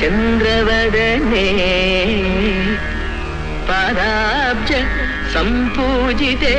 चन्द्रवर्णे पदाब्ज सम्पूजिते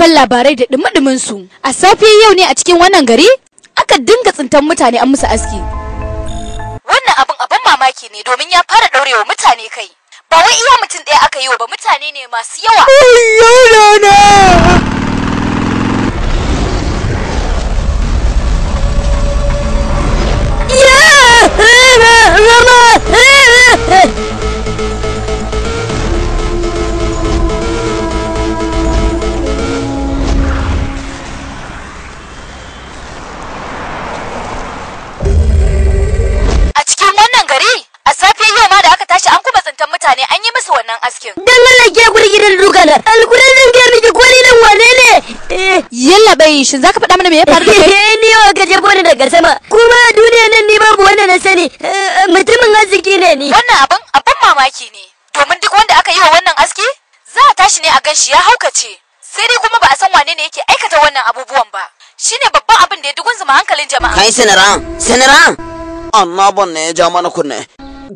kafofin labarai da dumi su. A safi yau ne a cikin wannan gari aka dinga tsintan mutane an musu aski. Wannan abin abin mamaki ne domin ya fara ɗaurewa mutane kai. Ba wai iya mutum ɗaya aka yi wa ba mutane ne masu yawa. shin zaka faɗa mana me ya faru da kai eh ni wa gaje ni daga sama kuma a duniya nan ni babu wanda na sani eh, mutumin arziki ne ni wannan abin abin mamaki ne domin duk wanda aka yi wa wannan aski za a tashi ne a ganshi ya haukace sai dai kuma ba a san wane ne yake aikata wannan abubuwan ba shine babban abin da ya dugun zuma hankalin jama'a kai sanaran sanaran amma ban ne ya ja mana kunne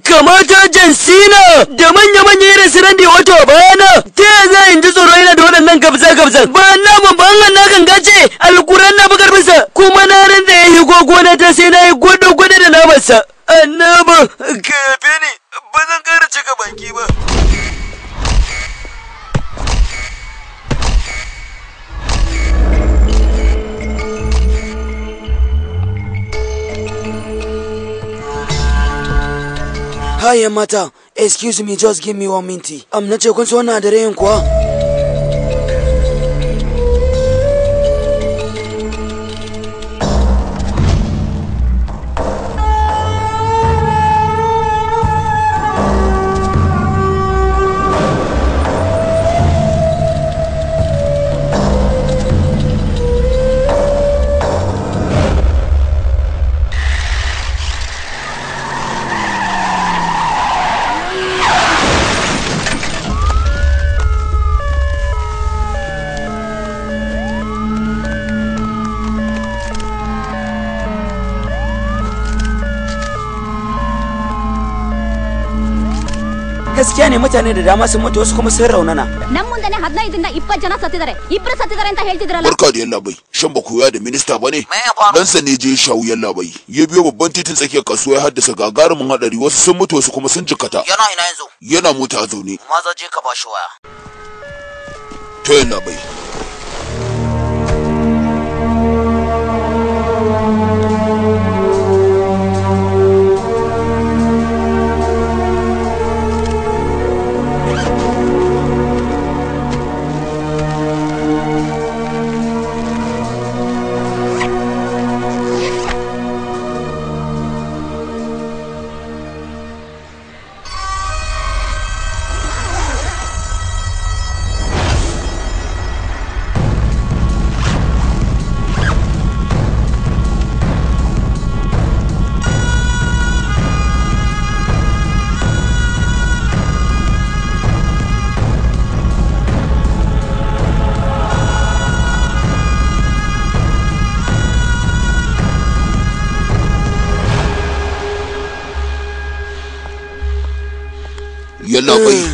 kamar ta jansina da manya-manya irin su randi wato bayana ta yi za in ji tsoro yana da waɗannan gabza-gabzan ba na babban na ganga gace alkuran na bakar bisa kuma na ran ya yi gogona ta sai na yi gwada-gwada da namarsa. annaba gabini yafe ba zan ƙara cika baki ba Hi mata, excuse me just give me one minty. Am nace kun so wannan adireyin kuwa? gaskiya ne mutane da dama sun mutu wasu kuma sun raunana mun ನಮ್ಮ ಮುಂದೆನೆ ಹದಿನೈದರಿಂದ ಇಪ್ಪತ್ತು ಜನ ಸತ್ತಿದ್ದಾರೆ ಇಬ್ರು ta helti ಹೇಳ್ತಿದ್ರಲ್ಲ barka da yalla bai shan ba koya da minista bane dan sa ne je shawu yalla bai ya biyo babban titin tsakiyar kasuwa ya haddasa gagarumin hadari wasu sun mutu wasu kuma sun jikkata yana ina yanzu yana mota a zaune maza je ka shi waya to yalla bai We.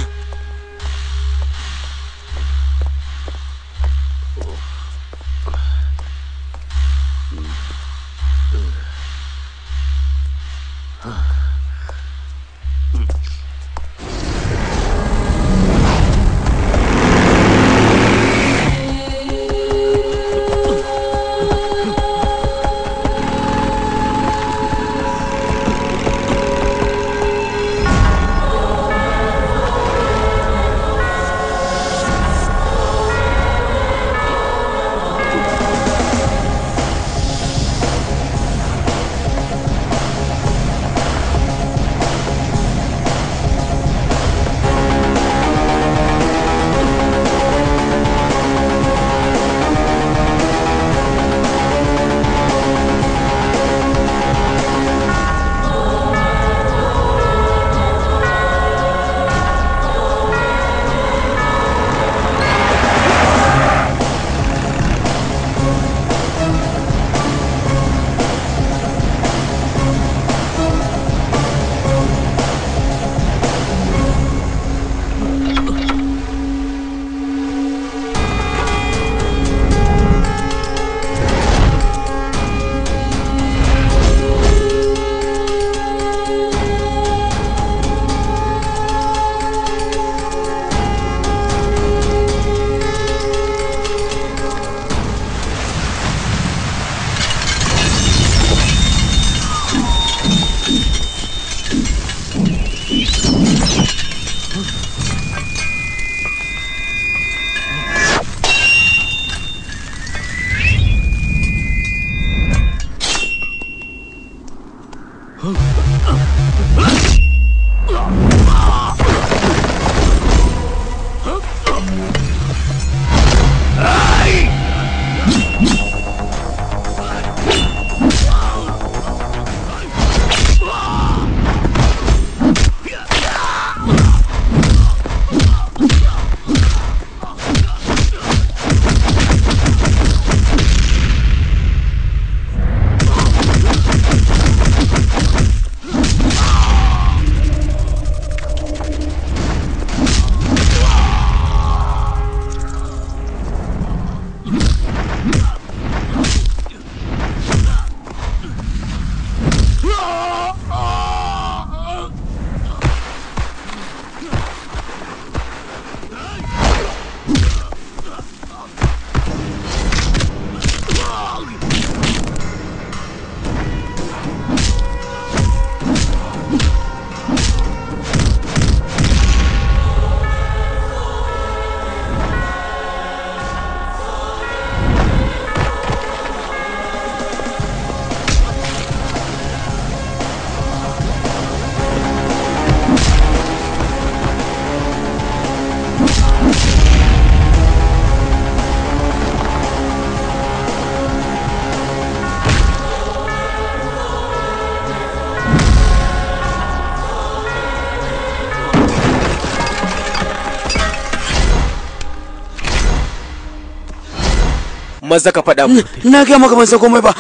maza ka faɗa mu na ga maka ban san komai ba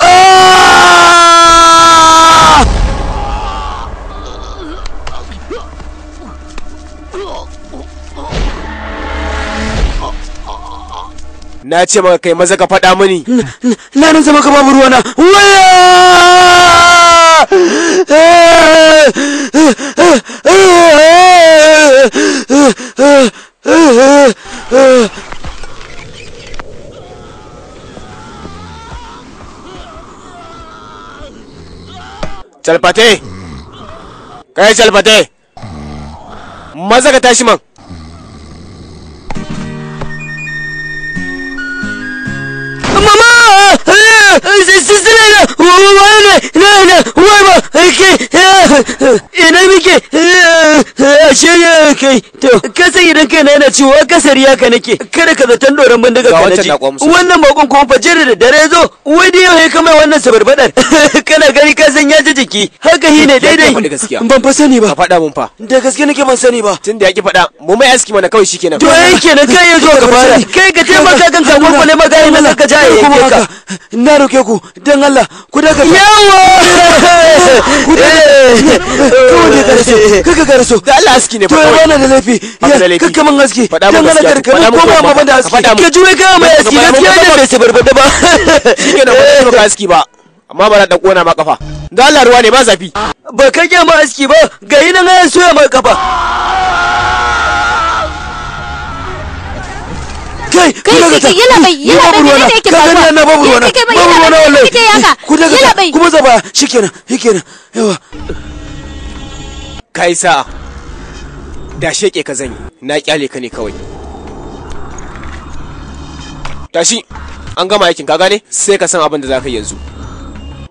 na ce maka kai maza ka faɗa mini na nan zama ka babu ruwana waya eh! Eh! Salfate! Kai salfate! Maza ka tashi man! Mama! Sisila na! Wai na! Na na! Wai ba! Ke! Eh, ina muke eh, eh, ashe kai to kasan idan kai na yana ciwo kasar yaka nake kada ka zaton doron bindiga ka naji wannan bakon kuma fajar da dare zo wai da yau ka mai wannan sabarbadar kana gani ka san ya ji jiki haka hi ne daidai ban fa sani ba ka faɗa mun fa da gaske nake ban sani ba tunda ya ki faɗa mu mai aski mana kawai shikenan to ai kenan kai ya zo ka fara kai ka taimaka kan ka kwakwale magana na ka jaye ka na roke ku dan Allah ku daga yawa ku daga ne kawai da karaso kaka karaso da Allah aski ne to yana da laifi ya man aski dan Allah karka ko ba ma banda aski ka jure ka mai aski gaskiya ne bai sabarba da ba shike da ba ka aski ba amma ba da kona ma kafa da Allah ruwa ne ba zafi ba kake ma aski ba ga yinan ya soya ma kafa kai ku ne ka na babu kuma shikenan shikenan yawa da sheke ka zanyi na kyale ka ne kawai tashi an gama aikin ka gane sai ka san abin da zaka yanzu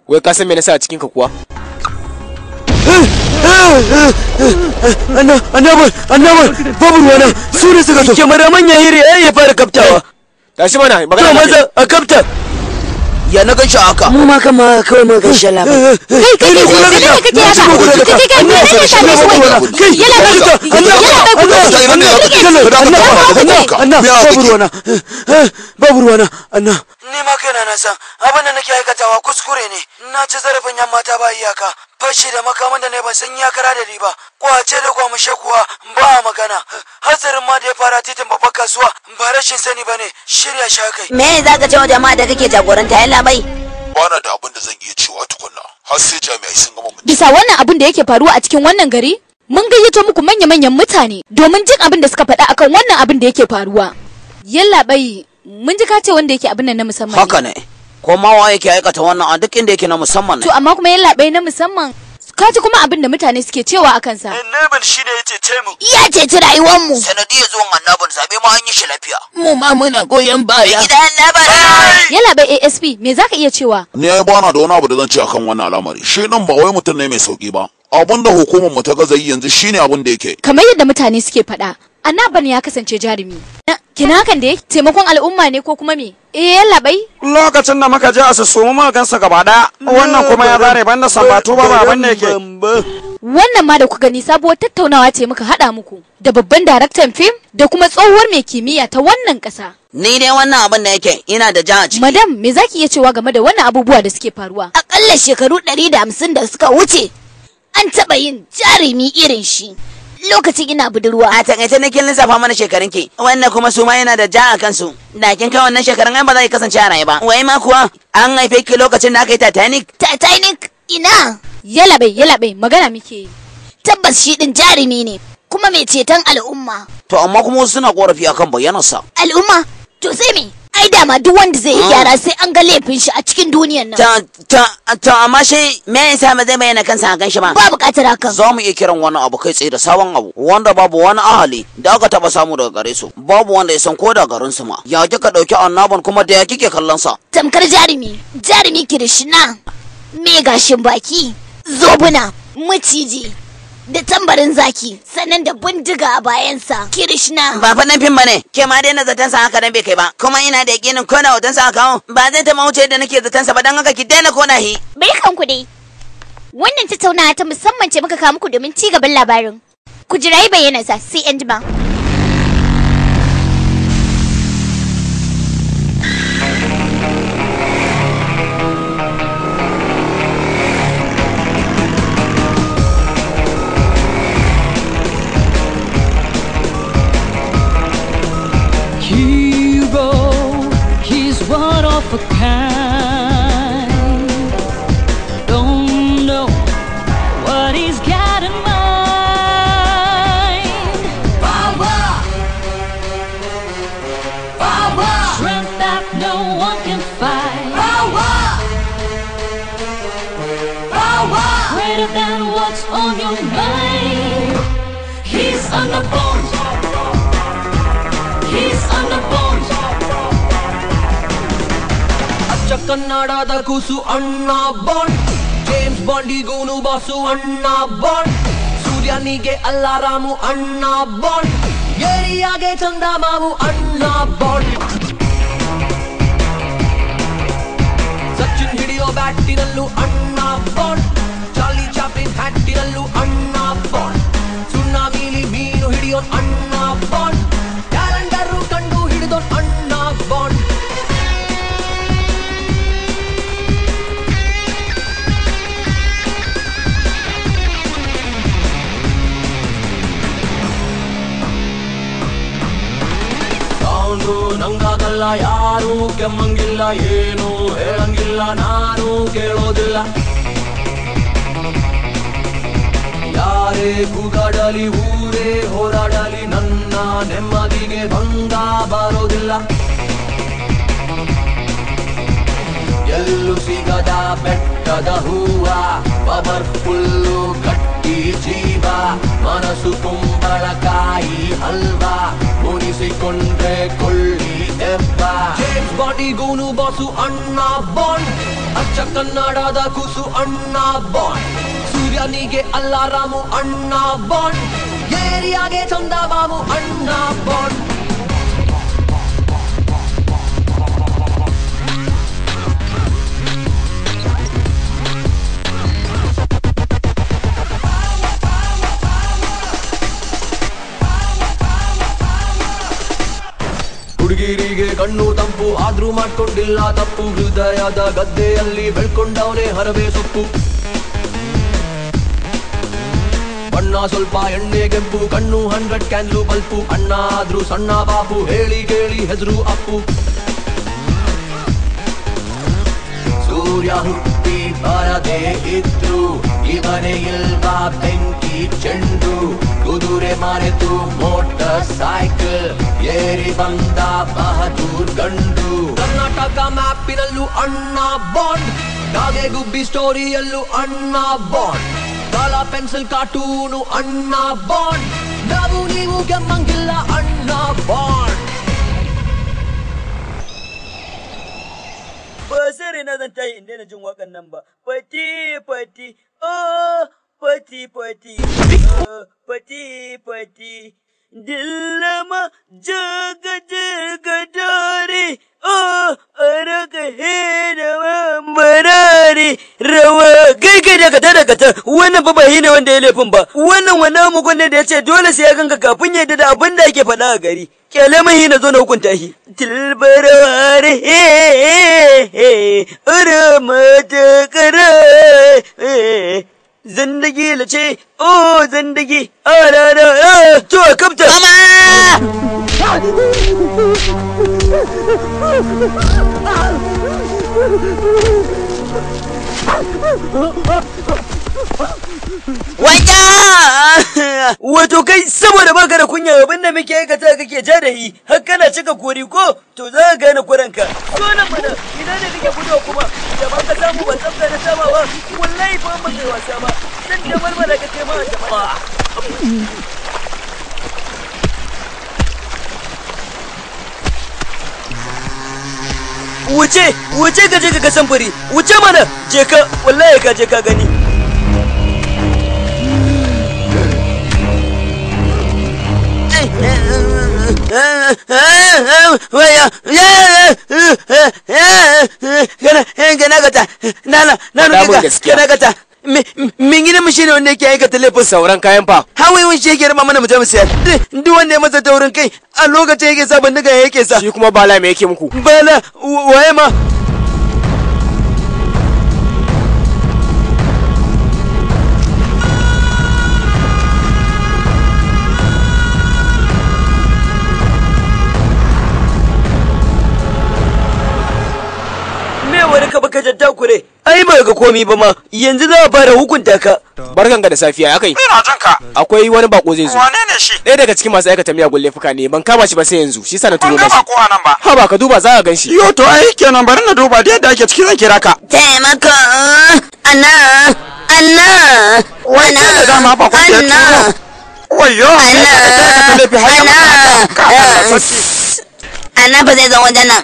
wai ka san me nasa a cikin ka kuwa annabar annabar babu ruwana su ne suka so kyamara manya hiri ya ya fara kaptawa tashi mana magana maza a kapta ya na ganshi haka mu ma kama kawai mu ganshi labai kai kai ne kuma ga kai kai kai kai ne ne ta ne wai kai yana ba Allah Allah Allah babu kai babu ruwana anna ni ma kaina na san abin da nake aikatawa kuskure ne na ci zarafin yan mata ba iyaka fashi da makaman da ne ba san ya kara da riba kwace da kwamushe kuwa ba magana hatsarin ma da ya fara titin babbar kasuwa ba rashin sani bane shirya sha kai me za ka cewa jama'a da kake jagoranta yalla bai bana da abin da zan iya cewa tukunna har sai jami'ai sun gama bisa wannan abin da yake faruwa a cikin wannan gari mun gayyato muku manya-manyan mutane domin jin abin da suka faɗa akan wannan abin da yake faruwa yalla bai mun ji ka ce wanda yake abin nan na musamman haka ne ko ma wa yake aikata wannan a duk inda yake na musamman to amma kuma yin bai na musamman Ka ji kuma abin da mutane suke cewa akan sa annabin eh, shi ne ya cece mu ya ceci rayuwar mu sanadiyar zuwan annabin zabe ma an yi shi lafiya mu ma muna goyon baya gidan annabin ya bai ASP me zaka iya cewa ni ai ba na da wani abu da zan ce akan wannan al'amari shi nan ba wai mutum ne mai sauki ba abin da hukumar mu ta gaza yanzu shine abin da yake kamar yadda mutane suke faɗa Anaban ya kasance jarumi. Dan Kina hakan dai taimakon al'umma ne ko kuma me? Eh labai. Lokacin da muka je a sassomu muka gansa gaba daya. Wannan kuma ya zare banda sabato ba baban ne yake. Wannan ma da ku gani sabuwar tattaunawa ce muka hada muku da babban daraktan fim da kuma tsohuwar mai kimiyya ta wannan kasa. Ni dai wannan abin da yake ina da jaha a ciki. Madam me zaki iya cewa game da wannan abubuwa da suke faruwa? Akalla shekaru 150 da suka wuce an taba yin jarumi irin shi. lokacin ina budurwa a takaice nake lissafa mana shekarun ki wannan kuma su ma yana da ja a kansu da kin kai wannan shekarun ai ba za ki kasance a raye ba wai ma kuwa an haife ki lokacin da aka yi titanic titanic ina yalabe yalabe magana muke tabbas shi din jarumi ne kuma mai ceton al'umma to amma kuma suna korafi akan bayyanarsa al'umma to sai me ai dama duk wanda zai yi hmm. gyara sai an ga laifin shi a cikin duniyan nan to to amma shi me ya sa zai bayyana kansa a kan shi ba ba bukatar hakan za mu iya kiran wani abu kai tsaye da sabon abu wanda babu wani ahali da aka taba samu daga gare su babu wanda ya san ko da garin su ma ya kika dauki annaban kuma da ya kike kallon sa tamkar jarumi jarumi kirishina me gashin baki zobuna maciji da tambarin zaki sannan da bindiga a bayansa kirishna ba fa fim bane ke ma dai na zaton sa haka nan bai kai ba kuma ina da yakinin ko na hoton sa kawo ba zai ta mauce da nake zaton sa ba dan haka ki daina kona hi bai kan ku dai wannan tattaunawa ta musamman ce muka kawo muku domin ci gaban labarin ku jira yi bayyana sa sai an jima for kind. ಕನ್ನಡದ ಕೂಸು ಅಣ್ಣ bond James ಬಾಂಡಿಗೂನು boss ಅಣ್ಣ bond ಸೂರ್ಯನಿಗೆ ಅಲ್ಲ ರಾಮು ಅಣ್ಣ ಬಾಂಡ್ ಏರಿಯಾಗೆ ಚಂದ ಮಾವು ಅಣ್ಣ ಬಾಂಡ್ ಸಚಿನ್ ಹಿಡಿಯೋ ಬ್ಯಾಟಿನಲ್ಲೂ ಅಣ್ಣ ಬಾಂಡ್ ಚಾಲಿ ಚಾಪ್ಲಿನ್ ಹ್ಯಾಟಿನಲ್ಲೂ ಅಣ್ಣ ಬಾಂಡ್ ಸುಣ್ಣ ಮೀಲಿ ಮೀನು ಹಿಡಿಯೋ ಅಣ್ಣ ಕೇಳಂಗಿಲ್ಲ ಯಾರು ಕೆಮ್ಮಂಗಿಲ್ಲ ಏನು ಹೇಳಂಗಿಲ್ಲ ನಾನು ಕೇಳೋದಿಲ್ಲ ಯಾರೇ ಕೂಗಾಡಲಿ ಊರೇ ಹೋರಾಡಲಿ ನನ್ನ ನೆಮ್ಮದಿಗೆ ಭಂಗ ಬರೋದಿಲ್ಲ ಎಲ್ಲೂ ಸಿಗದ ಬೆಟ್ಟದ ಹೂವ ಫುಲ್ಲು ಕಟ್ಟಿ ಜೀವ ಮನಸ್ಸು ಕುಂಬಳಕಾಯಿ ಹಲ್ವಾ ಗೋನು ಬಾಸು ಅಣ್ಣ ಬಾಂಡ್ ಅಚ್ಚ ಕನ್ನಡದ ಕೂಸು ಅಣ್ಣ ಬಾಂಡ್ ಸೂರ್ಯನಿಗೆ ಅಲ್ಲ ರಾಮು ಅಣ್ಣ ಬಾಂಡ್ ಏರಿಯಾಗೆ ಚಂದ ಬಾಬು ಅಣ್ಣ ಬಾಂಡ್ ಹುಡುಗಿರಿಗೆ ಕಣ್ಣು ತಮ್ಮ ಆದ್ರೂ ಮಾಡ್ಕೊಂಡಿಲ್ಲ ತಪ್ಪು ಹೃದಯದ ಗದ್ದೆಯಲ್ಲಿ ಬೆಳ್ಕೊಂಡವನೇ ಹರವೇ ಸೊಪ್ಪು ಬಣ್ಣ ಸ್ವಲ್ಪ ಎಣ್ಣೆ ಕೆಂಪು ಕಣ್ಣು ಹಂಡ್ರೆಡ್ ಕ್ಯಾನ್ಲು ಬಲ್ಪು ಅಣ್ಣ ಆದ್ರೂ ಸಣ್ಣ ಬಾಪು ಹೇಳಿ ಕೇಳಿ ಹೆಸರು ಅಪ್ಪು ಸೂರ್ಯ ಬರದೇ ಇದ್ರು ಇವನೇ ಬೆಂಕಿ ಚೆಂಡು ಕುದುರೆ ಮರೆತು ಮೋಟರ್ ಸೈಕಲ್ ಏರಿ ಬಂದ ಬಹದೂರ್ ಗಂಡು ಕರ್ನಾಟಕ ಮ್ಯಾಪಿನಲ್ಲೂ ಅಣ್ಣ ಬಾಂಡ್ ಕಾಗೆ ಗುಬ್ಬಿ ಸ್ಟೋರಿಯಲ್ಲೂ ಅಣ್ಣ ಬಾಂಡ್ ಕಾಲ ಪೆನ್ಸಿಲ್ ಕಾರ್ಟೂನು ಅಣ್ಣ ಬಾಂಡ್ ನಾವು ನೀವು ಕೆಮ್ಮಂಗಿಲ್ಲ ಅಣ್ಣ Bond ba sai na zan tayi in daina jin wakan nan ba fati fati oh fati fati oh, fati fati dillama jaga jaga dare wannan ba bai ne wanda ya laifin ba wannan wannan mugun da ya ce dole sai ya ganka kafin ya da abin da ake faɗa a gari kyale mai na zo na hukunta shi tilbarwar he ura mata kara zandagi la ce o zandagi a rara to kafta mama Wanya! Wato kai saboda baka da kunya abin da muke aikata kake ja da yi har kana cika kori ko to za ka gane kuranka. Dole mana ina ne kake gudu kuma da ba ka samu ba tsafta da sama ba wallahi ba mu kai wasa ba. san da marmara ka ma ta ba. wuce wuce ka je ka ga samfuri wuce mana je ka wallahi ka je ka gani waya ya gana gana gata nana nana gata gana gata min mingina mu shine wanda yake aikata laifin sauran kayan fa hawaye shi yake rama mana mutum siyar duk wanda ya masa taurin kai a lokacin yake sa bindiga yake sa shi kuma bala me yake muku bala waye ma kure ai ba ga komi ba ma yanzu za a fara hukunta ka barkan ga da safiya ya kai ina jin ka akwai wani bako zai zo wane ne shi ɗaya daga cikin masu aikata gulle fuka ne ban kama shi ba sai yanzu shi sa turo masa ko ba ha ba ka duba za ka ganshi yo to ai kenan bari na duba da yadda ake ciki zan kira ka taimako ana ana wana ana ana wayo ana ana ana ba zai zo wajen nan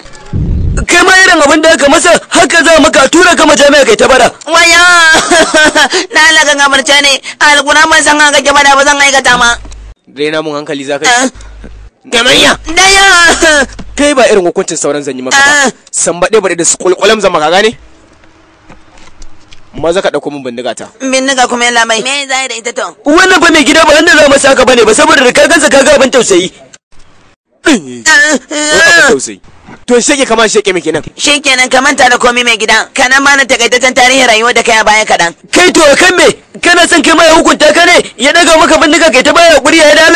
kai ma irin abin da aka masa haka za maka tura ka majami'a kai ta bara waya na laga gabarce ne alguna man san ga ke da ba zan aikata ma Rena mun hankali za ka eh. gamanya daya kai ba irin hukuncin sauran zanyi maka ba eh. san baɗe baɗe da su kulkulam zama ka gane maza ka ɗauko min bindiga ta. Bindiga kuma yalla mai. Me zai da ita to? Wannan ba mai gida ba wanda za mu saka bane ba saboda da ka gansa ka abin tausayi. to shege kama mai kenan shi kenan ka manta da komai mai gida kana ma na takaitaccen tarihin rayuwar da kai a baya kaɗan kai to kan me kana son kai mai hukunta ka ne ya daga maka bindiga kai ta baya ya da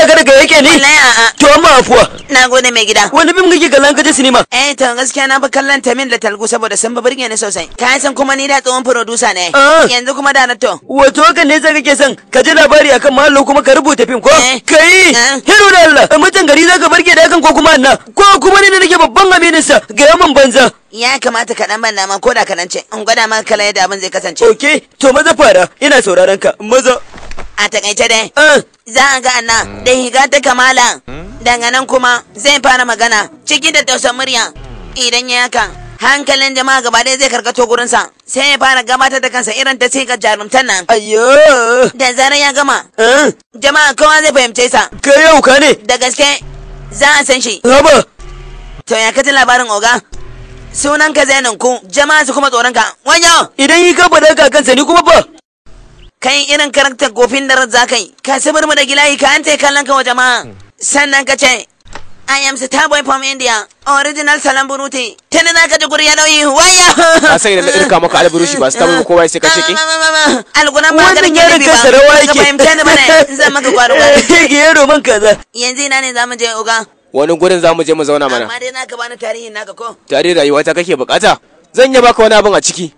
afuwa na gode mai gida wani bin kake kallon kaje sinima eh to gaskiya na ba kallon tamin da talgu saboda sun ba burge ni sosai ka san kuma ni da tsohon producer ne ah. yanzu kuma da natto. wato kan ne zaka ke son ka ji labari akan mallo kuma ka rubuta fim ko eh. kai Hiru eh. da Allah mutan gari zaka burge da kan ko kuma annan ko kuma ni ne nake babban aminin sa ga yaman banza ya kamata ka dan banna ko koda ka nan ce in gwada maka kala yadda abin zai kasance okay to maza fara ina sauraron ka maza a takaice dai za a ga anna. da higa ta kamala daga nan kuma zai fara magana ciki da tausan murya idan ya yakan hankalin jama'a gaba ɗaya zai karkato gurinsa sai ya fara gabatar da kansa irin ta sai ga jarumtar nan Ayo! da zarar ya gama jama'a kowa zai fahimce sa Ke yau ka ne da gaske za a san shi haba to ya kaji labarin oga sunan ka nan ku jama'a su kuma tsoron ka wanya idan yi ka faɗa kakansa ni kuma ba kai irin karanta gofin da za ka yi ka sabar mu da gilayi ka an kallon ka wa jama'a hmm. sannan ka ce I am Starboy from India, original Salam Buruti. Tana na kaji guri ya dauyi, waya! A sai da irka maka alburushi ba, ba kowa sai ka shiki. Algunan ba ka rike ribi ba, ka fahimta ni bane, zan maka kwaro kwaro. Ke yaro man kaza. Yanzu ina ne za mu je uga. Wani gurin za mu je mu zauna mana. Amma dai na ka bani tarihin naka ko? Tarihin rayuwa ta kake bukata? Zan yi baka wani abin a ciki.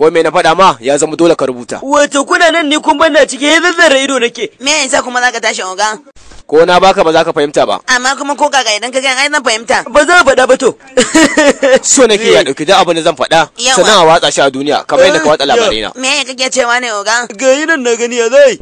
ko me na faɗa ma ya zama dole ka rubuta wato kuna nan ne kun banna cike ya zazzara ido nake me yasa kuma zaka tashi oga ko na baka ba za ka fahimta ba amma kuma ko kaga idan ka ga ai zan fahimta ba za faɗa ba to so nake ya dauki da abin da zan faɗa sannan a watsa shi a duniya kamar yadda ka watsa labarai na me kake cewa ne oga ga nan na gani ya zai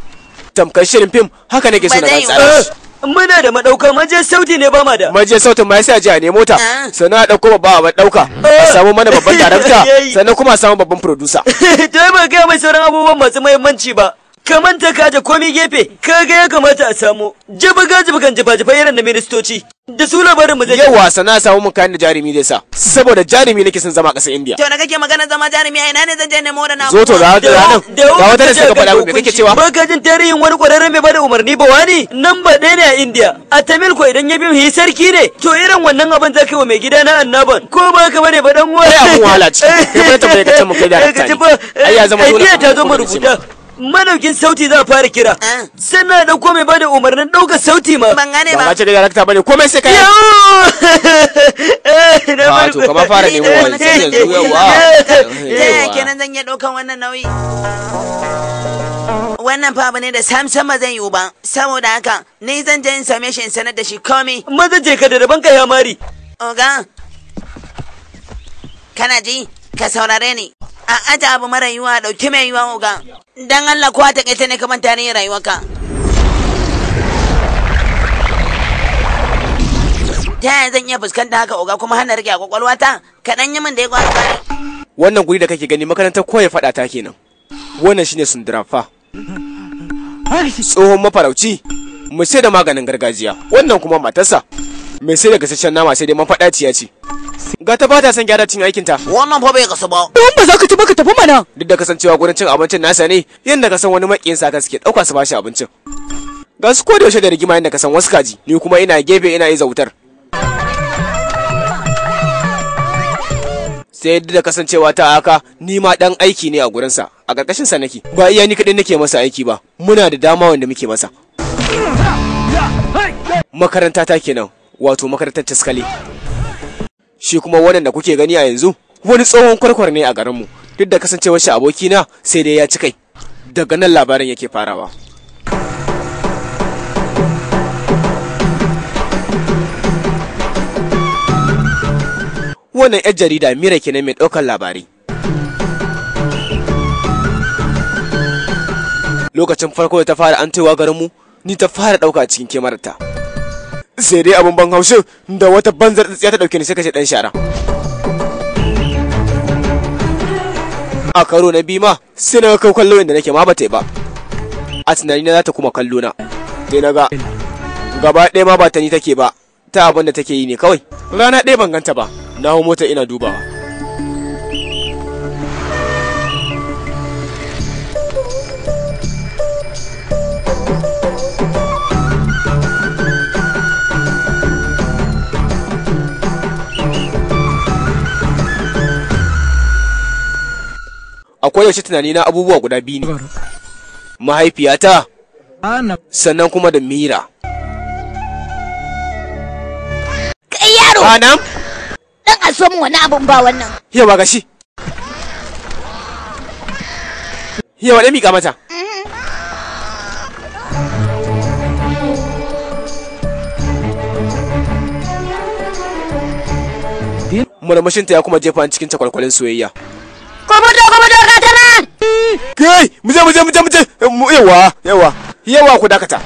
tamkar shirin fim haka nake so na tsara muna da madauka maje sauti ne ba ma da maje sautin ma sai a je a nemo ah. sannan a dauko babba a ɗauka, a eh. samu mana babban darakta sannan kuma a samu babban producer to ba ga mai sauran abubuwan masu muhimmanci ba ka manta ka aje komi gefe ka ga ya kamata a samu jibi kan jibi jibi irin na ministoci da su labarin mu zai yawa sana samu mun kayan da jarumi zai sa saboda jarumi nake son zama a ƙasar India to na kake magana zama jarumi a ina ne zan je nemo da na zo to da da nan da wata da suka faɗa me kake cewa ba ka jin tarihin wani ƙwararren mai bada umarni ba wani nan ba ɗaya ne a India a Tamil ko idan ya bi hi sarki ne to irin wannan abin zaka wa mai gida na annaban ko ba ka bane ba dan uwa sai abun wahala ce ka fita ka ce mu kai da ta ai ya zama dole ta zo mu rubuta madaukin sauti za a fara kira eh. sannan da komai ba da umarnin dauka sauti ma ban gane ba ba ce da ta bane komai sai kai yawo to kama fara nemo wani sai zuwa. yawa ta kenan zan iya ɗaukan wannan nauyi wannan fa abu ne da Samson ma zan yi ba saboda haka ni zan je in same shi sanar da shi komai maza je ka da daban ka ya mari oga kana ji ka saurare ni a ata abu mara yiwa dauki mai yiwa oga dan Allah kowa ta kaita ne ne rayuwar rayuwarka ta yaya zan iya fuskanta haka oga kuma hana rike a kwakwalwata kaɗan yi min da ya kwasa wannan guri da kake gani makarantar ko ya fada ta kenan wannan shine sundrafa tsohon mafarauci mu sai da maganin gargajiya wannan kuma matarsa mai sai da gasasshen nama sai dai man faɗa ciya ce ga ta bata son gyara cin aikinta wannan fa bai kasu ba don ba za ka ci ba ka tafi mana duk da kasancewa gurin cin abincin nasa ne yadda ka san wani makiyin sa ka suke ɗauka su bashi abincin ga su ko da yaushe da rigima yadda ka san wasu kaji ni kuma ina gefe ina iza wutar sai da kasancewa ta haka ni ma dan aiki ne a gurinsa a ƙarƙashin sa nake ba iya ni kaɗai nake masa aiki ba muna da dama wanda muke masa makaranta ta kenan wato makarantar taskale shi kuma wannan da kuke gani a yanzu wani tsohon kwarkwar ne a garinmu duk da kasancewar shi abokina sai dai ya ci kai daga nan labarin yake farawa wannan 'yar jarida mira kenan mai ɗaukar labarai lokacin farko da ta fara an taiwa garinmu ni ta fara ɗauka cikin kemarta sai dai abin ban haushin da wata banzar tsatsiya ta dauke ni sai kace dan shara a karo na bima sai na ga kallo inda nake ma bata yi ba a tunani na za ta kuma kallo na sai na ga gaba ɗaya ma ba ta ni take ba ta abin da take yi ne kawai rana ɗaya ban ganta ba na hau mota ina dubawa akwai yaushe tunani na abubuwa guda biyu ne mahaifiyata sannan kuma da mira kai yaro anam dan aso mu wani abun ba wannan yawa gashi yawa da mika mata murmushinta ya kuma jefa cikin takwalkwalin soyayya ku fito ku fito ga nan kai mu je mu je mu je mu je eh, yawa yawa yawa ku dakata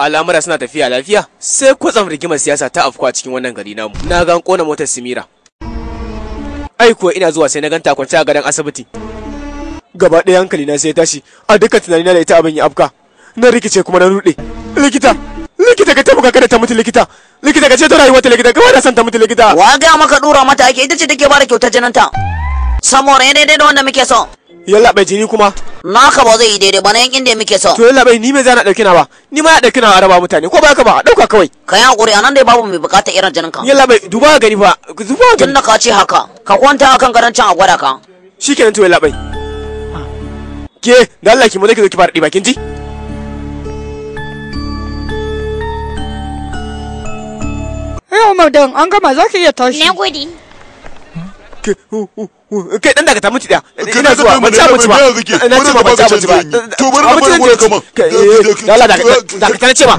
al'amura suna tafiya lafiya sai kwatsam rigimar siyasa ta afku a cikin wannan gari namu na ga an kona motar simira ai kuwa ina zuwa sai na ganta kwance a gadon asibiti gaba ɗaya hankali na sai tashi a duka tunani na da ita abin ya afka na rikice kuma na rude likita likita ka taimaka kada ta mutu likita likita ka ceto ta likita gaba da san ta mutu likita wa ga maka dura mata ake ita ce take bada kyautar jininta samurai daidai da wanda muke so yalla bai jini kuma na ka ba zai yi daidai ba na yankin da muke so to yalla bai ni me zana dauke na ba ni ma ya dauke na araba mutane ko baka ba dauka kawai yi hakuri anan dai babu mai bukata irin jinin ka yalla bai duba gani fa zuwa tun tunda ka ce haka ka kwanta akan garancin a gwada ka shikenan to yalla bai ke da Allah ki mu zaki zo ki fara diba kin ji Yau eh, madan an gama za ki iya tashi. Na gode. Ke, kai dan daga ta mutu daya ina zuwa ban ci mutu ba ina ci ba ba to bari na wani kaman daga daga ta ce ba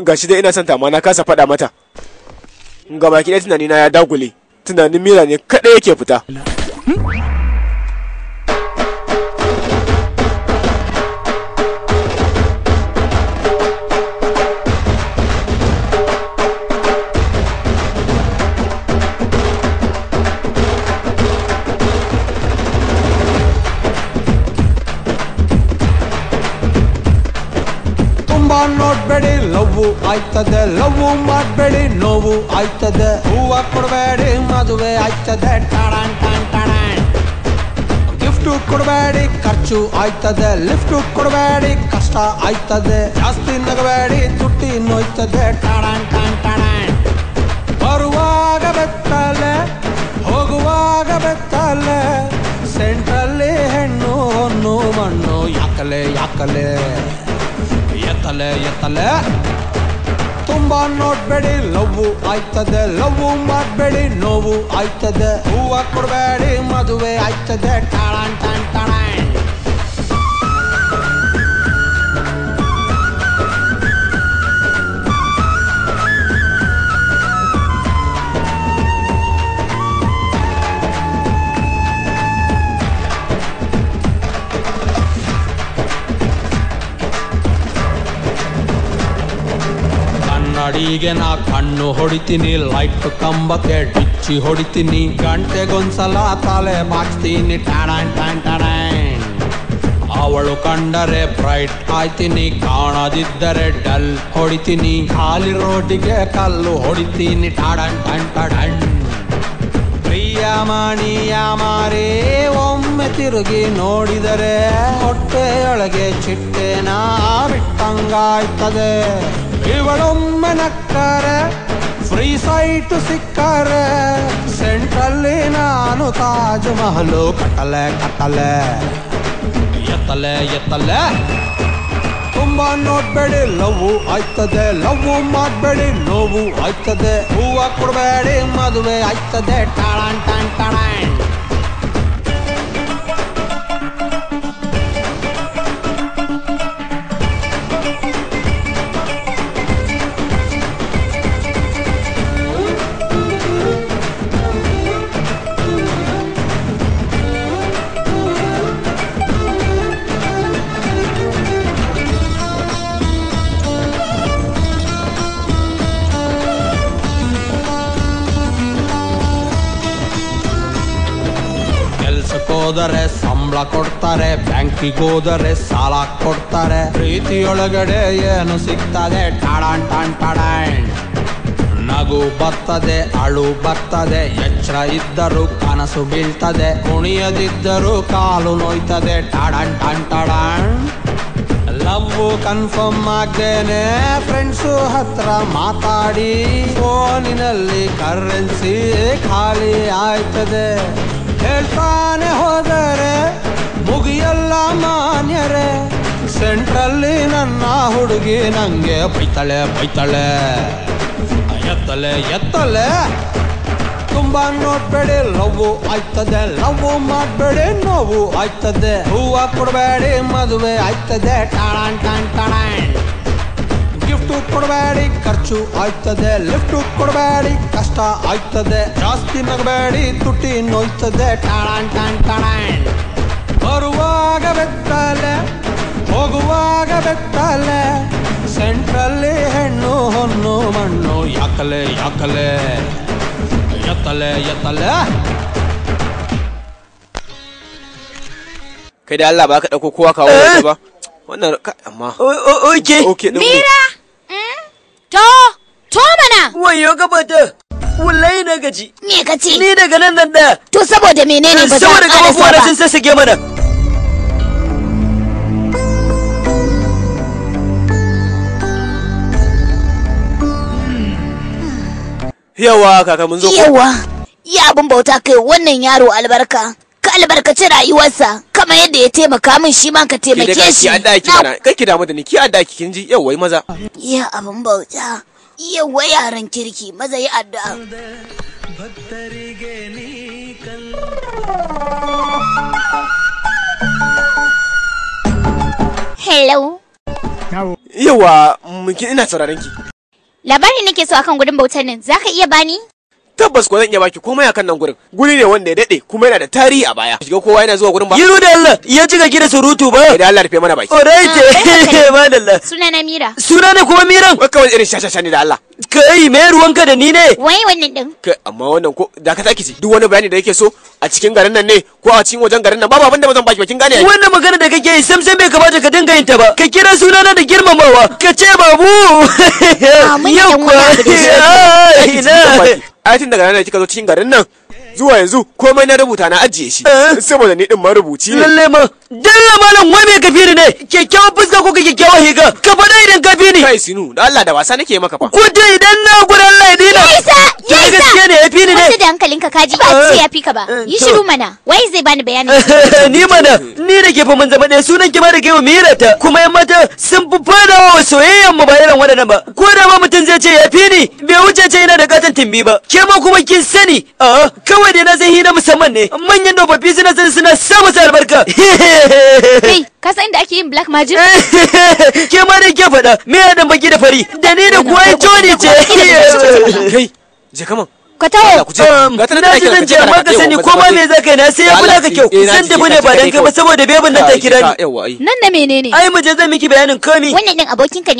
gashi dai ina son ta ma na kasa faɗa mata gaba ɗaya tunani na ya dagule tunanin mira ne kaɗai yake fita ಆಯ್ತದೆ love ಮಾಡಬೇಡಿ ನೋವು ಆಯ್ತದೆ ಹೂವ ಕೊಡಬೇಡಿ ಮದುವೆ ಆಯ್ತದೆ ಗಿಫ್ಟ್ ಕೊಡಬೇಡಿ ಖರ್ಚು ಆಯ್ತದೆ ಲಿಫ್ಟ್ ಕೊಡಬೇಡಿ ಕಷ್ಟ ಆಯ್ತದೆ ಜಾಸ್ತಿ ನಗಬೇಡಿ ತುಟ್ಟಿ ನೋಯ್ತದೆ ಬರುವಾಗ ಬೆತ್ತಲೆ ಹೋಗುವಾಗ ಬೆತ್ತಲೆ ಸೆಂಟ್ರಲ್ಲಿ ಹೆಣ್ಣು ಹೊನ್ನು ಮಣ್ಣು ಯಾಕಲೆ ಯಾಕಲೆ ತಲೆ ಎತ್ತಲೆ ತುಂಬ ನೋಡ್ಬೇಡಿ ಲವ್ವು ಆಯ್ತದೆ ಲವ್ವು ಮಾಡಬೇಡಿ ನೋವು ಆಯ್ತದೆ ಹೂವ ಕೊಡಬೇಡಿ ಮದುವೆ ಆಯ್ತದೆ ಟಾಳಾಂಟಾಂಟಾಣ ಗಾಡಿಗೆ ನಾ ಕಣ್ಣು ಹೊಡಿತೀನಿ ಲೈಟ್ ಕಂಬಕ್ಕೆ ಡಿಚ್ಚಿ ಹೊಡಿತೀನಿ ಗಂಟೆಗೊಂದ್ಸಲ ತಲೆ ಬಾಕ್ಸ್ತೀನಿ ಟ್ಯಾಡಾಯ್ ಟ್ಯಾನ್ ಅವಳು ಕಂಡರೆ ಬ್ರೈಟ್ ಆಯ್ತೀನಿ ಕಾಣದಿದ್ದರೆ ಡಲ್ ಹೊಡಿತೀನಿ ಖಾಲಿ ರೋಡಿಗೆ ಕಲ್ಲು ಹೊಡಿತೀನಿ ಟಾಡಾಯ್ ಟ್ಯಾನ್ ಪ್ರಿಯ ಮಾರೇ ಒಮ್ಮೆ ತಿರುಗಿ ನೋಡಿದರೆ ಹೊಟ್ಟೆಯೊಳಗೆ ಚಿಟ್ಟೆನ ಬಿಟ್ಟಂಗಾಯ್ತದೆ ಇವಳೊಮ್ಮೆ ಫ್ರೀ ಸೈಟ್ ಸಿಕ್ಕಾರೆ ಸೆಂಟ್ರಲ್ಲಿ ನಾನು ತಾಜ್ ಮಹಲು ಕಟ್ಟಲೆ ಕಟ್ಟಲೆ ಎತ್ತಲೆ ಎತ್ತಲೆ ತುಂಬ ನೋಡ್ಬೇಡಿ ಲವ್ ಆಯ್ತದೆ ಲವ್ ಮಾಡಬೇಡಿ ನೋವು ಆಯ್ತದೆ ಹೂವು ಕೊಡಬೇಡಿ ಮದುವೆ ಆಯ್ತದೆ ಟಾಳಾಣ್ ಟಾಣ್ ಹೋದರೆ ಸಂಬಳ ಕೊಡ್ತಾರೆ ಬ್ಯಾಂಕಿಗೆ ಹೋದರೆ ಸಾಲ ಕೊಡ್ತಾರೆ ಪ್ರೀತಿಯೊಳಗಡೆ ಏನು ಸಿಗ್ತದೆ ಟಾಡಾನ್ ಟಾನ್ ನಗು ಬರ್ತದೆ ಅಳು ಬರ್ತದೆ ಎಚ್ಚರ ಇದ್ದರೂ ಕನಸು ಬೀಳ್ತದೆ ಕುಣಿಯದಿದ್ದರೂ ಕಾಲು ನೋಯ್ತದೆ ಟಾಡಾನ್ ಟಾನ್ ಕನ್ಫರ್ಮ್ ಆಗ್ದೇನೆ ಫ್ರೆಂಡ್ಸು ಹತ್ರ ಮಾತಾಡಿ ಫೋನಿನಲ್ಲಿ ಕರೆನ್ಸಿ ಖಾಲಿ ಆಯ್ತದೆ ಹೇಳ್ತಾನೆ ಹೋದರೆ ಮುಗಿಯಲ್ಲ ಮಾನ್ಯರೇ ಸೆಂಟ್ರಲ್ಲಿ ನನ್ನ ಹುಡುಗಿ ನಂಗೆ ಬೈತಾಳೆ ಬೈತಾಳೆ ಎತ್ತಲೆ ಎತ್ತಲೆ ತುಂಬ ನೋಡ್ಬೇಡಿ ಲವ್ವು ಆಯ್ತದೆ ಲವ್ವು ಮಾಡಬೇಡಿ ನೋವು ಆಯ್ತದೆ ಹೂವು ಕೊಡಬೇಡಿ ಮದುವೆ ಆಯ್ತದೆ ಟಾಳಾಣ್ ಟಾಣ್ ಟಾಣಾಣ್ ಲಿಫ್ಟು ಕೊಡಬೇಡಿ ಖರ್ಚು ಆಯ್ತದೆ ಲಿಫ್ಟು ಕೊಡಬೇಡಿ ಕಷ್ಟ ಆಯ್ತದೆ ಜಾಸ್ತಿ ನಗಬೇಡಿ ತುಟಿ ನೋಯ್ತದೆ ಟಾಳಾಣ್ ಟಾಣ್ ಟಾಣಾಣ್ ಬರುವಾಗ ಬೆತ್ತಲೆ ಹೋಗುವಾಗ ಬೆತ್ತಲೆ ಸೆಂಟ್ರಲ್ಲಿ ಹೆಣ್ಣು ಹೊನ್ನು ಮಣ್ಣು ಯಾಕಲೆ ಯಾಕಲೆ ಎತ್ತಲೆ ಎತ್ತಲೆ kai da Allah ba ka ɗauko kowa kawo ba wannan amma oke oke mira To, to mana! Wayo gabata! Wallahi na gaji. Me ka ce? Ni daga nan nan ɗaya. To saboda menene ba za a ƙarasa ba? Saboda gabafuwa na sun mana. Yawa kaka mun zo. Yawa. Ya abin bauta kai wannan yaro albarka. albarkaci rayuwarsa kamar yadda ya taimaka min shi ma ka taimake shi kake damu da ni ki adaki kin ji yau wai maza iya abun bauta iya wai yaran kirki maza yi addu'a Hello. Yawa, mm, ina sauraron ki. Labari nake so akan gudun bautar nan, zaka iya bani? tabbas ko zan iya baki komai akan nan gurin guri ne wanda ya dade kuma yana da tarihi a baya shiga kowa yana zuwa gurin ba yiro da Allah ya ji ga da surutu ba da Allah rufe mana baki alright ah, madalla na mira ne kuma miran wai kawai irin shasha ne da Allah kai mai ruwanka da ni ne wai wannan din kai amma wannan ko da ka taki duk wani bayani da yake so a cikin garin nan ne ko a cikin wajen garin nan babu abin da bazan baki ba kin gane wannan magana da kake yi sam sam bai kamata ka dinga yin ta ba ka kira sunana da girmamawa ka ce babu yau ko ina a tun daga nan kika zo cikin garin nan zuwa yanzu komai na rubuta na ajiye shi eh? saboda ni din ma rubuci ne lalle ma la malam wai me kafiri ne kyakkyawan fuska ko kyakkyawan higa ka faɗa idan ne kai sinu da Allah da wasa nake maka fa ko dai idan na gudan laidi na yasa yasa gaskiya ne yafi ni ne da ka kaji ba ce eh. yafi ka ba eh, yi shiru mana wai zai bani bayani ni mana ni da ke fa mun zama ɗaya sunan ki ma da kai mira ta kuma yan mata sun fi fadawa wa soyayyan mu ba irin waɗannan ba ko da ma mutum zai ce yafi ni bai wuce ce yana da katon timbi ba ke ma kuma kin sani a'a kawai kawai dai na san hira musamman ne manyan tsofaffi suna zan suna sa masa albarka kai ka san inda ake yin black magic ke ma dai ke faɗa me ya dan baki da fari da ni da kuwa joni ce kai je kaman ka tawo um, na ji zan je amma ka sani ko ma me za ka yi na sai ya kula ka kyau eh, zan tafi ne ba dan kai ba saboda bebin nan ta kira ni nan na menene ai mu je zan miki bayanin komi wannan din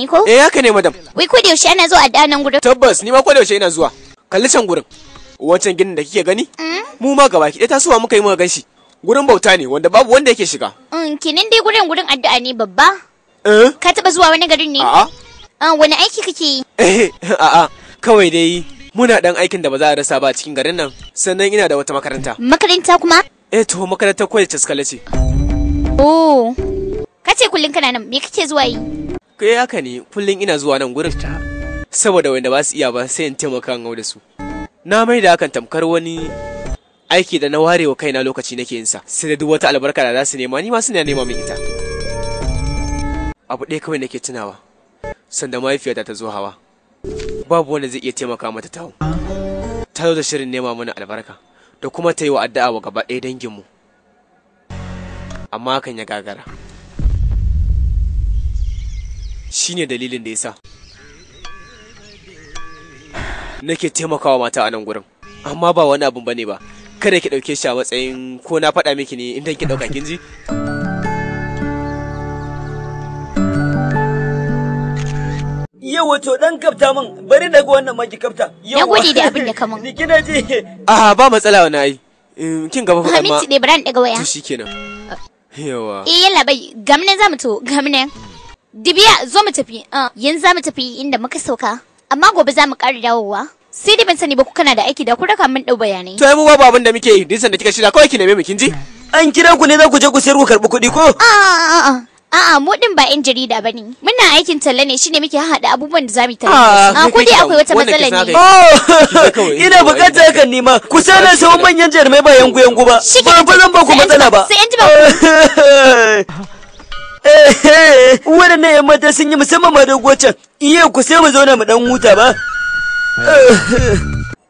ne ko eh haka ne madam wai ko da yaushe ana zuwa a danan gurin tabbas ni ma ko da yaushe ina zuwa kalli can gurin wancan ginin da kike gani mm. mu ma gaba ki tasowa muka yi muka ganshi. gurin bauta ne wanda babu wanda yake shiga mm, kinin dai gurin gurin addu'a ne babba eh? ka taba zuwa wani garin ne a'a ah, wani aiki kake yi eh, a'a kawai dai muna dan aikin da ba za a rasa ba a cikin garin nan sannan ina da wata makaranta makaranta kuma eh to makarantar koyar taskala ce oh kace kullun kana nan me kake zuwa yi kai haka ne kullun ina zuwa nan gurin ta saboda wanda ba su iya ba sai in taimaka da su na mai da hakan tamkar wani aiki da na ware wa kaina lokaci nake yinsa sai da duk wata albarka da za su nema ni ma suna nema min ita abu ɗaya kawai nake tunawa sanda mahaifiyata ta zo hawa babu wanda zai iya taimaka mata tawo ta zo da shirin nema mana albarka da kuma ta yi wa addu'a wa gaba ɗaya danginmu amma hakan ya gagara shine dalilin da ya sa nake taimakawa mata a nan gurin amma ba wani abun bane ba kada ki dauke shi a matsayin ko na faɗa miki ne idan ki dauka kin ji yawa to dan kafta min bari daga wannan maki kafta ya gode da abin da ka min ni kina ji a ba matsala wani ai kin gaba fa amma Hamid ne bran daga waya to shikenan yawa eh yalla bai gamnan zamu to gamnan dibiya zo mu tafi ah, yanzu zamu tafi inda muka sauka amma gobe za mu ƙara dawowa. Sai dai ban sani ba ku kana da aiki da ku raka min ɗau bayanai. To ai mu babu abin da muke yi, nisan da kika shirya kawai ki neme mu kin ji? An kira ku ne za ku je ku sayar ku karɓi kuɗi ko? A'a A'a mu din ba 'yan jarida ba ne. Muna aikin talla ne shine muke haɗa abubuwan da zamu talla. Ah, A kudi dai akwai wata matsala ne. Oh, ina bukatar ka nima. Ku sana sau manyan jarumai ba yangu yangu ba. Ba ba zan ba ku matsala ba. Sai an ji ba. Eh, eh, waɗannan ‘yan mata sun yi musamman ma dogocin iya ku sai mu zauna mu ɗan huta ba.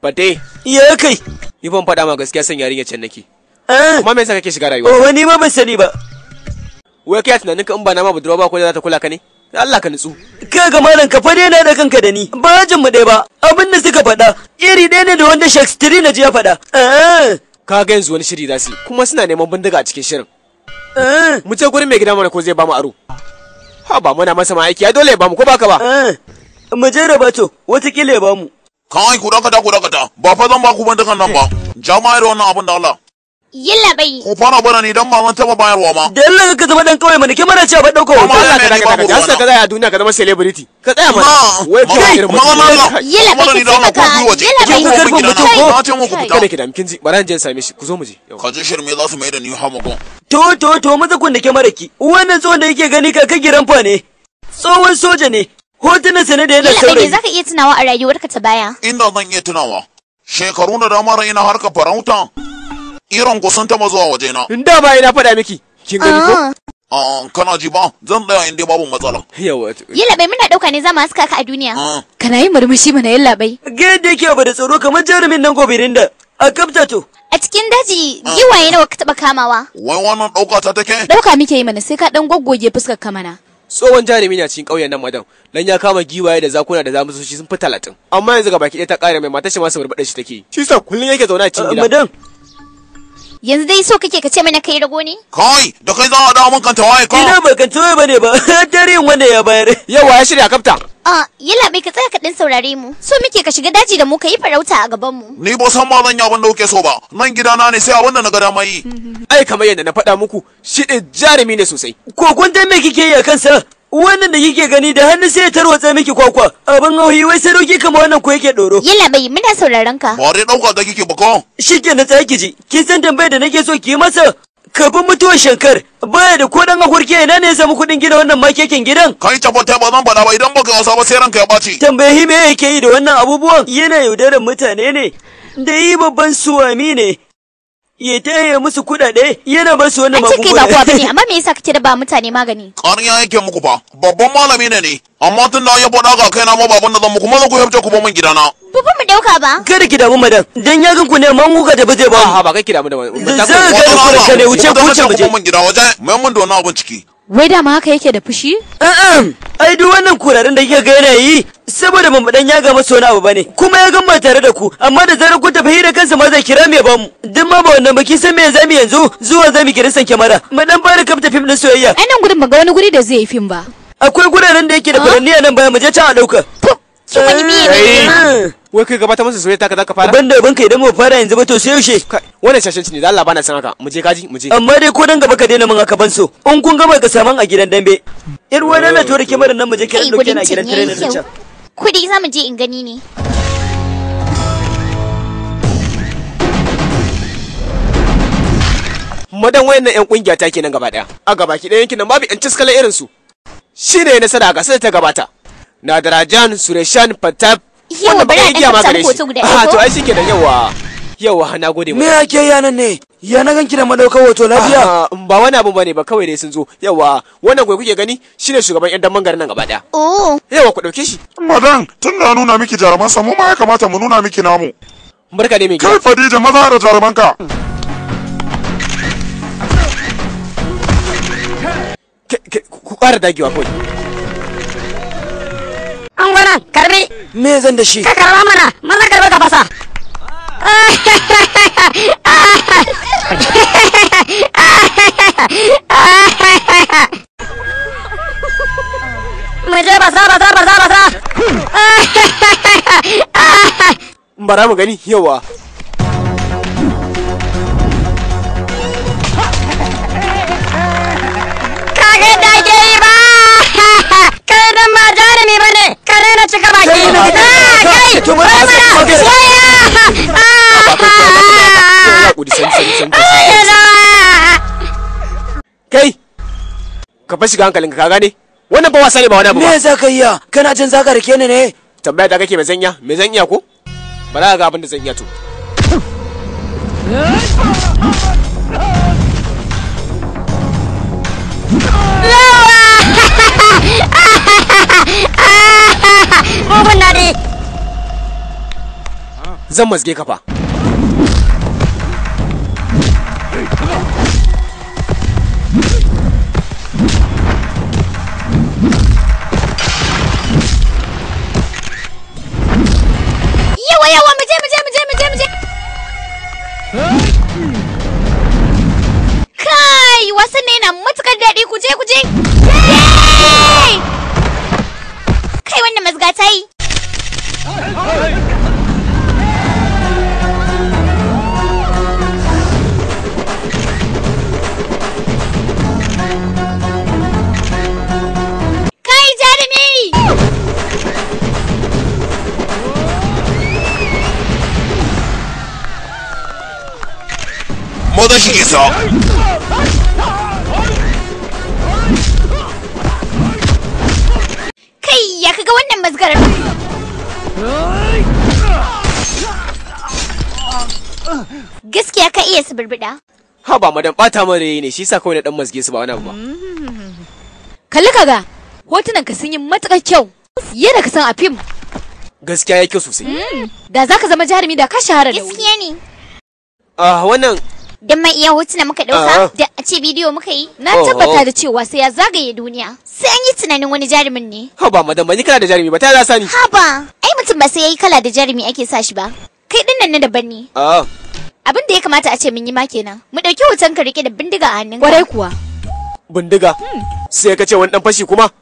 Fate. Eh. Ya kai. Ni ban faɗa ma gaskiya san yarinya can nake. Kuma me yasa kake shiga rayuwa? Oh, ni ma ban sani ba. Wai kai tunanin ka in ba na ma budurwa ba ko da za ta kula ka ne? Allah ka nutsu. Kaga malam ka fade na da kanka da ni. Ba jin mu dai ba. Abin da suka faɗa iri ɗaya ne da wanda Shakespeare na ji ya faɗa. Ka ga yanzu wani shiri za su kuma suna neman bindiga a cikin shirin. Eh. mu ce gurin mai gida mana ko zai bamu aro ha ba muna masa ma aiki ya dole ya bamu ko baka ba eh. mu je rabato watakila ya bamu kai ku dakata ku dakata ba fa zan ba ku ban dukan nan ba jama'ar wannan abin da Allah yalla bai kofana bana ni dan maman taba bayarwa ma da yalla ka zama dan kawai mana ke mana cewa ba dauko hoto Allah ka ka sa ka zaya duniya ka zama celebrity ka tsaya mana wai ka yi ma ma ma yalla dan ko tsaka yalla bai ka karbi mutum ko na ce ku fita kada ki da kin ji bara in je same shi ku zo mu je ka ji shirme za su mai da ni hamagon to to to maza kun da ke ki. wannan tsohon da yake gani ka ka giran fa ne tsohon soja ne hotunan sa ne da yana saurayi yalla za zaka iya tunawa a rayuwarka ta baya inda zan iya tunawa shekaru da dama ina harka farauta irin kusan ta mazuwa zuwa wajena. Da ba ina faɗa miki. Kin gani ko? Ah. Ah, ah, kana ji ba zan tsaya in dai babu matsala. Yawa. Yalla bai muna dauka ne za mu haska ka a duniya. Kana yin murmushi mana yalla bai. Ga yadda yake ba da tsaro kamar jarumin nan gobe da a kabta to. A cikin daji giwaye nawa ka taɓa kamawa. Wai wannan dauka ta take? Dauka muke yi mana sai ka dan goggoge fuskar ka mana. tsohon jarumi na cikin ƙauyen nan madam nan ya kama giwaye da zakuna da zamu sun fi talatin amma yanzu baki ɗaya ta ƙara mai matar shi ma su barbaɗa shi take shi sa kullum yake zaune a cikin gida madam yanzu dai so kake ka ce mana kai rago ne kai da kai za a dawo mun kan tawaye ko ina ba kan tawaye bane ba dare wanda ya bayar yawa ya shirya kafta Ah, yala mai ka tsaya ka dan saurare mu. So muke ka shiga daji da mu ka farauta a gaban mu. Ni ba san ma zan yi abin da so ba. Nan gidana ne sai abin da na ga dama yi. Ai kamar yadda na faɗa muku, shi ɗin jarumi ne sosai. Ko kun dai me kike yi a kansa? wannan da kike gani da hannu sai ya tarwatsa miki kwakwa abin hauhi wai sadauki kamar wannan ko yake doro yalla bai muna sauraron ka ba dauka da kike bakon shikenan tsaki kiji kin san tambayar da nake so ki masa kafin mutuwar shankar baya da ko dan ina ne ya samu kuɗin gina wannan makekin gidan kai tabbata ba zan faɗa ba idan baka wasa ba sai ranka ya ɓaci tambayi me yake yi da wannan abubuwan yana yaudarar mutane ne da yi babban suwami ne ya taya musu kudade yana ba su wani magunguna. An ba bane amma me yasa kake da ba mutane magani? Ƙarya yake muku fa babban malami ne ne amma tun da ya faɗa ga kaina ma baban da zan muku mazan ku yabce ku mun gidana. bubu ba mu dauka ba. Kada ki damu madan. Dan ya ganku ne man kuka da baje ba. Ha ba kai ki damu da madan. Zan ga ku da ne wuce ku wuce baje mun gida waje mai mun da wani abin ciki. Wai da ma haka yake da fushi? A'a, ai duk wannan kurarin da kika ga yana yi saboda mun dan ya ga masa wani abu bane. Kuma ya gama tare da ku, amma da zarar ku tafi da kansa ma zai kira me ba mu. Duk ma ba wannan baki san me zamu yanzu zuwa zamu kira san kamera Mu dan fara kafta fim din soyayya. Ai nan gudun ba ga wani guri da zai yi fim ba. akwai guraren da yake da furanni a nan baya mu je can a ɗauka. Eh. Wai kai gabata masa soyayya taka zaka fara? Ban da kai idan mu fara yanzu ba to sai yaushe. Wannan shashanci ne da Allah bana san haka mu je kaji mu je. Amma dai ko dan gaba ka daina mun haka ban so. In kun gama ka saman a gidan dambe. irin wani na oh. tori kemarin nan mu je kai dauke na gidan trainer din can. Kudi za mu je in gani ne. Madan wayannan 'yan kungiya ta nan gaba daya. A gaba ki yankin nan babu 'yan ciskala irin su. shi ne nasara a sai ta gabata Na darajan sureshan fatab wanda ba iya magare shi a to ai shike da yawa yawa na gode mu me yake yanan ne ya na ganki da madaukar hoto lafiya um, ba wani abu bane ba kawai dai sun zo yawa wannan kuwa kuke gani shine shugaban yan damban garin nan gaba daya oh. yawa ku dauke shi madan tun da nuna miki jaruman samu ma ya kamata mu nuna miki namu barka ne mai gida kai fadija maza da jaruman ka ku ƙara dagewa kawai an gwana karbi me zan da shi ka karba mana maza karba ka fasa mu je basa basa basa basa Mbara mu gani yawa ba ga yi ba kai dan ba jarumi bane kare na cika baki kai kai ka fa shiga hankalinka ka gane wannan ba wasa ne ba wani abu ba me za ka yi kana jin zaka rike ni ne tambaya da kake me zan iya me ko ba za ka ga abin da zan iya to zan m a s g e kafa yawa yawa muje muje muje muje muje yi wasan ne na matukar daɗi ku je ku je. Kai wannan mazga ta yi. Kai jarumi! Moda Shigeso! Kai ya kaga wannan mazgarar. Gaskiya ka iya su birbida. Ha ba madan bata mare ne shi yasa kawai na dan mazge su ba wani abu ba. Kalli kaga hotunan ka sun yi matukar kyau. Yadda ka san a fim. Gaskiya ya kyau sosai. Da za ka zama jarumi da ka shahara da wuri. Gaskiya ne. Ah wannan dan mai iya hotuna muka dauka da a ce bidiyo muka yi na tabbata da cewa sai ya zagaye duniya sai an yi tunanin wani jarumin ne ha ba madam bani kala da jarumi ba ta za sani ha ba ai mutum ba sai yayi kala da jarumi ake sa shi ba kai din nan na daban ne abin da ya kamata a ce mun yi ma kenan mu dauki hoton ka rike da bindiga a hannunka kwarai kuwa bindiga hmm. sai ka ce wani dan fashi kuma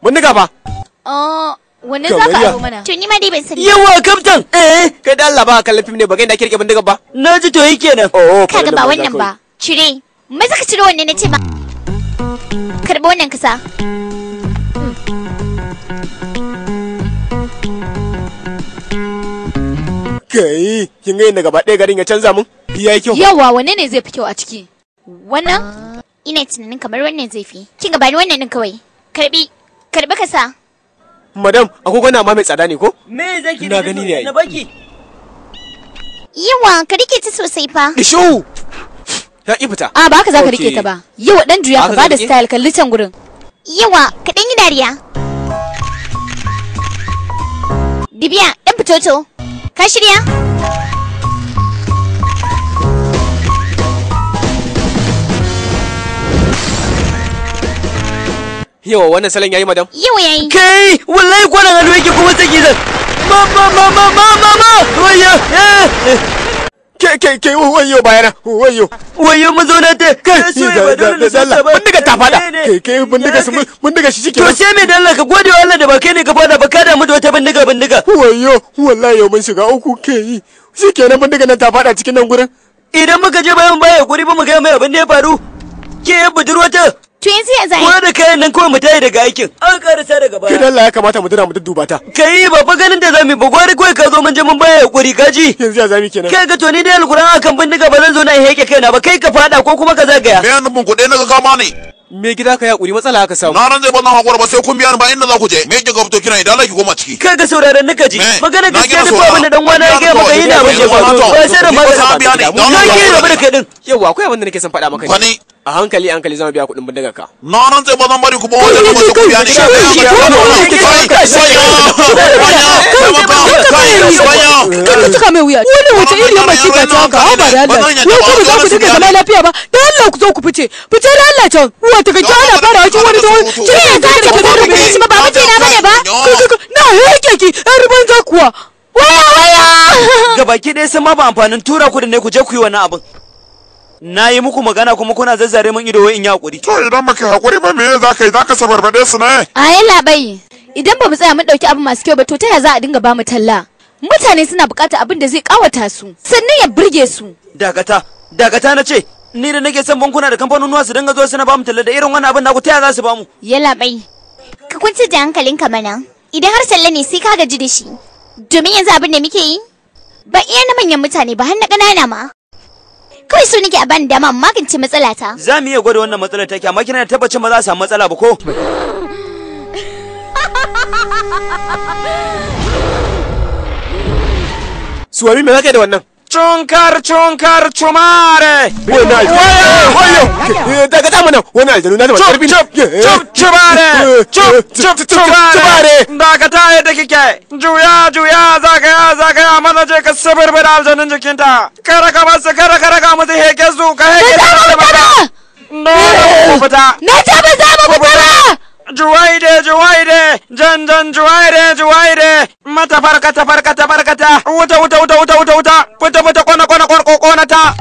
bindiga ba oh Wanne za ka aro mana? To ni ma dai ban sani. Yawa kaftan. Eh, kai da Allah ba ka kallon fim ne ba kai da kirke bindiga ba. Na ji to yake nan. Oh, oh kaga ba wannan ba. Cire. Maza ka cire wanne na ce ma. karba wannan kasa. Kai, kin ga yadda gaba ɗaya garin ya canza mun? Biya kyau. Yawa wanne ne zai fi kyau a ciki? Wannan? Ah, ina tunanin kamar wannan zai fi. Kin ga ni wannan ɗin kawai. Karɓi, karɓi kasa. madam agogo na ma mai tsada ne ko me zaki na gani ne na baki yawa ka rike ta sosai fa isho eh, ya yi fita a ah, ba zaka rike ta ba yawa dan juya ka ba da style kalli can gurin yawa ka dan yi dariya dibiya dan fitoto ka shirya Yau wannan salon yayi madam Yau yayi kai wallahi kwanan hannu yake kuma saki zan ma ma ma ma ma ma ma wayyo eh! ke ke ke wayyo bayana wayyo wayyo mun zo na te kai shi da da mun daga ta fada ke ke mun daga su mun daga shi cike to sai me dalla ka gode Allah da ba kai ne ka fada ba ka da mu da wata bindiga bindiga wayyo wallahi yau mun shiga uku ke yi shikenan mun daga nan ta fada cikin nan gurin idan muka je bayan baya guri ba mu ga mai abin da ya faru ke budurwata To yanzu ya zai. Ko da kayan nan kawai mu tayi daga aikin. An karasa daga baya. Kai Allah ya kamata mu dana mu dudduba ta. Kai ba fa ganin da zamu ba gwari kawai ka zo mun je mun baya hakuri kaji. Yanzu ya zami kenan. Kai ga to ni dai alquran akan bindiga ba zan zo na heke kaina ba kai ka fada ko kuma ka zagaya. Me yan mun kuɗe na ga kama ne. me gida ka yaƙuri matsala aka samu na ran zai bana hakura ba sai kun biya ba inda za ku je me yake gabto kina idan Allah ki goma ciki kai ga sauraron nika ji magana gaskiya da babu na dan wani ga maka yana ba je ba sai da ba biya ne dan Allah kai din yawa akwai abin da nake son faɗa maka ne a hankali hankali zama biya kuɗin bindiga ka. Na nan tsaye ba bari ku ba wajen da Kai kai kai kai ka ta haka ba da ku za ku dinga zama lafiya ba. Da Allah ku zo ku fice. Fice da ta gaji ana fara da ki ɗan sun ma ba amfanin tura ku ne ku je ku yi wani abin. na yi muku magana kuma kuna zazzare mun ido wai in yi hakuri to idan baka hakuri ba me za ka yi za ka sabarbade su ne yi labai idan ba mu tsaya mun dauki abu masu kyau ba to ta za a dinga ba mu talla mutane suna bukatar abin da zai kawata su sannan ya burge su Dagata! Dagata na ce ni da nake son bankuna da kamfanonuwa su dinga zuwa suna ba mu talla da irin wannan abin naku ta za su ba mu ya labai ka kwanci da hankalinka mana idan har talla ne sai ka gaji da shi domin yanzu abin da muke yi ba iya na manyan mutane ba har na ƙanana ma Kawai so nake a bani dama magance matsala ta. Za mu iya gwada wannan matsalar take amma kina tabbacin ba za a samu matsala ba ko? Suwami me kake da wannan? Cunkar cunkar cumare. Wena waya daga dama nan wani aljanu na da karfi. Cup cup cumare. Cup cup cumare. Daga ta yadda kike. Juya juya zagaya zagaya mana je ka sabar bada aljanun jikinta. Kara ka masu kara kara ka musu heke su ka heke su. Ba za mu fita ba. Na ce ba za mu fita ba. juwaide juwaide jan jan juwaide juwaide mata farkata farkata farkata wuta wuta wuta wuta wuta wuta fita fita kona kona kona kona ta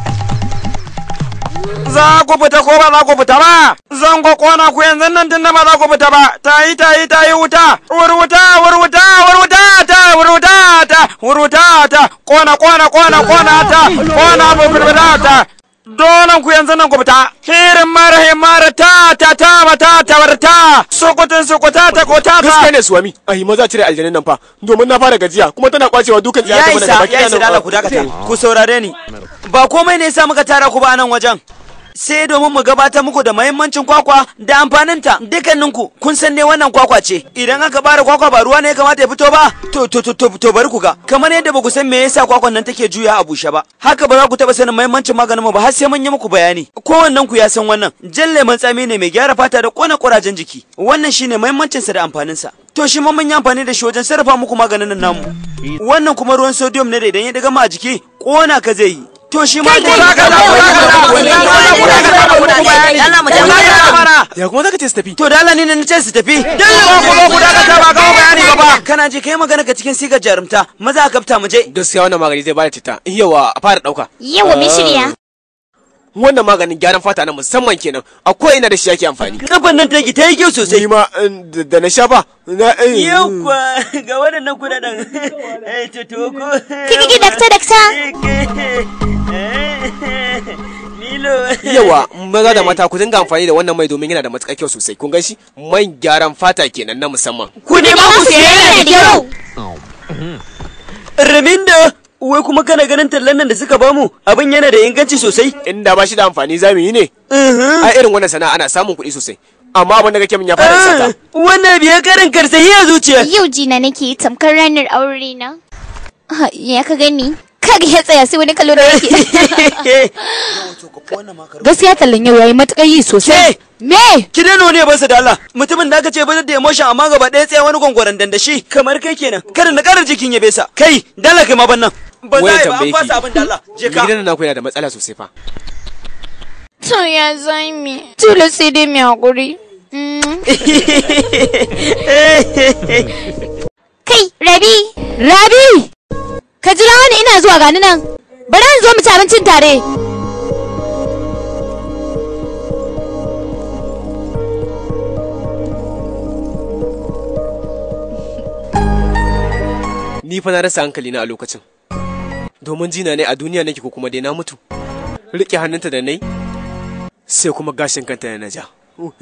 za ku fita ko ba za ku fita ba zan ku kona ku yanzu nan tunda ba za ku fita ba ta yi ta yi ta yi wuta wurwuta wurwuta wurwuta ta wuruta ta wuruta ta kona kona kona kona ta kona mu firfita ta donan ku yanzu nan ku fita hirin marhe marata ta ta mata tawarta sokotin sokota ta kota ta gaskiya ne suwami ai maza cire aljanin nan fa domin na fara gajiya kuma tana kwacewa dukan iyaka mana gaba ki nan ku saurare ni ba komai ne ya sa muka tara ku ba nan wajen sai domin mu gabatar muku da mahimmancin kwakwa da amfaninta dukkaninku kun san ne wannan kwakwa ce idan aka bara kwakwa ba ruwa ne ya kamata ya fito ba to to to to bari ku ga kamar yadda ba ku san me yasa kwakwan nan take juya a bushe ba haka ba za ku taba sanin mahimmancin maganin mu ba har sai mun yi muku bayani kowannen ku ya san wannan jalle man tsami ne mai gyara fata da kona kurajen jiki wannan shine mahimmancin sa da amfanin sa to shi mun yi amfani da shi wajen sarrafa muku maganin nan namu wannan kuma ruwan sodium ne da idan ya daga ma a jiki kona ka zai yi to shi ma dai ka da ku ya kuma zaka ce su tafi to da ni ne na ce su tafi eh. dalla ko ko ku daga ta ba ga bayani ba kana je kai magana ga cikin sigar jarumta maza ka fita mu je gaskiya wannan magani zai bada tita yawa a fara dauka yawa mun shirya wannan maganin gyaran fata na musamman kenan a ko ina da shi yake amfani kafan nan take ta yi kyau sosai ni ma eh, da na sha ba na eh, mm. yau ga waɗannan kudaden eh to to ko kiki dakta dakta Yawa, maza da eh. mata ku dinga amfani da wannan mai domin yana da matuƙar kyau sosai. Kun gan shi? Man gyaran fata kenan na musamman. Ku ne ma ku siya yana da kyau. Remindo Wai kuma kana ganin tallan nan da suka bamu abin yana da inganci sosai? Inda ba shi da amfani za mu yi ne. A irin wannan sana'a ana samun kuɗi sosai. Amma abin da kake min ya fara ah, sata. Wannan biya karin karsayi a zuciya. Yau jina nake tamkar ranar aure na. Ah, ya ka gani? ga ya tsaya sai wani kallo da yake gaskiya tallan yau yayi matukar yi sosai me ki dano ne ba su da Allah mutumin da aka ce ba da emotion amma gaba ɗaya tsaya wani gongoran dandashi kamar kai kenan kada na ƙara jikin ya besa kai dala kai ma ban nan ba za ba an fasa abin da Allah je ka gidan naku yana da matsala sosai fa to ya zai mi tulu sai dai mai hakuri mm. kai rabi rabi ka jira wani ina zuwa gani nan bari an zo mu ci abincin tare ni fa na rasa hankali na a lokacin domin jina ne a duniya nake ko kuma dai na mutu riƙe hannunta da nai sai kuma gashin kanta na ja oh,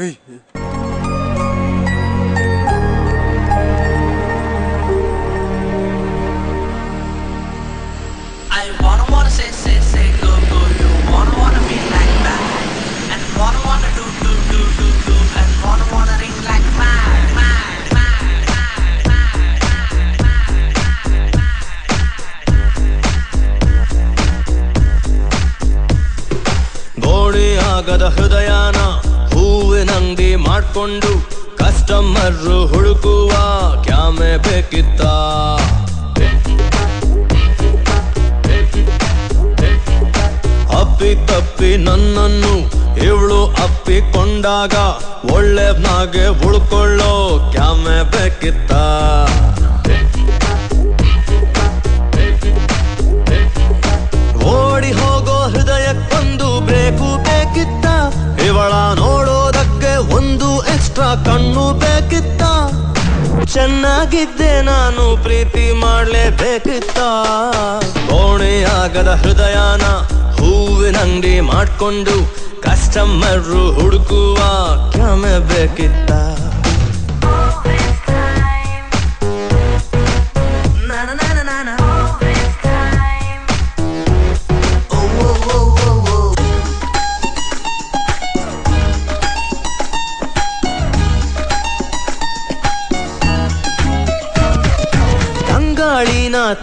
ಆಗದ ಹೃದಯನ ಹೂವಿನಂಗಡಿ ಮಾಡಿಕೊಂಡು ಕಸ್ಟಮರ್ ಹುಡುಕುವ ಕ್ಯಾಮೆ ಬೇಕಿತ್ತ ಅಪ್ಪಿ ತಪ್ಪಿ ನನ್ನನ್ನು ಇವಳು ಅಪ್ಪಿಕೊಂಡಾಗ ನಾಗೆ ಉಳ್ಕೊಳ್ಳೋ ಕ್ಯಾಮೆ ಬೇಕಿತ್ತ ಸ್ಥಳ ನೋಡೋದಕ್ಕೆ ಒಂದು ಎಕ್ಸ್ಟ್ರಾ ಕಣ್ಣು ಬೇಕಿತ್ತ ಚೆನ್ನಾಗಿದ್ದೆ ನಾನು ಪ್ರೀತಿ ಮಾಡ್ಲೇಬೇಕಿತ್ತ ಕೋಣೆ ಆಗದ ಹೃದಯನ ಹೂವಿನ ಅಂಗಡಿ ಮಾಡ್ಕೊಂಡು ಕಸ್ಟಮರ್ರು ಹುಡುಕುವ ಕ್ರಮ ಬೇಕಿತ್ತ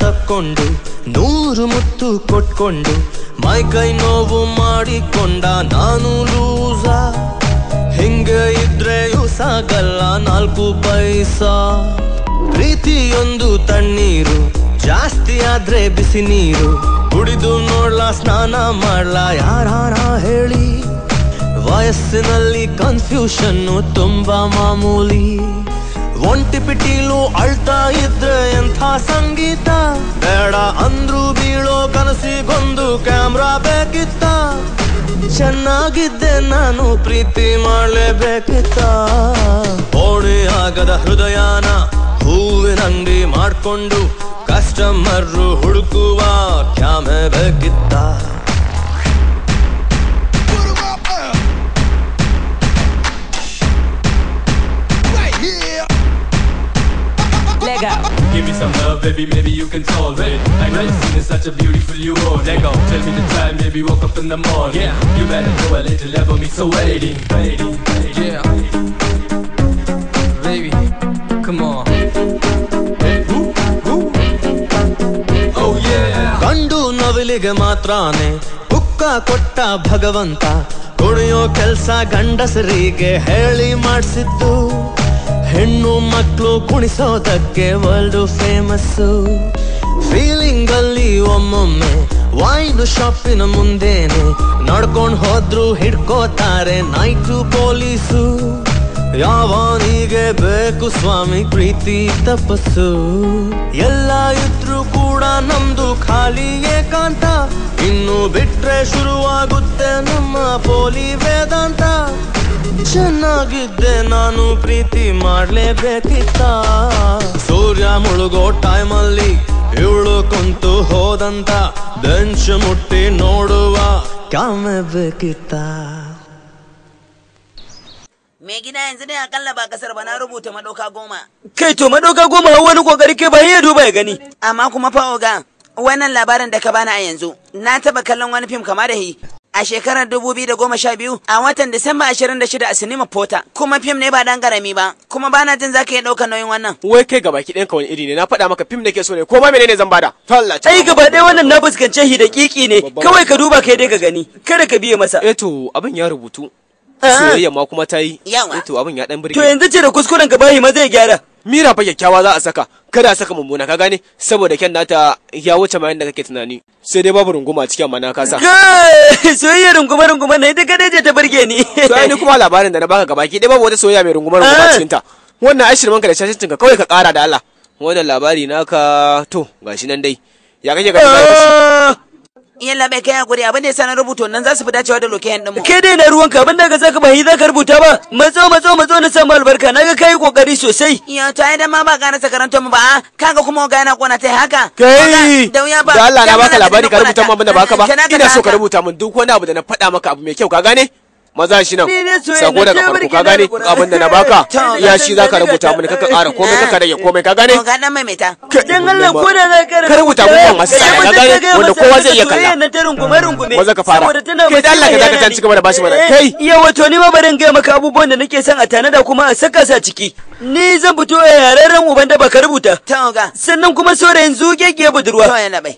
ತಕ್ಕೊಂಡು ನೂರು ಮುತ್ತು ಕೊಟ್ಕೊಂಡು ಮೈ ಕೈ ನೋವು ಮಾಡಿಕೊಂಡ ನಾನು ಲೂಸ ಹಿಂಗೆ ಇದ್ರೆಯೂ ಸಾಕಲ್ಲ ನಾಲ್ಕು ಪೈಸ ಪ್ರೀತಿಯೊಂದು ತಣ್ಣೀರು ಜಾಸ್ತಿ ಆದ್ರೆ ಬಿಸಿ ನೀರು ಕುಡಿದು ನೋಡ್ಲಾ ಸ್ನಾನ ಮಾಡ್ಲಾ ಯಾರ ಹೇಳಿ ವಯಸ್ಸಿನಲ್ಲಿ ಕನ್ಫ್ಯೂಷನ್ನು ತುಂಬಾ ಮಾಮೂಲಿ ಒಂಟಿ ಪಿಟೀಲು ಅಳ್ತಾ ಇದ್ರೆ ಎಂಥ ಸಂಗೀತ ಬೇಡ ಅಂದ್ರು ಬೀಳೋ ಕನಸಿಗೊಂದು ಕ್ಯಾಮ್ರಾ ಬೇಕಿತ್ತ ಚೆನ್ನಾಗಿದ್ದೆ ನಾನು ಪ್ರೀತಿ ಮಾಡಲೇಬೇಕಿತ್ತ ಓಡಿ ಆಗದ ಹೃದಯನ ಹೂವಿನಂಗಿ ಮಾಡಿಕೊಂಡು ಕಸ್ಟಮರ್ ಹುಡುಕುವ ಕ್ಯಾಮೆ ಬೇಕಿತ್ತ let go. Give me some love, baby, maybe you can solve it. I know you've seen such a beautiful you won't let go. Tell me the time, baby, woke up in the morning. Yeah, you better go a little level me, so waiting, waiting, waiting. Yeah. Baby, come on. ಗಂಡು ನವಿಲಿಗೆ ಮಾತ್ರಾನೆ ಪುಕ್ಕ ಕೊಟ್ಟ ಭಗವಂತ ಕುಣಿಯೋ ಕೆಲ್ಸ ಗಂಡಸರಿಗೆ ಹೇಳಿ ಮಾಡಿಸಿದ್ದು ಹೆಣ್ಣು ಮಕ್ಕಳು ಕುಣಿಸೋದಕ್ಕೆ ವರ್ಲ್ಡ್ ಫೇಮಸ್ ಫೀಲಿಂಗ್ ಅಲ್ಲಿ ಒಮ್ಮೊಮ್ಮೆ ವೈನ್ ಶಾಪಿನ ಮುಂದೇನೆ ನಡ್ಕೊಂಡು ಹೋದ್ರು ಹಿಡ್ಕೋತಾರೆ ನೈಟ್ ಪೊಲೀಸು ಯಾವನಿಗೆ ಬೇಕು ಸ್ವಾಮಿ ಪ್ರೀತಿ ತಪಸ್ಸು ಎಲ್ಲ ಇದ್ರು ಕೂಡ ನಮ್ದು ಖಾಲಿ ಏಕಾಂತ ಇನ್ನು ಬಿಟ್ರೆ ಶುರುವಾಗುತ್ತೆ ನಮ್ಮ ಪೋಲಿ ವೇದಾಂತ ಚೆನ್ನಾಗಿದ್ದೆ ನಾನು ಪ್ರೀತಿ ಮಾಡ್ಲೇಬೇಕಿತ್ತ ಸೂರ್ಯ ಮುಳುಗೋ ಟೈಮಲ್ಲಿ ಇವಳು ಕುಂತು ಹೋದಂತ ದಂಶ ಮುಟ್ಟಿ ನೋಡುವ ಕಾಮಬೇಕಿತ್ತ mai gida yanzu dai akalla ba kasar ba na rubuta madoka goma. Kai to madoka goma wani kokari ke ba ya duba ya gani. Amma kuma fa oga, wannan labarin da ka bani a yanzu, na taba kallon wani fim kama da hi. a shekarar 2012 a watan Disamba 26 a Sinima Porta kuma fim ne ba dan garami ba kuma bana jin zaka iya dauka nauyin wannan wai kai gaba ki ɗanka wani iri ne na faɗa maka fim nake so ne ko ma menene zan bada talla ai gaba ɗaya wannan na fuskance shi da kiki ne kawai ka duba kai dai ka gani kada ka biye masa eh to abin ya rubutu ah. soyayya ma kuma ta yi eh to abin ya dan burge to yanzu ce da kuskuren ka bahi ma zai gyara mira fa kyakkyawa za a saka kada a saka mummuna ka gane saboda kyan nata ya wuce ma yanda kake tunani sai dai babu runguma a cikin mana kasa soyayya runguma runguma ne duka je ta burge ni sai ni kuma labarin da na baka gabaki dai babu wata soyayya mai runguma runguma a ah! cikin ta wannan ai shirman ka da shashin ka kawai ka kara da Allah wannan labari naka to gashi nan dai ya kake ga Yan labai kai hakuri abin da yasa na rubuta wannan za su fi dacewa da lokayen dinmu. mu. Ke dai na ruwanka abin da ka saka ba za ka rubuta ba. Matso matso matso na samu albarka naga kai kokari sosai. iya to ai dan ma ba karanta mu ba a ah. kaga kuma ga yana kona tai haka. Kai da wuya ba. Da Allah na baka labari ka rubuta mu abin da baka ba. Ina so ka rubuta min duk wani abu da na faɗa maka abu mai kyau ka gane? maza shi nan sako daga farko ka gane abin da na baka ya shi zaka rubuta mini kaka ƙara komai kaka rage komai ka gane ka dan Allah ko da ka rubuta masu sai ka gane wanda kowa zai iya kalla maza ka fara kai dan Allah ka zaka tanci gaba da bashi mana eh, kai yawa to ni ma barin ga maka abubuwan da nake son a tanada kuma a saka sa ciki Ni zan fito a yararen uban da baka rubuta. Sannan kuma saurayin ke budurwa.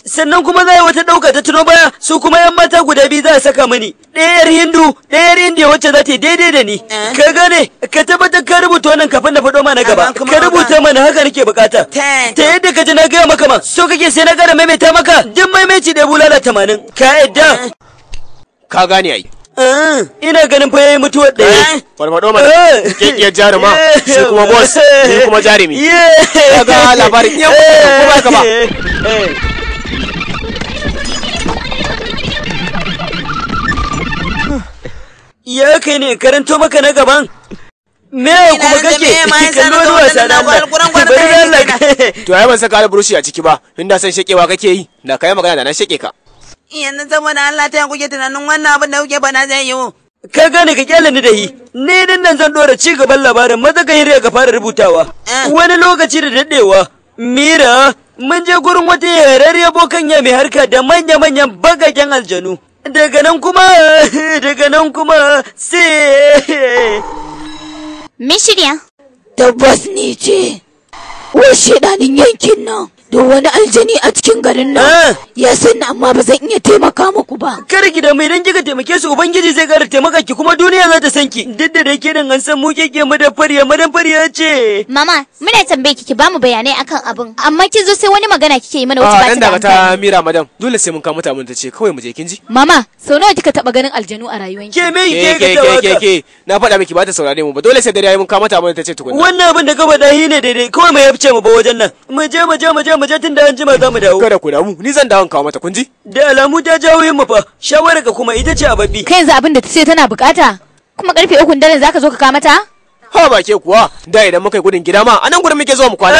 Sannan kuma za wata ɗauka ta tuno baya su kuma yan mata guda biyu za saka mini. Ɗayar Hindu, ɗayar Indiya wacce za ta yi daidai da ni. Eh. Ka gane, ka tabbatar ka rubuta wannan kafin na fado mana gaba. Ka rubuta mana haka nake bukata. Ta yadda ka ji na gaya maka ma, so kake sai na ƙara maimaita maka duk maimaici da bulala tamanin. Ka yadda. Eh. Ka gane ai. Eh, ina ganin fa yayi mutuwar ɗaya eh, farfado mana eh, kekiyar jaruma shi kuma boss shi kuma jarumi daga labarin ya ko ba ka ba ya kai ne karanto maka na gaban me kuma kake kallo da wasa da Allah bari Allah to ai ban saka alburushi a ciki ba inda san shekewa kake yi da kai magana da na sheke ka Yanzu saboda Allah ta kuke tunanin wannan abin da kuke bana zai yiwu. Ka gane ka kyale ni da yi, ni din nan zan dora ci gaban labarin maza ka hirya ka fara rubutawa. Eh. Wani lokaci da daɗewa, Mira, mun je gurin wata yarariya bokan ya mai harka da manya-manyan bagagen aljanu. Daga nan kuma, daga nan kuma, sai. mishirya. Tabbas ni ce, wa shiɗanin yankin nan. do wani aljani a cikin garin nan eh. ya sani amma ba zan iya taimaka muku ba kar ki da mai dan kika taimake su ubangiji zai kara taimaka ki kuma duniya za ta san ki duk da ke nan an san mu kike madan fariya madan fariya ce mama muna tambaye ki ki ba mu bayanai akan abin amma kin zo sai wani magana kike yi mana wata ba ah, ta da ta mira madam dole sai mun kama ta ta ce kawai mu je kin ji mama sau nawa kika taba ganin aljanu a rayuwanki ke me ke ke ke ke na faɗa miki ba ta saurare mu ba dole sai dare mun kama ta ta ce tukunna wannan abin da ka faɗa ne daidai kawai mu yafce mu ba wajen nan mu je mu je mu je mu je tun da an jima za mu dawo. Kada ku damu, ni zan dawo kawo mata kun ji? Da alamu ta jawo yin mu fa, shawara ka kuma ita ce a babbi. Kai yanzu abin da ta ce tana bukata, kuma karfe uku za ka zo ka kawo mata? Ha ba ke kuwa, da idan muka yi gudun gida ma, anan gudun muke zuwa mu kwana.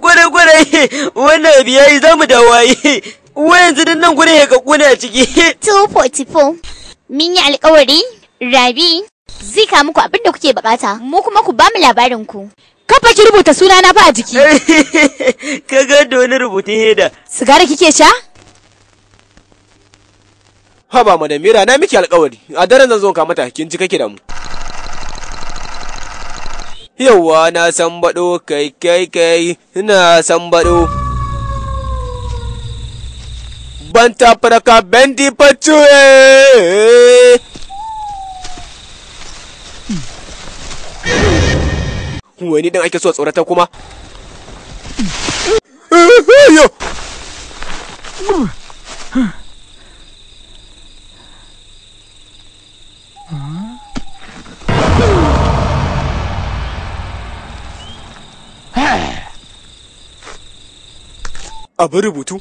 Gudun gudun, wannan biyayi za mu dawo yi. yanzu zinin nan gudun ya kakku a ciki. 244, min yi alkawari, Rabi, zai muku abin da kuke bukata, mu kuma ku ba mu labarin ku. kafa ki rubuta suna na ba a jiki ka ga da wani rubutun heda sigara kike sha ha ba madam mira na miki alkawari a daren zan zo ka mata kin ji kake da mu yawwa na san baɗo kai kai kai na san baɗo banta faraka bendi facuwe wani dan ake so tsorata kuma abin rubutu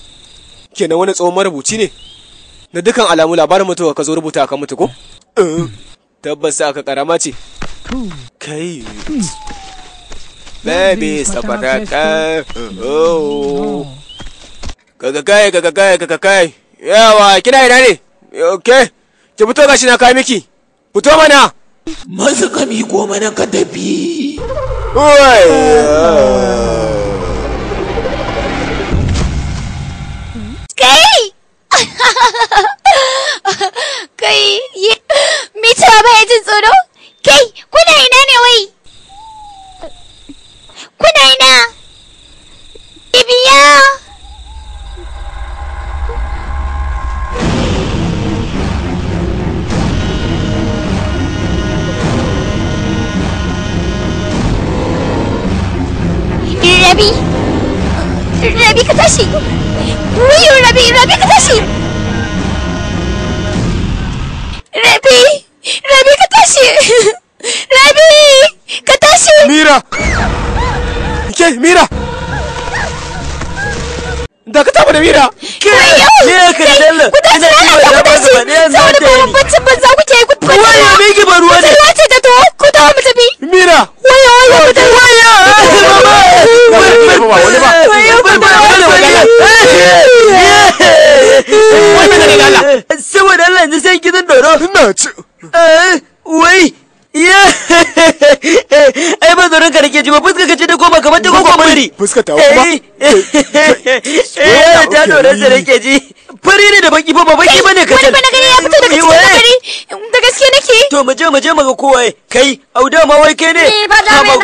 kenan wani tsohon marubuci ne na dukan alamu labarin mutuwa ka zo rubuta kan mutu ko eh. tabbas aka karama ce kai baby safaraka oh kaga kai kaga kai kaga kai yawa kina ina ne okay ki fito gashi na kai miki fito mana masu kami ko mana ka tafi kai kai me ta bai jin tsoro kai kuna ina ne wai 困难呢？拉比啊！拉比，拉比，卡塔西，没有拉比，拉比，卡塔西。拉 比，拉比，卡塔西，拉比，卡塔西。米拉。ke mira da ka taba da mira ke mira ka da dalla ina ci da ba za ta yi bacci banza kuke yi kuka waya mai giba ruwa da to ku mu tafi mira saboda gidan wai ai ba zoron ka nake ji ba fuska kace da goma kamar ta goma bari fuska ta kuma eh. eh ta dora sa nake ji fari ne da baki ba baki bane ka wani bane gari ya fito daga cikin gari da gaske nake to mu je mu je mu ga kowa kai auda ma wai kai ne eh ba da mai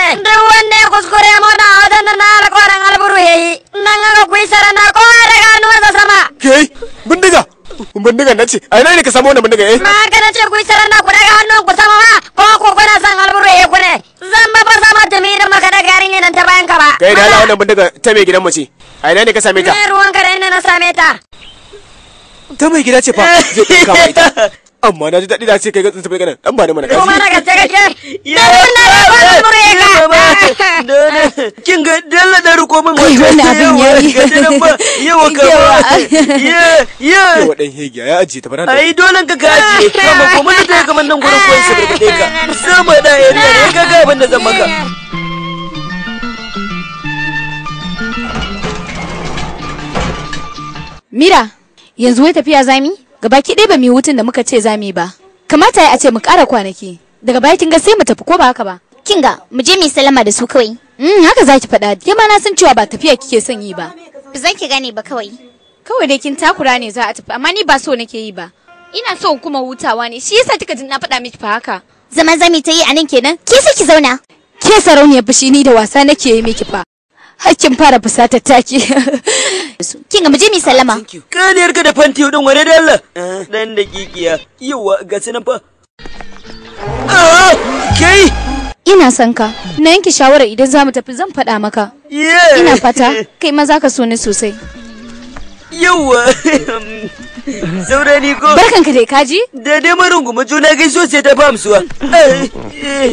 re. da wanne kuskure mu da audan na alƙawarin alburu yayi nan ga ku na ko da sama kai bindiga bindiga na ce a ina ka samu wannan bindiga eh ma ce ku sarar na ku daga hannun ku sama ma ko ku kuna san alburu eh ku zan ba ba sama ta mirin maka da garin nan ta bayan ka ba kai da Allah wannan bindiga ta mai gidan mace. ce a ina ne ka same ta ne ruwan ka da ina na same ta ta mai gida ce fa zai kawo ita amma na ji daɗi da ce kai gatsin tafi ganin dan ba da mana kasi kuma na gaske gaske ya na ba da mureka kin ga dalla da riko min wai wannan abin yayi yawa ka ya ya yawa dan hegiya ya ajiye ta bana Ayi dole ka ka aje kuma kuma da kamar nan gurin su sabar ka sama da ya yayi ya gaga abin da zan maka Mira, yanzu wai tafiya zami? gabaki ɗaya ba mu yi hutun da muka ce za mu yi ba kamata ya ce mu ƙara kwanaki daga baya kin ga sai mu tafi ko ba haka ba kin ga mu je mu salama da su kawai mm haka zaki faɗa ke ma na san cewa ba tafiya kike son yi ba ba zan ki gane ba kawai kawai dai kin takura ne za a tafi amma ni ba so nake yi ba ina so kuma hutawa ne shi yasa kika jin na faɗa miki fa haka zaman zami ta yi a nan kenan ke sai ki zauna ke sarauniya fushi ni da wasa nake yi miki fa hakkin fara fusata taki. kin ga muje mi sallama kaniyar ka da fanti din da Allah. dan eh, da kikiya yawa ga sanan fa ah, kai ina son ka na yanke shawara idan zamu tafi zan faɗa maka ina fata kai ma zaka so ni sosai yawa saurani ko barkanka dai kaji da dai marungu juna gaiso sai ta famsuwa eh, eh,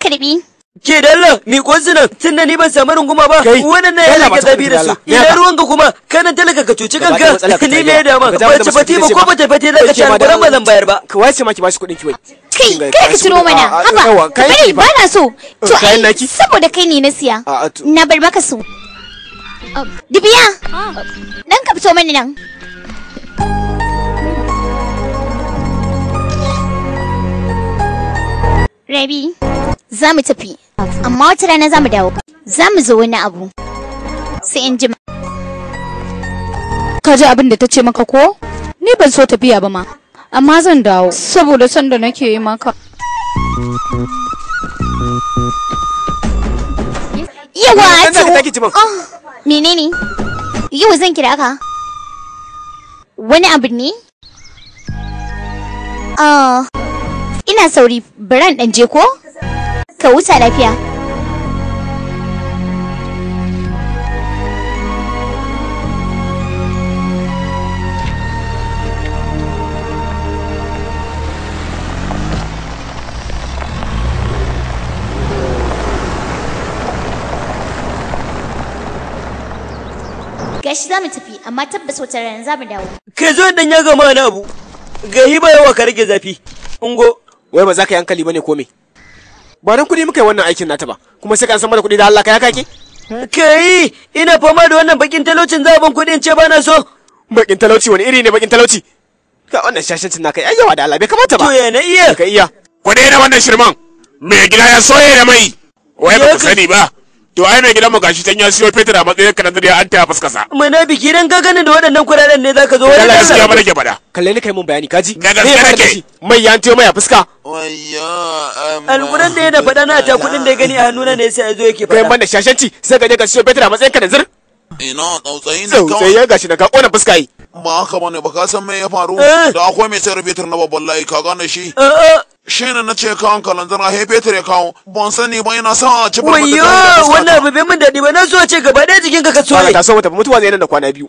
karbi Ke dalla mi kwansu nan tun ni ban samu runguma ba wannan ne yana gazabi da su ina ruwan ga kuma kana talaka ka cuci kanka ni me da ma ba ci fati ba ko ba ta fati zaka ci ba ba zan bayar ba ka wace ma ki bashi kudin ki wai kai kai ka ciro mana haba kai ba na so eh, to ai saboda kai ne na siya ah, ah, na bar maka su ah. oh, dibiya dan ka fito mana nan Rabi, za mu tafi. amma wata rana za mu dawo za mu zo wani abu sai in ji ka ji abin da ta ce maka ko ni ban so tafiya ba ma amma zan dawo saboda son da nake yi maka yawa a ah, menene yau zan kira ka wani abu ne ah, ina sauri biran ɗan je ko ka huta lafiya gashi za mu tafi amma tabbas wata rana za mu dawo. Ka zo dan ya gama na abu. Gahi ba yawa ka rage zafi. Ungo, wai ba za ka yi hankali bane ko me? ba don kuɗi muka yi wannan aikin nata ba kuma sai ka samar da kuɗi da Allah ka yaka ke kai ina fama da wannan bakin talaucin za ban kuɗin ce ba na so bakin talauci wani iri ne bakin talauci ka wannan shashancin naka ai yawa da Allah bai kamata ba to ya na iya ka iya ku daina wannan shirman me gida ya soye da mai wai ba ku sani ba to ai mai gidan mu gashi can ya siyo fetur a matsayin kalandar ya an taya fuskasa mana biki dan ka gani da waɗannan kudaden ne zaka zo wani gaskiya ba nake faɗa kalle ni kai mun bayani kaji na gaskiya nake mai ya antiyo mai fuska. fuska alƙuran da yana faɗa na ta kuɗin da ya gani a hannuna ne sai ya zo yake faɗa kai da shashanci sai ka je ka siyo fetur a matsayin kalandar ina tsautsayi ne kawai ya gashi na ka ƙona fuska yi ba haka bane ba ka san me ya faru eh. da akwai mai sayar fetur na babban layi ka gane shi eh, eh. shine na ce kawon kalandar a hefe tare kawo ban sani ba ina sa a cibar barbar da kawo wannan abu bai mun daɗi ba na so ce gaba ɗaya jikin ka ka soye ka san wata mutuwa zai nan da kwana biyu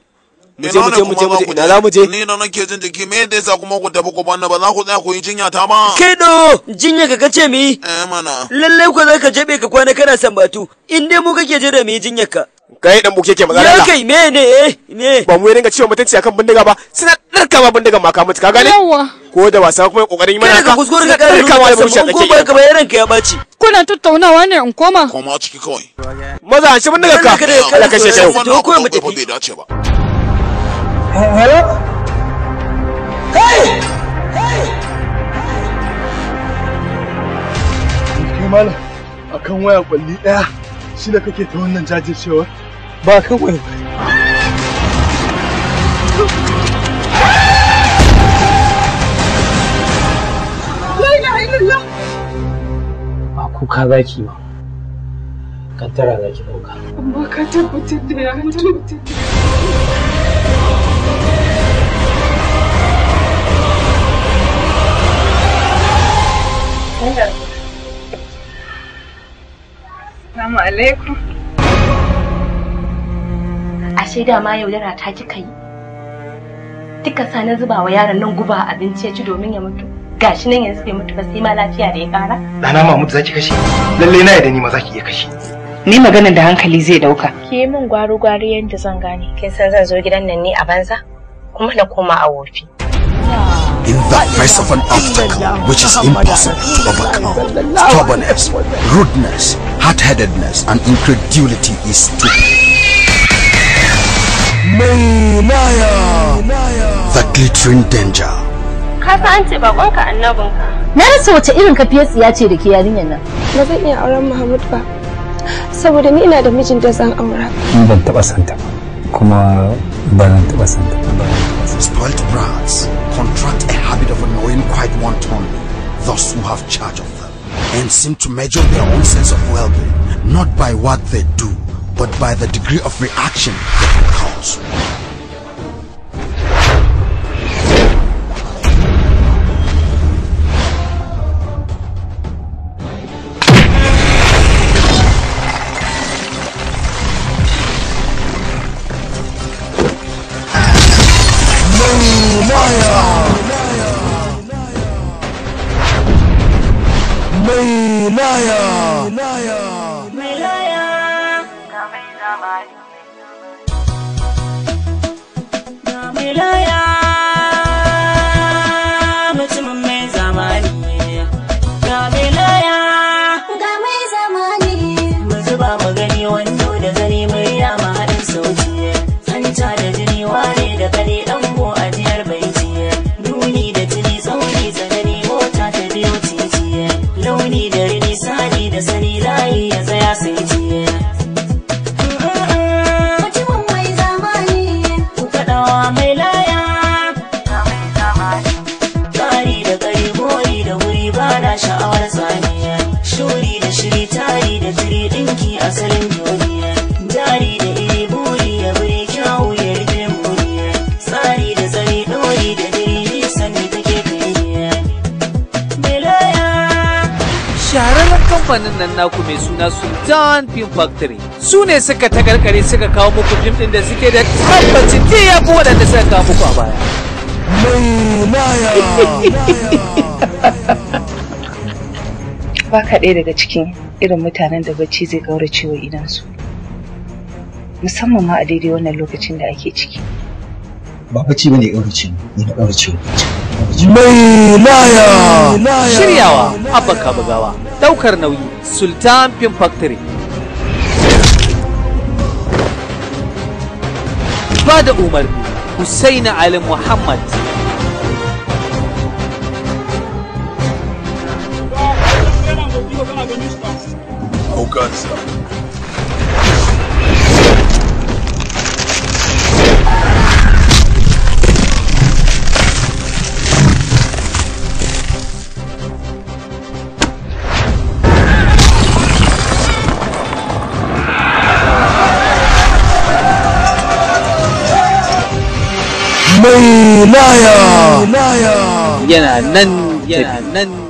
mu je mu je mu je mu je ina za mu je ni na nake jin jiki me yadda yasa kuma ku tafi ku banna ba za ku tsaya ku yi jinya ta ba kai do jinya ka kace mi eh mana lalle ku za ka jebe ka kwana kana sambatu in dai mu kake jira da mi jinyar ka kai dan buke ke maza Allah kai ne ne ne ba mu ringa cewa mutunci akan bindiga ba suna darka ba bindiga maka mutu ka gane yawa. ko da wasa kuma kokarin yi mana ka kuskure ka darka ka da bushe kake ko ka bayaran ranka ya baci kuna tattaunawa ne in koma koma ciki kawai maza shi bindiga ka kada kashe kai to ko mu tafi bai dace ba hello kai kai kai akan waya kwalli daya shi da kake ta wannan cewa? ba kawai ba ba kuka za ki ba kantara za ki ɗauka amma ka tabbatar da ya tabbatar da Assalamu alaikum. Ashe dama yaudara ta kika yi. Tika sa na zuba wa yaron nan guba abinci ya ci domin ya mutu. Gashi nan yanzu bai mutu ba sai ma lafiya da ya kara. Dana ma mutu zaki kashe. Lalle na yadda ni ma zaki iya kashe. Ni maganar da hankali zai dauka. Ki yi min gwaro gwaro yadda zan gane. Kin san zan zo gidan nan ne a banza kuma na koma a wofi. in the face of an obstacle which is impossible to overcome. Stubbornness, rudeness, hard-headedness and incredulity is stupid. The glittering danger. Ka san an ce bakonka annabinka. Na rasa wace irin ka fiye tsiya ce da ke yarinyar nan. Ba zan iya auren Muhammad ba. Saboda ni ina da mijin da zan aura. Ni ban taba santa ba. Kuma ban taba santa ba. Spoiled brats contract a habit of annoying quite one tone, those who have charge of and seem to measure their own sense of well-being not by what they do, but by the degree of reaction that it causes. kamfanin nan naku mai suna Sultan Film Factory. Su ne suka tagarkare suka kawo muku fim ɗin da suke da tabbacin ke ya fi waɗanda suka kawo muku a baya. Baka ɗaya daga cikin irin mutanen da bacci zai cewa wa idansu. Musamman ma a daidai wannan lokacin da ake ciki. Ba bacci bane ne kaurace ni na kaurace wa bacci. Mai laya! Shiryawa, abba ka bugawa. Daukar nauyi Sultan Film Factory Bada umarni Hussaina Ali Muhammad Oh, God, sir. mai laya yana nan yana nan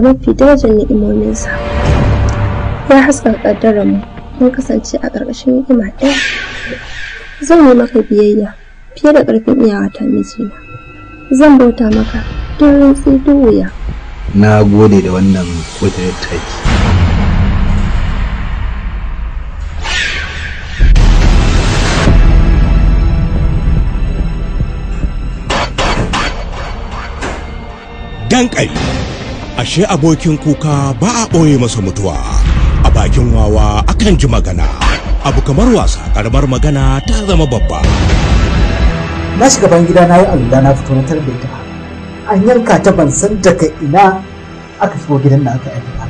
da mafi darajar ni'imominsa ya haska mu mun kasance a ƙarƙashin ni'ima ɗaya zan yi maka biyayya fiye da ƙarfin iyawata mijina zan bauta maka don rantsi duk wuya na gode da wannan ƙudurin taki dankali ashe abokin kuka ba a ɓoye masa mutuwa a bakin wawa akan ji magana abu kamar wasa karamar magana ta zama babba na shiga ban gida na yi alula na fito na tarbe ta an yanka ta ban san daga ina aka shigo gidan na aka aika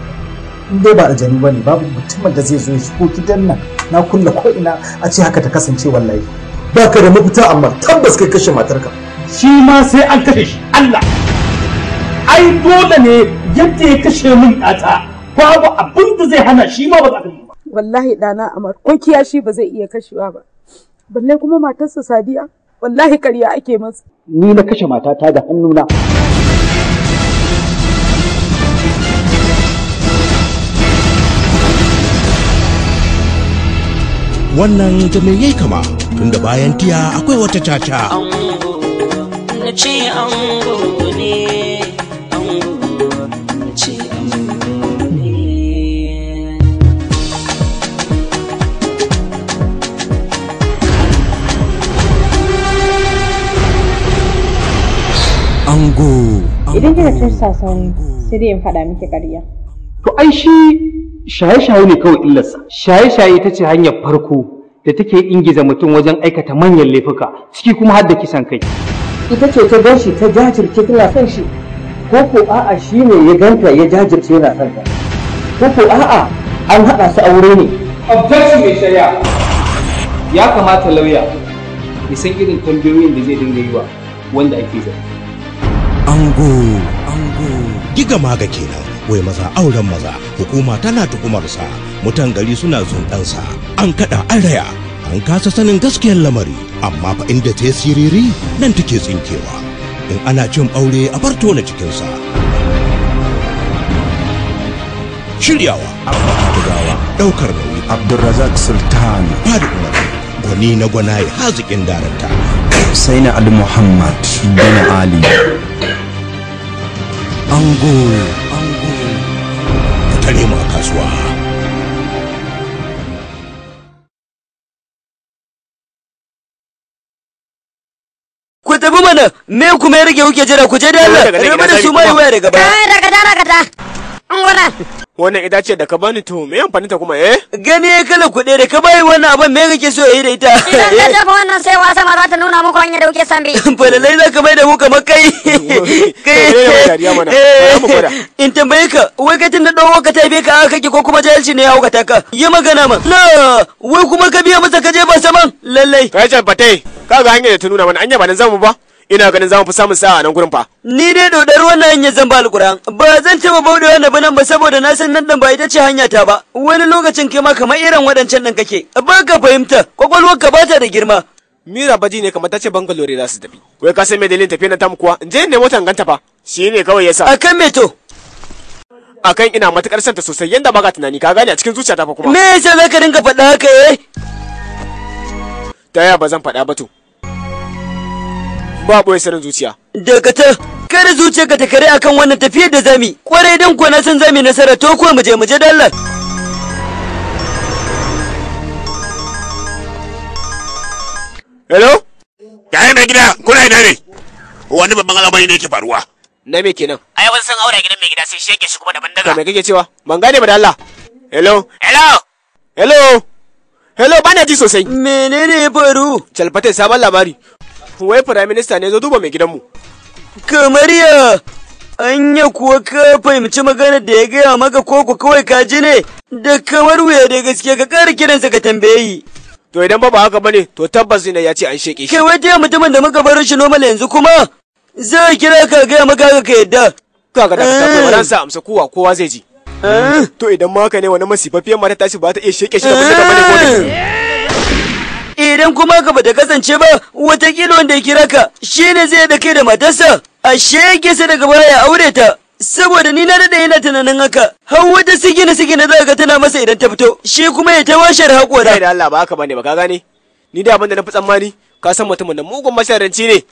in dai ba aljanu ba ne babu mutumin da zai zo ya shigo gidan nan na kulle ko ina a ce haka ta kasance wallahi ba ka da mafita amma tabbas kai kashe matarka shi ma sai an kashe shi Allah ai dole ne yadda ya kashe min ɗata babu abin da zai hana shi ma ba za ka yi ba. Wallahi ɗana Amar ko kiyashi ba zai iya kashewa ba. Balle kuma matarsa Sadiya wallahi karya ake masa. Ni na kashe matata da hannuna. Wannan da me yai kama tunda bayan tiya akwai wata caca. idan kika tursasa ni sai dai in faɗa miki ƙarya to ai shi shaye-shaye ne kawai illarsa shaye-shaye ita ce hanyar farko da take ingiza mutum wajen aikata manyan laifuka ciki kuma har da kisan kai ita ce ta gan shi ta jajirce tana son shi ko ko a'a shi ne ya ganta ya jajirce yana son ta ko ko a'a an haɗa su aure ne objection mai shari'a ya kamata lauya ya san irin tambayoyin da zai dinga yi wa wanda ake zargi ango ango giga maga kenan wai maza auren maza hukuma tana sa mutan gari suna sa an kada an raya an kasa sanin gaskiyar lamari amma fa inda ta siriri nan take tsinkewa in ana cin aure a bar tona cikinsa shiryawa abdullahi daukar nauyi abdulrazak sultan fadi umar gwani na gwanaye hazikin daranta saina na ali muhammad bin ali ango ango ka tare mu a kasuwa ku tafi mana me kuma ya rage kuke jira ku je da Allah rage mana su mai waya daga baya ragada eh, ragada an wana ita ce da ka bani to me amfani ta kuma eh gani ya kala kuɗe da ka bai wannan abin me kake so yi da ita idan ka tafi eh. wannan sai wasa ma za ta nuna muku hanyar da kuke san bi falalai za ka bai da mu kamar kai kai eh. in tambaye ka wai ka tun da ɗan ka taibe ka kake ko kuma jahilci ne ya hau ka ka yi magana ma. na wai kuma ka biya masa ka je ba saman lallai kai can fatai ka ga hanyar da ta nuna mana anya ba na zamu ba ina ganin za mu fi samun sa'a nan gurin fa ni dai dodar wannan hanyar zan ba ba zan taɓa bauɗe wannan banan ba saboda na san nan da ba ita ce hanya ta ba wani lokacin kai ma kamar irin waɗancan nan kake ba ka fahimta kwakwalwar ka ba ta da girma Mira baji ne kamar ta ce Bangalore za su tafi. Wai ka san me dalilin tafiyar tamu kuwa? In je ne motar ganta fa. Shi ne kawai ya sa. A kan me to? kan ina matuƙar santa sosai yanda ba ka tunani ka gane a cikin zuciya ta fa kuma. Me yasa ka dinga faɗa haka eh? Ta yaya ba zan faɗa ba to? ba boye sanin zuciya dakata zuciya ka ta kare akan wannan tafiyar da zami kwarai dan kuwa na san zami nasara to ko mu je mu je dallar hello yayin da gida kuna ina ne wani babban alamari ne yake faruwa na me kenan ai wani san aure gidan mai gida sai shi shi kuma daban daga me kake cewa ban gane ba da Allah hello hello hello hello bana ji sosai menene faru calfatai sabon labari wai firayim minista ne zo duba mai gidanmu. Kamar ya anya kuwa ka fahimci maganar da ya gaya maka koko kawai ka ji ne da kamar wuya da gaske ka ƙara kiransa ka tambayi. To idan ba ba haka bane to tabbas ne ya ce an sheƙe shi. Kai wai mutumin da muka bar shi normal yanzu kuma zai kira ka gaya maka haka ka yadda. ga da ka tafi ba sa eh. amsa kowa kowa zai ji. Eh. To idan ma haka ne wani masifafiyar mata ce ba ta iya sheƙe shi da kusa da bane ko eh. Idan kuma ka bata kasance ba, watakila wanda ya kira ka shi ne zai da kai da matarsa, ashe yake sai daga baya aure ta. Saboda ni na dade yana tunanin haka, har wata sigina sigina za ga tana masa idan ta fito, shi kuma ya ta washe da haƙora. Kai da Allah ba haka bane ba ka gane? Ni da abinda na fi tsammani, ka san mutumin da mugun masharanci ne.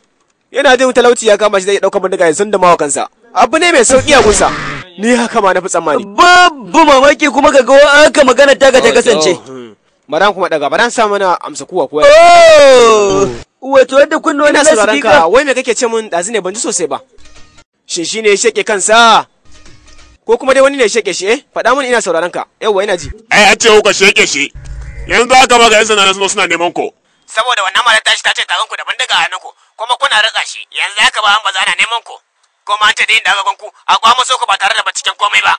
Yana jin talauci ya kama shi zai ɗaukar bindiga ya sun da mawa kansa. Abu ne mai sauƙi a gunsa. Ni haka ma na fi tsammani. Babu mamaki kuma ka ga haka magana ta ta kasance. Oh, oh, baran kuma daga baran sa mana amsa kuwa ko oh! wato yadda kunno wani na speaker wai me kake ce mun dazu ne ban ji sosai ba shin shi ne sheke kansa ko kuma dai wani ne sheke shi eh faɗa mun ina sauraron ka yawwa ina ji ai a ce ka sheke shi yanzu haka ba ga yan na sun suna neman ko saboda wannan malar tashi ta ce taron ku daban daga hannun ku kuma kuna rika shi yanzu haka ba an za ana neman ku kuma an ce da yin daga ku a kwamo so ku ba tare da ba cikin komai ba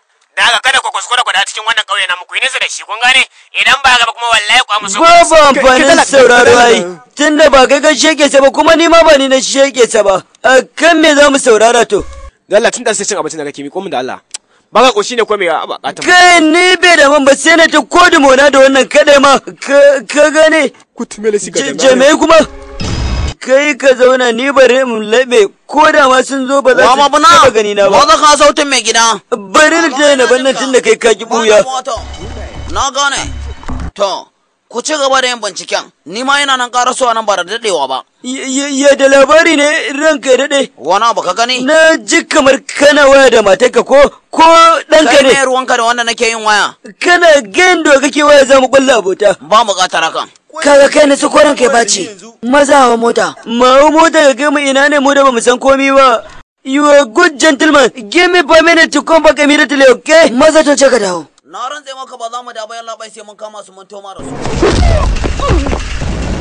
da kada ku kuskura ku da cikin wannan kauye na muku yi nisa da shi kun gane idan ba gaba kuma wallahi ku ba ba amfanin sauraro ai tunda ba kai ka sheke ta ba kuma ni ma ba ni na sheke ta ba a kan me za mu saurara to Allah tun da sai cin abincin da kake mi komin da Allah ba ka koshi ne ko me ga ta kai ni bai da man ba sai na ta kodi mona da wannan kada ma ka gane ku tumele shi ga jama'a kuma kai ka zauna ni bari mu laɓe ko da ma sun zo ba za su taɓa gani na ba. Wa ka sautin mai gida. Bari na tana bannan tun da kai ka ki ɓuya. Na gane. To, ku ci gaba da yin binciken, ni ma yana nan ƙaraso a nan ba da daɗewa ba. Ya da labari ne ranka ya daɗe. Wani abu ka gani? Na ji kamar kana waya da matarka ko ko ɗanka ne. Kai ne ruwanka da wanda nake yin waya. Kana gendo kake waya za mu ƙulla abota. Ba mu ƙatar kan. kaga kai na sukoran kai bace maza hawa mota mawu mota ga mu ina ne mu da bamu san komi ba you are good gentleman give me five minutes to come back immediately okay maza to ce ka dawo na rantse maka ba za mu da bayan labai sai mun kama su mun toma da su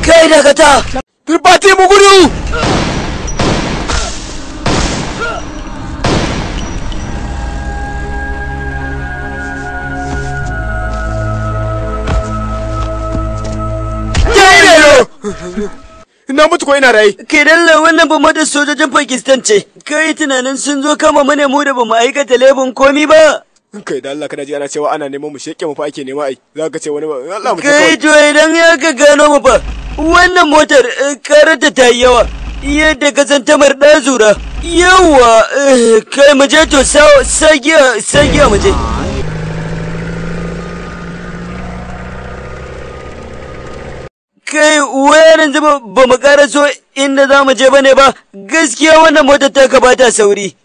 kai daga ta turbati mu gudu Na mutu ko ina raye. Kai dalla wannan ba da sojojin Pakistan ce. Kai tunanin sun zo kama mu ne mu da bamu aikata laifin komi ba. Kai da Allah kana ji ana cewa ana neman mu sheke mu fa ake nema ai. Za ka ce wani ba Allah mu Kai to idan ya ka gano mu fa. Wannan motar karanta eh, ta yi yawa. Yadda ka san tamar da zura. Yawa eh, kai mu je to sagiya sagiya mu je. kai wayar yanzu ba mu karaso inda za mu je ba ne ba gaskiya wannan motar ta gabata sauri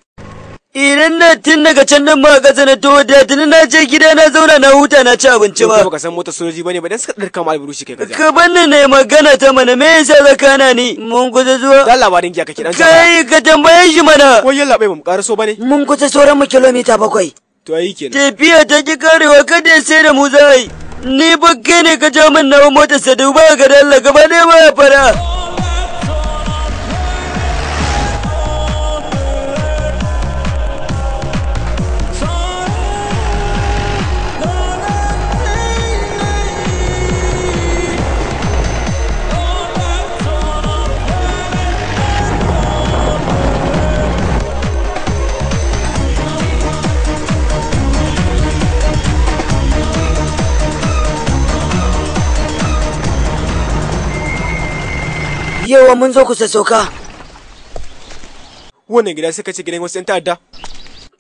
idan na tun daga can nan ma ga sana to da tun na je gida na zauna na huta na ci abinci ba baka san motar sojoji ne ba dan suka ɗarka ma shi kai kaza ka na ne magana ta mana me yasa ka na ni mun kusa zuwa dan labarin giya kake dan kai ka tambaye shi mana yin labe ba mu karaso ne. mun kusa sauran mu kilomita bakwai to ayi kenan tafiya ta ki karewa kada sai da mu yi. ni ba ne ka ja min na motar sa duba ga dalla gaba ne ma ya fara yawa mun zo ku sassauka. Wannan gida suka ce gidan wasu 'yan ta'adda.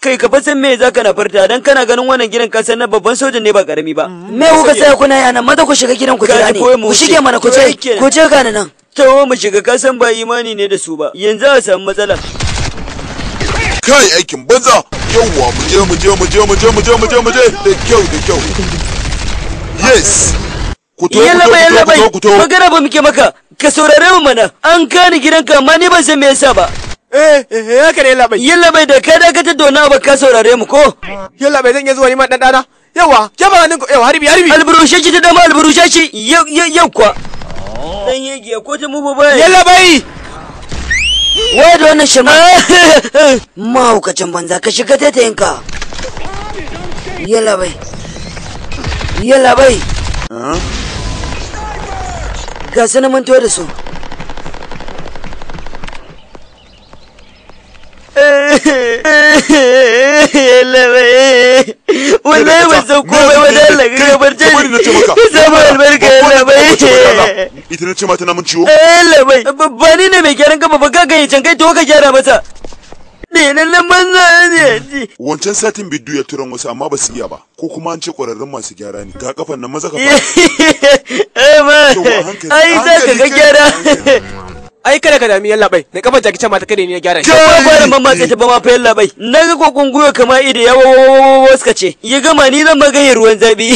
Kai ka san me za ka na farta dan kana ganin wannan gidan ka san na babban sojan ne ba karami ba. Mm-hmm. Me kuka tsaya kuna yana maza ku shiga gidan ku jira ne. Ku shige mana ku ce ku ce ka nan. Tawo mu shiga ka san ba imani ne da su ba. Yanzu a samu matsala. Kai aikin banza. Yawwa mu je mu je mu je mu je mu je mu je mu je da kyau da kyau. Yes. Kuto kuto kuto kuto. Magana ba muke maka. ka saurare mu mana an kani gidanka amma ni ban san me yasa ba eh, eh haka ne labai yalla bai da ka dakatar da wani abu ka saurare mu ko yalla bai zan yi zuwa ni ma dan dana yawa ba nan ko yawa harbi harbi alburushe ci ta dama alburushe ci yau kwa oh. dan yegi ko ta mu ba yalla bai wai da wannan shirma can banza ka shiga tayinka yalla bai yalla bai ga su na manto da su wallahi san komai wani gabar zama albarka ya labai ita na ce mata ciwo eh labai ba ni ne mai gyaran gaba ba ka gayyace kai to ka gyara masa Menene banza ne ji. Wancan satin bidu ya turan wasu amma ba su iya ba. Ko kuma an ce ƙwararrun masu gyara ne. Ga kafan nan maza ka fara. Eh, Ai za ka ga gyara. Ai kada ka dami yallaɓai. bai. Na kafan jaki can mata kada ne ya gyara. Ka ba ba da mamma sai ta ba ma fa yallaɓai. bai. Na ga kokon guyo kama ida ya wawawawa suka ce. Ya gama ni zan magaye ruwan zabi.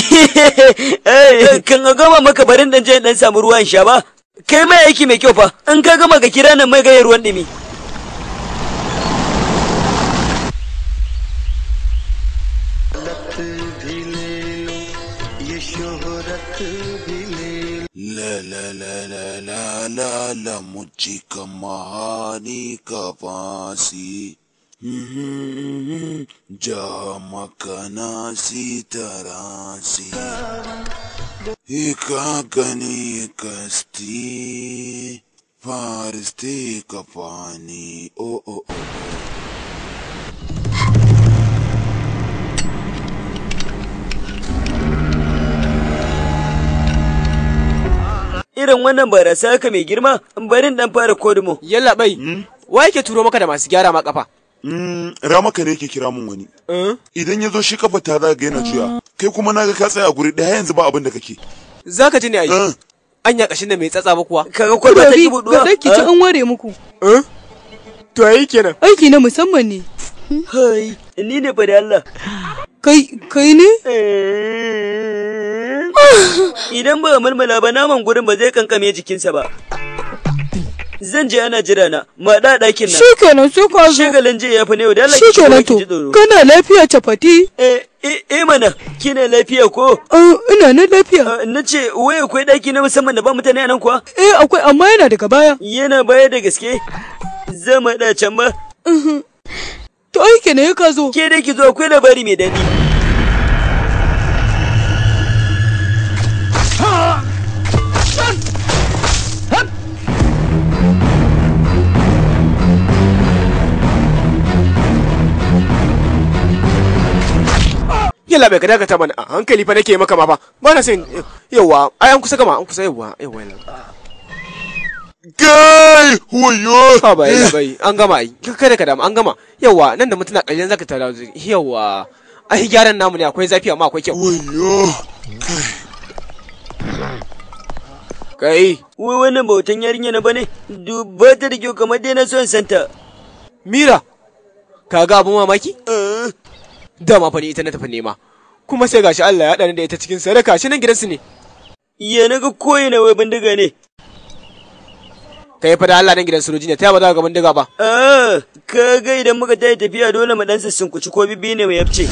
Eh, kan gama maka barin dan je dan samu ruwan sha ba. Kai mai aiki mai kyau fa. In ka gama ka kira nan mai ruwan dumi. la la la la la la, mujika mahani kapasi mm-hmm. jamakanasi tarasi ikakani kasti parsti kapani o oh, o oh, o oh. irin wannan barasa ka mai girma barin dan fara kodumo. Yalla bai, hmm? wa yake turo maka da masu gyara ma kafa? Hmm, Ramaka ne yake kira mun wani. Eh? Idan ya zo shi kafa ta za ga yana juya, kai kuma naga ka tsaya a guri ɗaya yanzu ba abin da kake. Za ka ji ne ai. Eh. Anya ƙashin da mai tsatsa ba kuwa. Kaga ko ba ta ki buɗuwa. Ga ki ci eh? an ware muku. To ai kenan. Aiki na musamman ne. Hai, ni ne ba da Allah. Kai kai ne? Idan ba murmula ba naman gurin ba zai kankame jikinsa ba. Zan je ana jira na, ma da ɗakin nan. Shikenan su ka zo. Shigalin je ya fi ne da Allah ki shigo ki tsoro. Kana lafiya tafati? Eh, eh eh mana kina lafiya ko? Oh, ina na lafiya. Eh, na ce wai akwai ɗaki na musamman da ba mutane anan kuwa? Eh akwai amma yana daga baya. Yana baya da gaske. Zama da can ba. Mhm. To aiki ne ka zo. Ke dai ki zo akwai labari mai daɗi. yalla bai ka dakata mana a hankali fa nake maka ma fa ba na sai yawa ai an kusa gama an kusa yawa yawa yalla gai huyo ta bai eh. bai an gama ai kada ka dama an gama yawa nan da mutuna kalilan zaka tara yawa ai gyaran namu ne akwai zafi amma akwai kyau huyo kai wai wannan bautan yarinya na bane duba ta da kyau kamar dai na son santa mira kaga abu mamaki eh. dama fa ni ita na tafi nema kuma sai gashi Allah ya haɗa ni da ita cikin sadaka shi nan gidansu ne ya naga koyi na wai bindiga ne kai fa da Allah nan gidansu rojin ne ta ba za ga bindiga ba eh ka ga idan muka tafi tafiya dole mu dan kuci ko bibi ne mu yabce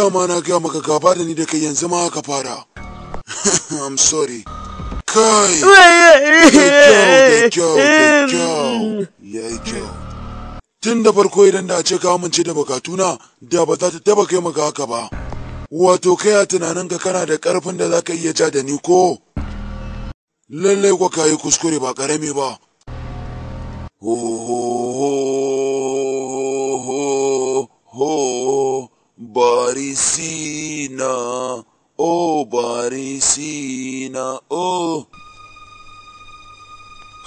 dama na gaya maka gaba da ni da kai yanzu ma ka fara i'm sorry kai da kyau da kyau kyau tun da farko idan da a ce ka amince da bukatuna da ba za ta taba kai maka haka ba wato kai a tunaninka kana da karfin da za ka iya ja da ni ko lallai kwa ka yi kuskure ba karami ba ho ho ho ho barisina o barisina o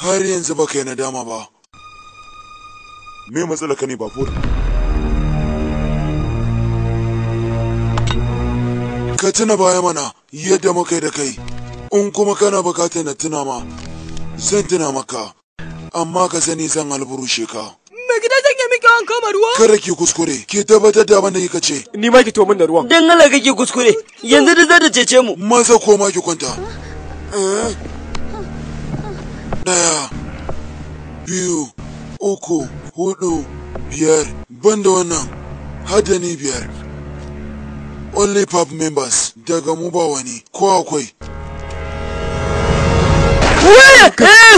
har yanzu baka yi nadama ba me matsala ka ne babur ka tuna baya mana yadda muka yi da kai in kuma kana bukata na tuna ma zan tuna maka amma ka sani zan alburushe ka me gida zan ka an kama ruwa? Kada ki kuskure, ki tabbatar da abin da kika ce. Ni ma ki to min da ruwan. Dan Allah kake kuskure, yanzu da za ta cece mu. Maza ko ma ki kwanta. Daya, biyu, uku, hudu, biyar, ban da wannan, hada ni biyar. Only pub members daga mu ba wani ko akwai.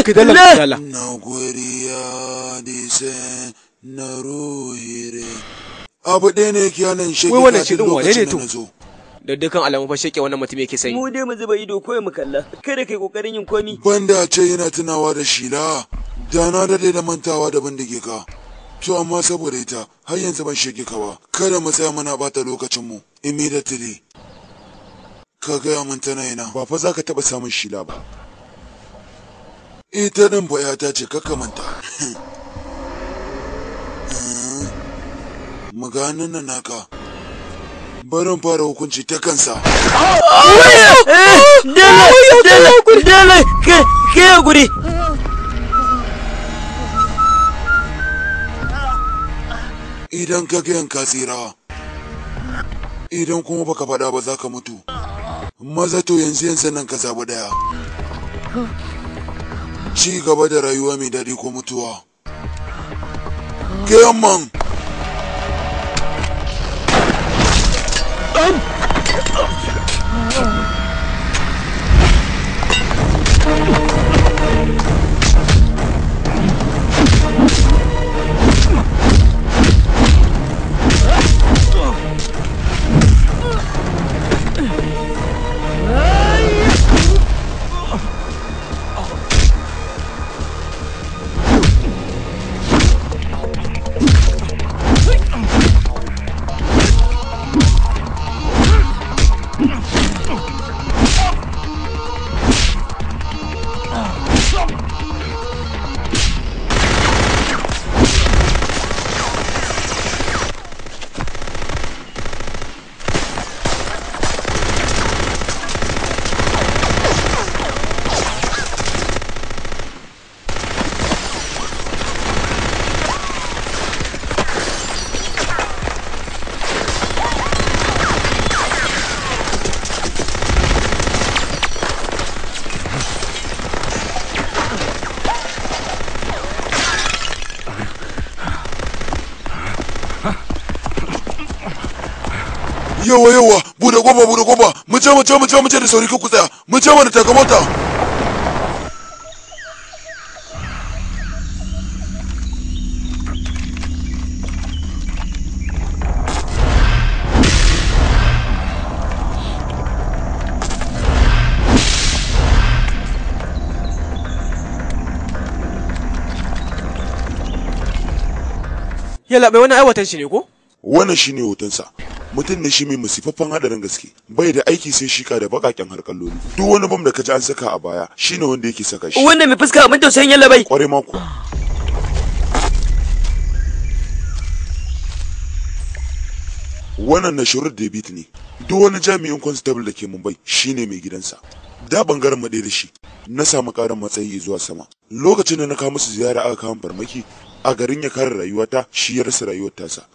Kedala, kedala. Eh! Na godiya, disen. na rohere abu ɗaya ne yake yanan shege wai wannan shirin wane ne to da dukkan alamu fa sheke wannan mutum yake sai mu dai mu zuba ido kawai mu kalla kada kai kokarin yin komi banda ce yana tunawa da shila da na dade da mantawa da bindige ka to amma saboda ita har yanzu ban shege ka ba kada mu tsaya muna bata lokacin mu immediately ka gaya mun tana yana ba fa za ka taɓa samun shila ba ita ɗin ba ta ce manta. Muga hannun nan naka. Barin fara hukunci ta kansa. Idan ka ga tsira, idan kuma baka faɗa ba za ka mutu. Maza to yanzu yanzu nan ka zaɓi ɗaya. Ci gaba da rayuwa mai daɗi ko mutuwa. Ke Oh! yawa yawa bude kofa bude kofa mu ce mu ce mu ce mu ce da sauri ku tsaya mu ce mana taka mota Yalla bai wani aiwatan shi ne ko? Wannan shi shine hotonsa. mutum ne shi mai musifaffen hadarin gaske bai da aiki sai shika da bakaken harkalloli duk wani bam da ka ji an saka a baya shine wanda yake saka shi Wanda mai fuska abin tausayin yalla bai kware ma ku wannan na shurur David ne duk wani jami'in constable da ke mumbai ne mai gidansa da bangaren maɗe da shi na samu ƙarin matsayi zuwa sama lokacin da na kawo musu ziyara aka kawo farmaki a garin ya kare rayuwata shi ya rasa rayuwar tasa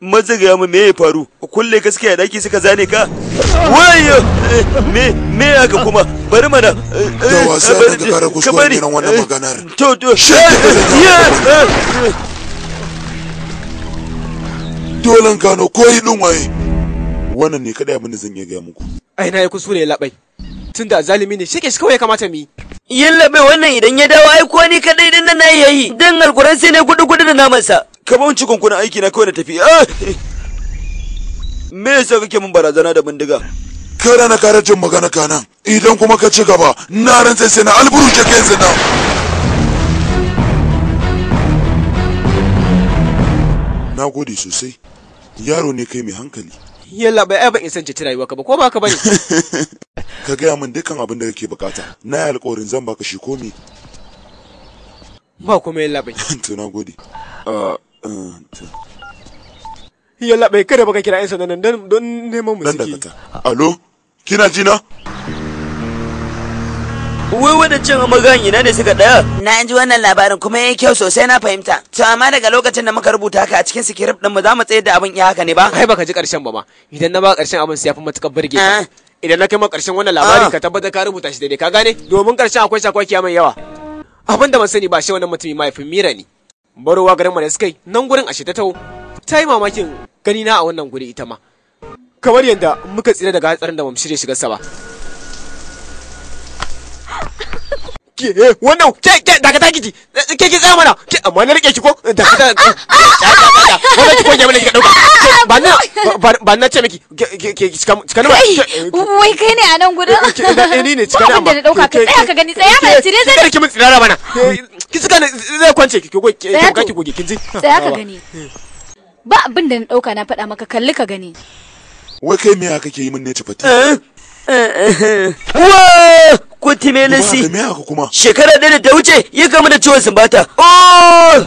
maza ga mu me ya faru kulle gaskiya daki suka zane ka wayo me me haka kuma bari mana da wasa da kara kuskuren irin wannan maganar to to eh, eh. dolan gano ko yi din waye wannan ne kada mun zan iya ga muku ai na yi ya labai tunda zalimi ne shike shi kawai ya kamata mu yi yalla bai wannan idan ya dawo aiko ni kadai din nan nayi yayi dan alquran sai ne gudu gudu da naman sa ka ba cikon kuna aiki na kawai na tafi ah! me yasa kake mun barazana da bindiga kada na kare jin magana nan idan kuma ka ci gaba na rantsa sai na alburuke kai zina na gode sosai yaro ne kai mai hankali yalla bai ai ban san ci rayuwa ka ba ko ba ka bane ka gaya min dukan abin da kake bukata na yi alƙawarin zan baka shi komi ba kuma yalla bai to na gode ah, ah, yalla bai kada baka kira yan nan don neman mu suke alo kina jina wai wadda cin magan ina ne suka daya na ji wannan labarin kuma ya yi kyau sosai na fahimta to amma daga lokacin da muka rubuta haka a cikin script din mu za mu tsayar da abin iya haka ne ba kai baka ji karshen ba ma idan na ba karshen abin sai ya fi matuƙar burge ah. idan na kai ma karshen wannan labarin, ah. ka tabbatar ka rubuta shi daidai ka gane domin karshen akwai shakwaki mai yawa abin da ban sani ba shi wannan mutumi mahaifin mira ne barowa garin mu da suka yi nan gurin ashe ta ta'u. ta yi mamakin ganina a wannan guri ita ma kamar yadda muka tsira daga hatsarin da mu shirya shiga sa ba ke eh, wannan ke ke daga ta kiji eh, ke ke tsaya mana ke amma na rike ki ko da ka wannan ki ko mana ki dauka ba na ba na ce miki ke ki cika cika eh, wai kai ne a gudan da ni ne cika ba da dauka ka tsaya ka gani tsaya mana cire zai ki mun tsirara mana ki cika zai kwance ki ko ki ka ki goge kin ji tsaya ka gani ba abin da na dauka na faɗa maka kalli ka gani wai kai me ya kake yi min ne tafata Wa! Kuti Shekara ɗaya da ta wuce ya gama da ciwon sumbata. Oh!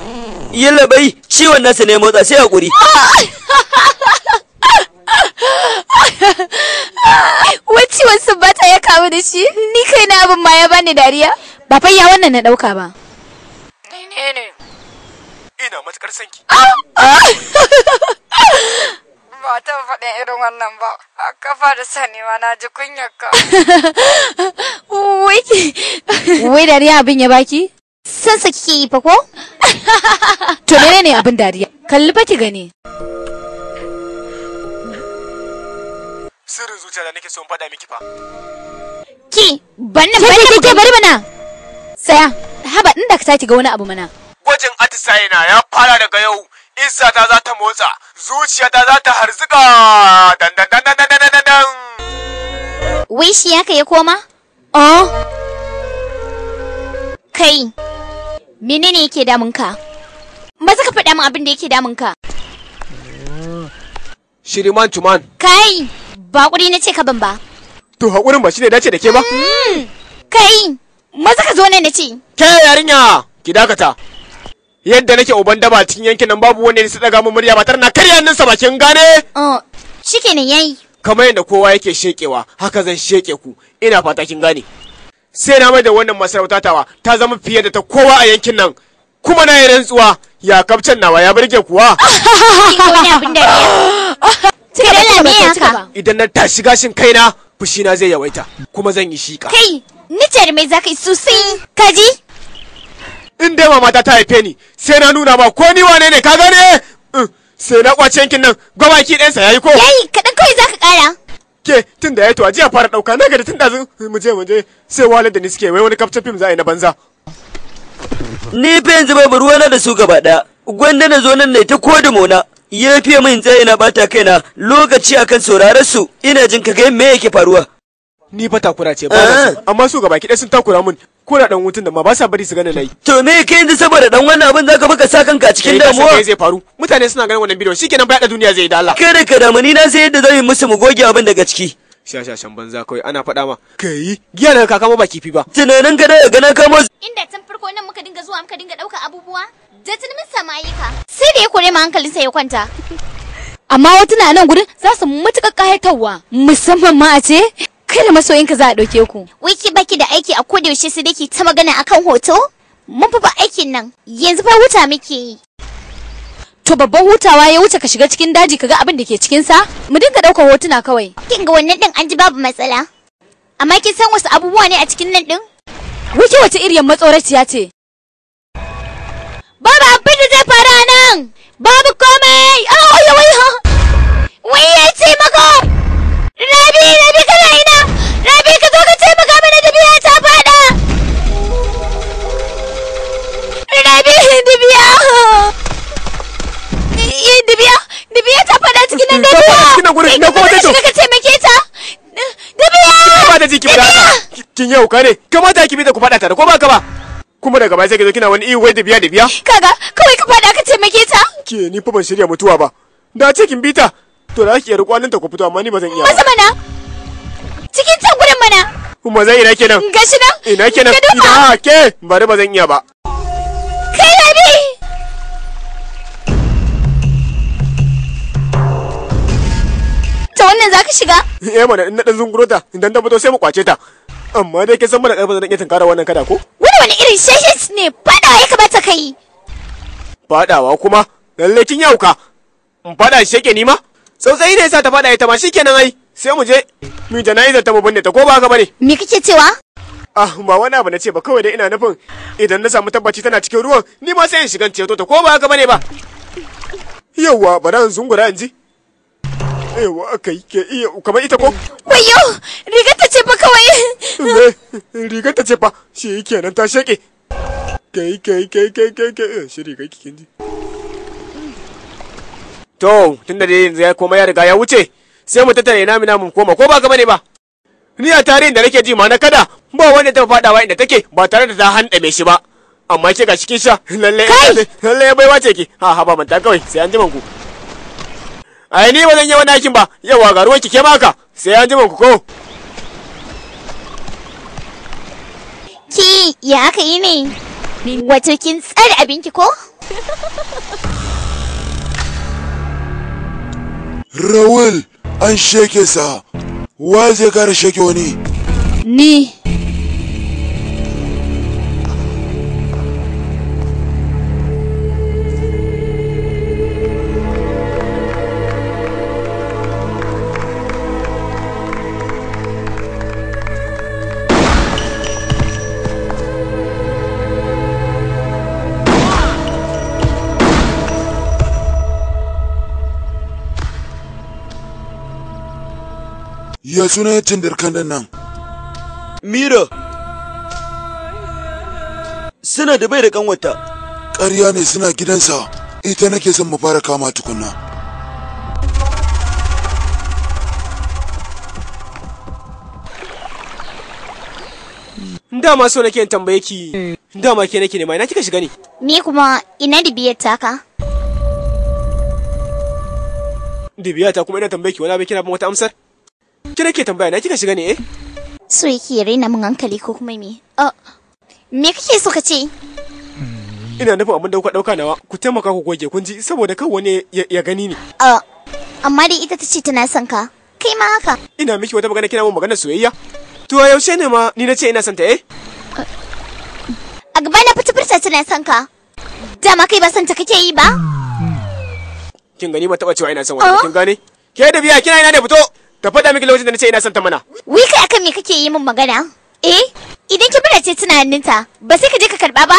ya labai ciwon nasa ne motsa sai hakuri. wani ciwon sumbata ya kamu da shi? Ni kai na abin ma ya bani dariya. Ba ya wannan na ɗauka ba. Ina matuƙar sanki. Ah! Ah! ba ta faɗin irin wannan ba a kafa da sanewa na ji kunyar ka wai dariya abin ya baki san sa kike yi fa ko to ne abin dariya kalli ba ki gani sirrin zuciya da nake so in faɗa miki fa ki bannan bannan kike bari mana saya haba inda ka tace ga wani abu mana gwajin atisaye na ya fara daga yau izzata za ta motsa zuciyata za ta harzuka dan dan dan dan dan dan dan wishi ya kai koma oh kai menene yake damun ka ba za ka faɗa min abin da yake damun ka shiriman tuman kai ba kuri na ce ka ban ba to hakurin ba shine dace da ke ba hmm. kai maza ka zo ne na ce ke yarinya ki dakata yadda nake uban daba cikin yankin nan babu wanda ya daga mu murya ba na karya ninsa bakin gane oh ne yayi kamar yadda kowa yake shekewa haka zan sheke ku ina fata kin gane sai na mai da wannan masarauta tawa ta zama fiye da ta kowa a yankin nan kuma na yi rantsuwa ya kabcan nawa ya burge kuwa idan na tashi gashin fushi na zai yawaita kuma zan yi shika kai nitar mai zaka sosai kaji in dai mama ta haife ni sai na nuna ma ko ni wane ne ka gane mm, sai na kwace yankin nan gabaki sa yayi ko yayi kaɗan kawai za ka kara ke tun da ya to a fara ɗauka na gari tun da mm, mu je mu je sai wale da ni suke wai wani kaftan film za a yi na banza ni fa yanzu babu ruwana da su gaba ɗaya gwanda na zo nan ne ta ko da mona ya fiye min tsaye na bata kaina lokaci akan sauraron su ina jin ka ga me yake faruwa ni fa takura ce ba eh. amma su gaba ki sun takura mun ko da dan wutun da ma ba sa bari su gane nayi to me kai yanzu saboda dan wannan abin zaka baka sa kanka cikin eh, damuwa kai zai faru mutane suna ganin wannan bidiyon shikenan bai da duniya zai da Allah kada ka damu ni na sai yadda zai musu mu goge abin daga ciki shashashan banza kai ana faɗa ma kai giya daga ma ba kifi ba tunanin ka daga ganin kamo inda tun farko nan muka dinga zuwa muka dinga ɗauka abubuwa da tun mun samayika sai da ya kore ma hankalin sa ya kwanta amma wata nan gurin za su matuƙar ƙayatarwa musamman ma a ce kai da masoyinka za a ɗauke ku. Wiki baki da aiki a koda yaushe sai dake ta magana akan hoto? Mun fi ba aikin nan, yanzu fa huta muke yi. To babban hutawa ya wuce ka shiga cikin daji ka ga abin da ke cikin sa? Mu dinga ɗaukar hotuna kawai. Kin ga wannan ɗin an ji babu matsala. Amma kin san wasu abubuwa ne a cikin nan din? Wiki wace iriyar matsoraciya ce? Babu abin da zai a nan! Babu komai! Oh, wai ha! Wai ya ce mako! Rabi, rabi Dibiya! Dibiya! Dibiya ta fada cikin nan da ta! Cikin gurin ina kuma ta shiga ka taimake ta! Dibiya! Ki ba da jiki ba. Kin yau kare. Kamata ki bi da ku fada ta ko ba ka ba? Kuma daga baya sai ki zo kina wani iyo wai Dibiya Dibiya? Kaga kawai ka fada ka taimake ta. Ke ni fa ban shirya mutuwa ba. Da ce kin bi ta. To da ki yar ta ku fito amma ni ba zan iya. Masa mana. Cikin can gurin mana. Kuma zai ina kenan. Gashi nan. Ina kenan. Ina ke. Bari ba zan iya ba. wannan za ka shiga? Eh mana in na dan idan ta fito sai mu kwace ta. Amma dai kin san mana karfa zan iya tunkara wannan kada ko? Wani wani irin shashit ne fadawa ya kamata ka yi. Fadawa kuma lalle kin yauka. In fada shi yake ni ma? Tsautsayi ne sa ta fada ita ma shikenan ai. Sai mu je mu jana'izar ta mu binne ta ko ba haka bane? Me kake cewa? Ah, ba wani abu na ce ba kawai dai ina nufin idan na samu tabbaci tana cikin ruwan ni ma sai in shiga ceto ta ko ba haka bane ba. Yawwa bana in zungura inji. ji. Yawwa ke iya kamar ita ko. Wayo rigar ta ce fa kawai. Me rigar ta ce fa shi nan ta sheke. Kai kai kai kai kai kai eh, shi rigar kikin ji. To tunda dai yanzu ya koma ya riga ya wuce sai mu tattare ina mina mu koma ko ba haka bane ba. ni a tarihin da nake ji ma na kada ba wanda ta wa inda take ba tare da ta handame shi ba amma ke ga cikin sha lalle lalle bai wace ki ha ha ba manta kawai sai an ji ku ai ni ba zan yi wani aikin ba yawa ga ruwan ki ke maka sai an ji ku ko ki ya aka yi ne wato kin tsare abinki ko rawul an sheke sa wa zai kare shake wani ni ya sunan cindirkan nan mira suna da bai da kanwata ƙarya ne suna gidansa ita nake son mu fara kama tukunna dama so nake in tambaye ki dama ke nake nema ina kika shiga ne me kuma ina da biyar taka da ta kuma ina tambaye ki wani abin kina bin wata amsar Ki nake tambaya na kika shiga ne eh? So yake raina min hankali ko kuma me? Oh, me kake so ka ce? Hmm, ina nufin abin da kuka dauka nawa ku taimaka ku goge kun ji saboda kan wani ya gani ni. Oh, amma dai ita ta ce tana son ka. Kai ma haka. Ina miki wata magana kina mun magana soyayya. To yaushe ne ma ni na ce ina son ta eh? A gaba na fita furta tana son ka. Dama kai ba son ta kake yi ba? Kin gani ba taba cewa ina son wani oh? kin gane? Ke da biya kina ina da fito. ta faɗa miki lokacin da nace ina son ta mana wi kai akan me kake yi min magana eh idan ki bada ce tunaninta ba sai ka je ka karba ba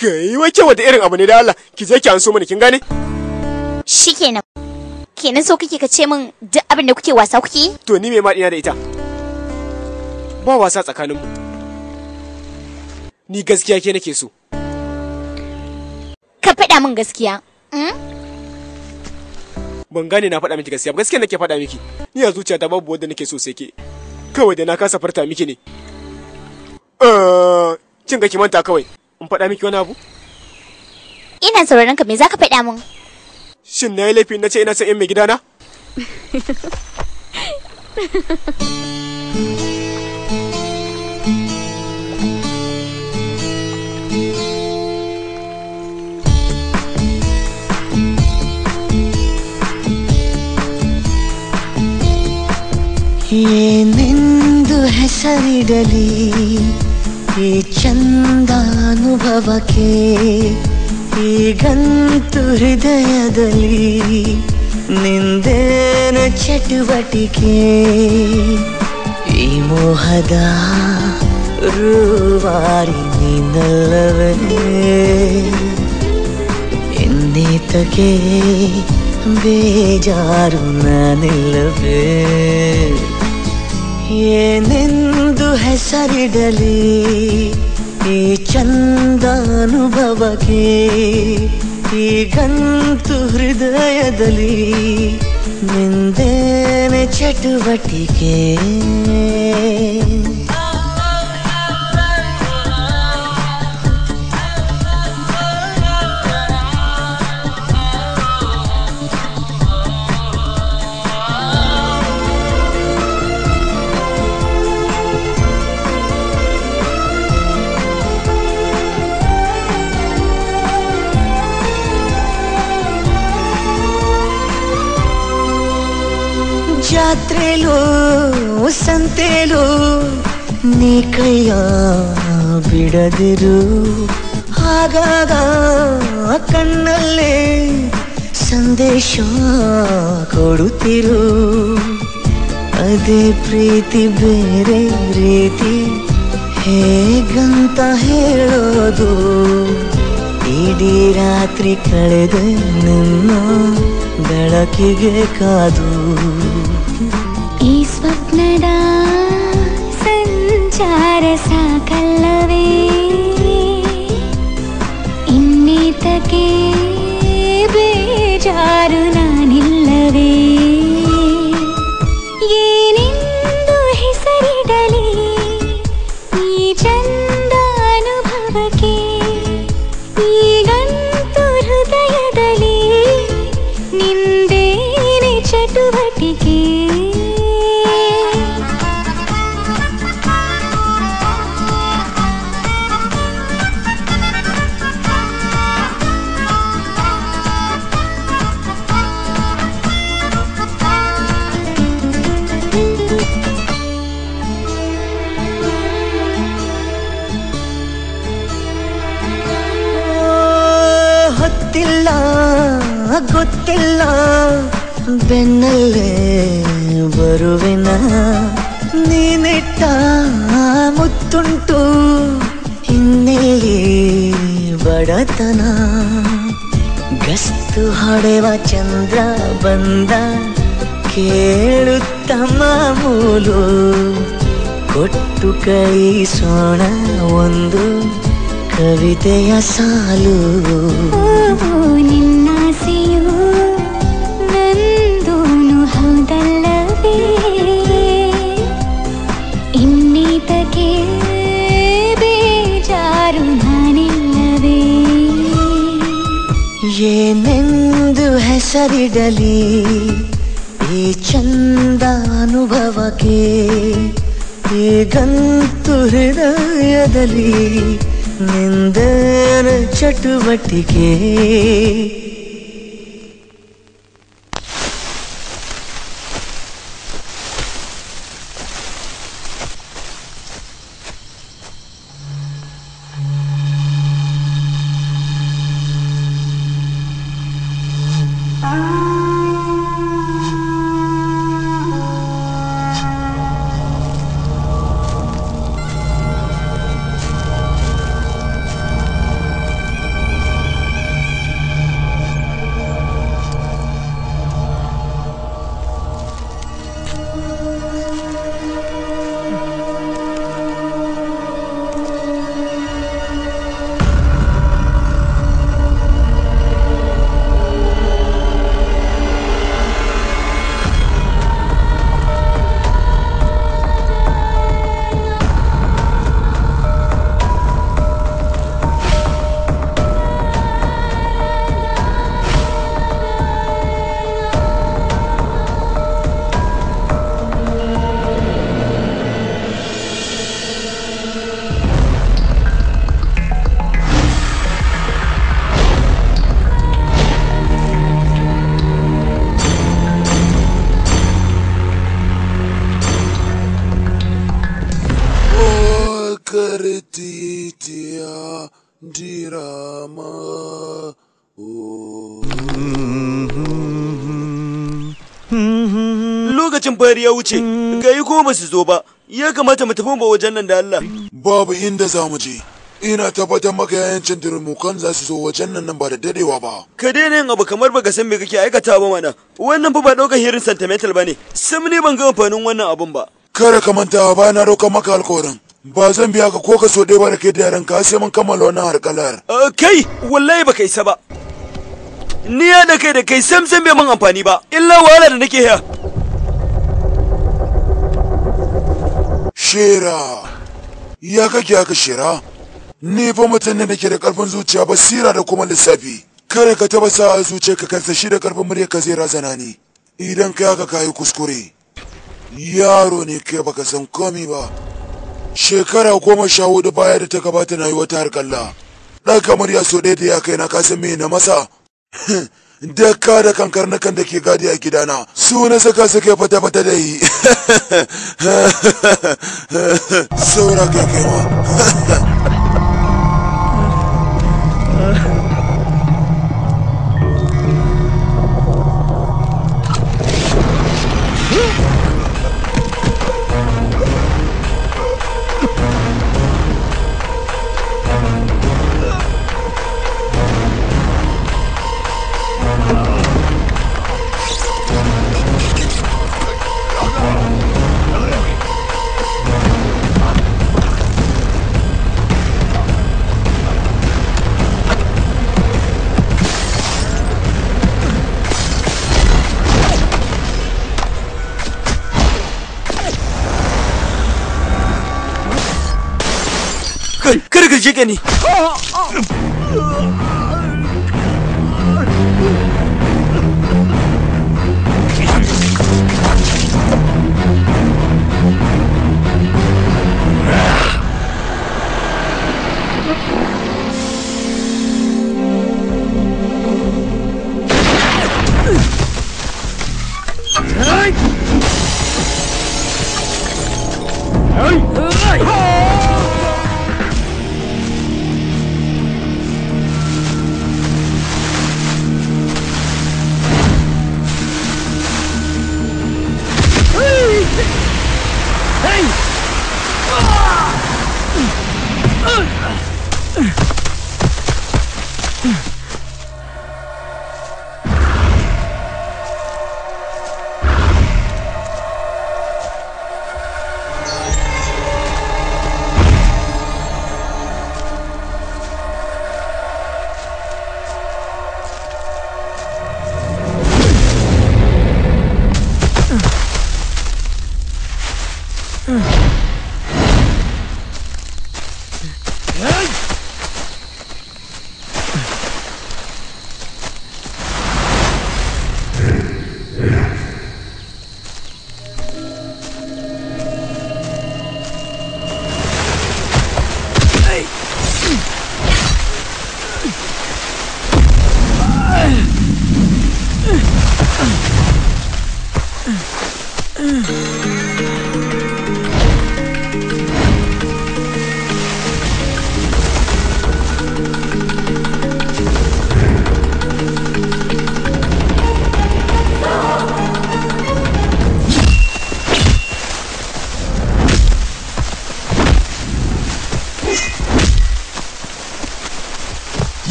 kai wai ke wata irin abu ne da Allah ki je ki an so mana kin gane shikenan kenan so kike ka ce min duk abin da kuke wasa kuke to ni me ma ina da ita ba wasa tsakaninmu ni gaskiya ke nake so ka faɗa min gaskiya hmm? ban gane na faɗa miki gaskiya gaskiya nake faɗa miki ni a ta babu wanda nake so sai ke kawai da na kasa farta miki ne eh, kin ga ki manta kawai in faɗa miki wani abu ina sauraron ka me zaka faɗa min shin na yi laifi na ce ina son in mai gidana Thank you. ಏನೆಂದು ಹೆಸರಿಡಲಿ ಈ ಚಂದಾನುಭವಕ್ಕೆ ಈಗಂತೂ ಹೃದಯದಲ್ಲಿ ನಿಂದೇನ ಚಟುವಟಿಕೆ ಈ ಮೋಹದ ರೂವಾರಿ ನೀನಲ್ಲವನೇ ಬೇಜಾರು ನಾನಿಲ್ಲವೇ ಏನೆಂದು ಹೆಸರಿಡಲಿ ಈ ಚಂದಾನುಭವಕ್ಕೆ ಈಗಂತೂ ಹೃದಯದಲ್ಲಿ ನಿಂದೇನೆ ಚಟುವಟಿಕೆ ಜಾತ್ರೆಲೂ ಸಂತೆಲೂ ನೀ ಕೈಯ ಬಿಡದಿರು ಹಾಗಾಗ ಕಣ್ಣಲ್ಲೇ ಸಂದೇಶ ಕೊಡುತ್ತಿರು ಅದೇ ಪ್ರೀತಿ ಬೇರೆ ಪ್ರೀತಿ ಹೇಗಂತ ಹೇಳೋದು ಇಡೀ ರಾತ್ರಿ ಕಳೆದ ನಿಮ್ಮ ಬೆಳಕಿಗೆ ಕಾದು स्वप्नडा सञ्चार सा कल्लवे इन्नीतके बेजारु ಬೆನ್ನಲ್ಲೇ ಬರುವಿನ ನೀನೆಟ್ಟ ಮುತ್ತುಂಟು ಇನ್ನೆಲ್ಲಿ ಬಡತನ ಗಸ್ತು ಹೊಡೆವ ಚಂದ್ರ ಬಂದ ಕೇಳುತ್ತ ಮೂಲು ಕೊಟ್ಟು ಕೈಸೋಣ ಒಂದು ಕವಿತೆಯ ಸಾಲು ಹೆಸರಿಡಲಿ ಈ ಚಂದ ಅನುಭವಕ್ಕೆ ಗಂತು ಹೃದಯದಲ್ಲಿ ನಿಂದರ ಚಟುವಟಿಕೆ kuma ba su zo ba ya kamata mu tafi ba wajen nan da Allah babu inda za mu je ina tabbatar maka yayan kan za su zo wajen nan ba da dadewa ba ka daina yin abu kamar baka san me kake aikata ba mana wannan fa ba daukar hirin sentimental bane sam ne ban ga amfanin wannan abun ba kada ka manta ba na roka maka alƙawarin ba zan biya ka ko ka so dai ba da kai da yaran ka sai mun kammala wannan harkalar kai wallahi baka isa ba ni ya da kai da kai sam sam bai mun amfani ba illa wahala da nake ya shera ya kake haka shera ni fa mutum ne nake da karfin zuciya basira da kuma lissafi kare ka taba sa a ka kansa shi da karfin murya ka zai razana ni idan ka haka kayi kuskure yaro ne kai baka san komi ba shekara goma sha hudu baya da ta gabata na yi wata harkalla ɗan kamar ya so ɗaya da ya kai na kasan me na masa daka da kankar na kan da ke gadi a gidana su na saka suke fata-fata da yi saura kai kai ma jike ni oh, oh.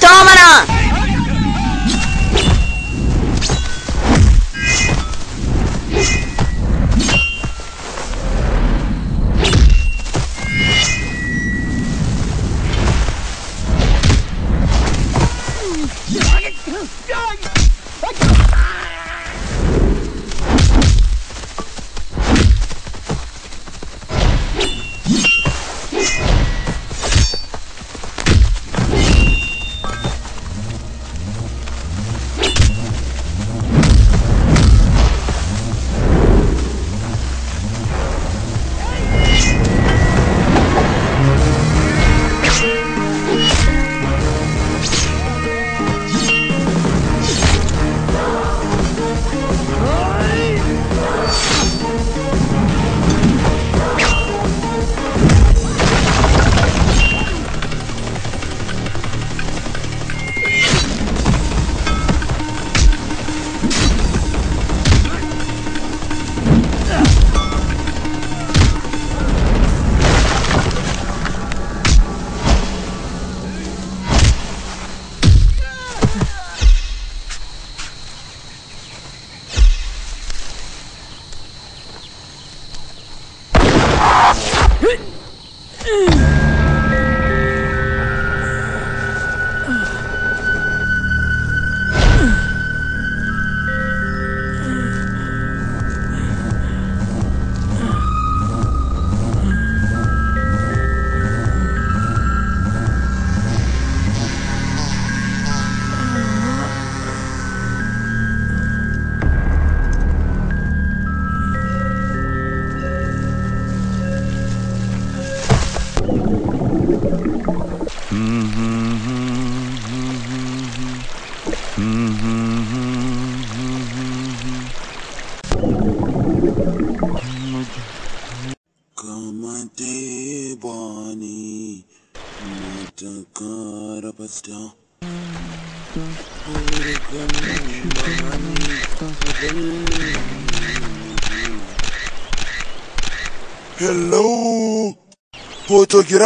Domina!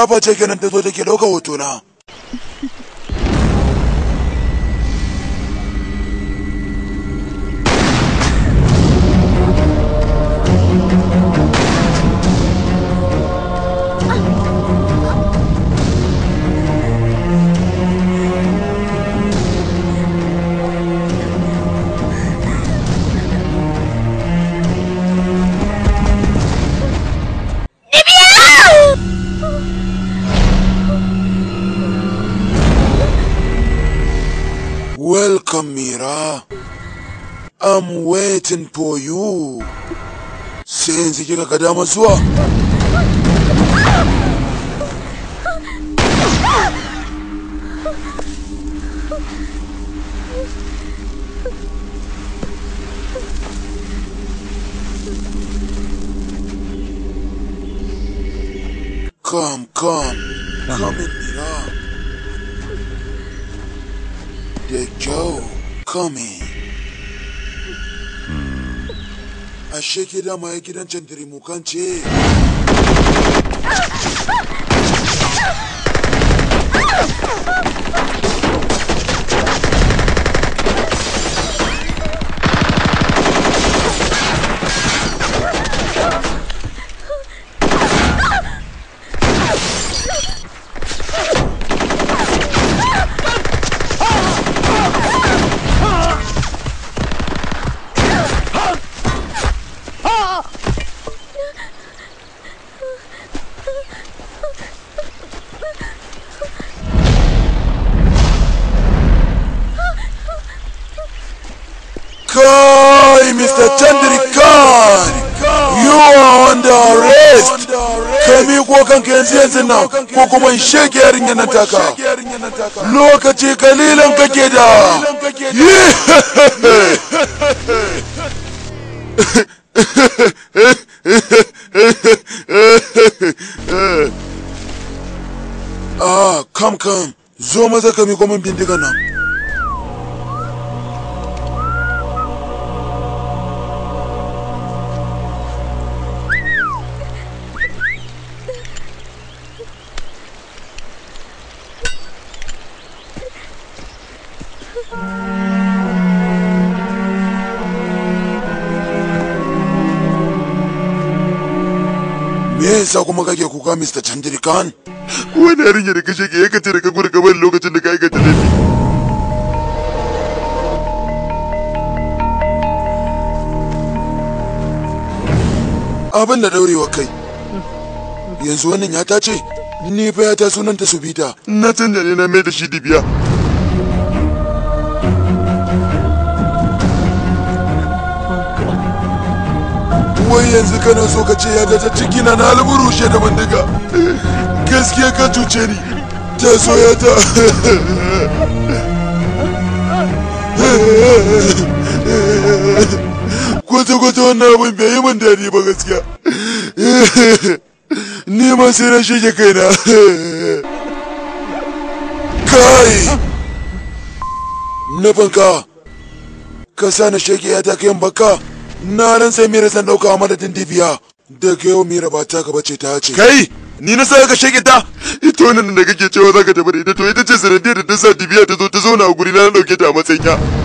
ba ce kenan ta zo take ɗaukar na. sai yanzu kika suwa damar zuwa Come, come, come in me up. The Joe, come in. ashe gida dama ya gidan can dirimukan ce yanzu yanzu nan ko kuma in shege yarinyar nan taka lokaci kalilan kake da yi ah kam kam zo maza ka mi komin bindiga nan yasa kuma kake kuka Mr. Chandrikan? Wani yarinya da kashe ke ya kace da ka gura gaban lokacin da ka aikata laifi. Abin da daurewa kai. Yanzu wannan ya ce. ni fa ya ta sunanta Subita. Na canja ne na mai da shi dibiya. wai yanzu kana so ka ce ya ta ciki na na alburushe da bindiga gaskiya ka cuce ni ta so ya ta kwata-kwata wannan abin bai yi min dadi ba gaskiya ni ma sai na shige kaina kai nufinka ka sa na shege ya ta kai baka na nan sai mira san dauka madadin dibiya da yau mira ba ta gaba ce ta ce kai ni na saka shege ta ita nan da kake cewa zaka tafi da ita to ita ce sanadiyar da ta sa dibiya ta zo ta zauna a guri na dauke ta a matsayin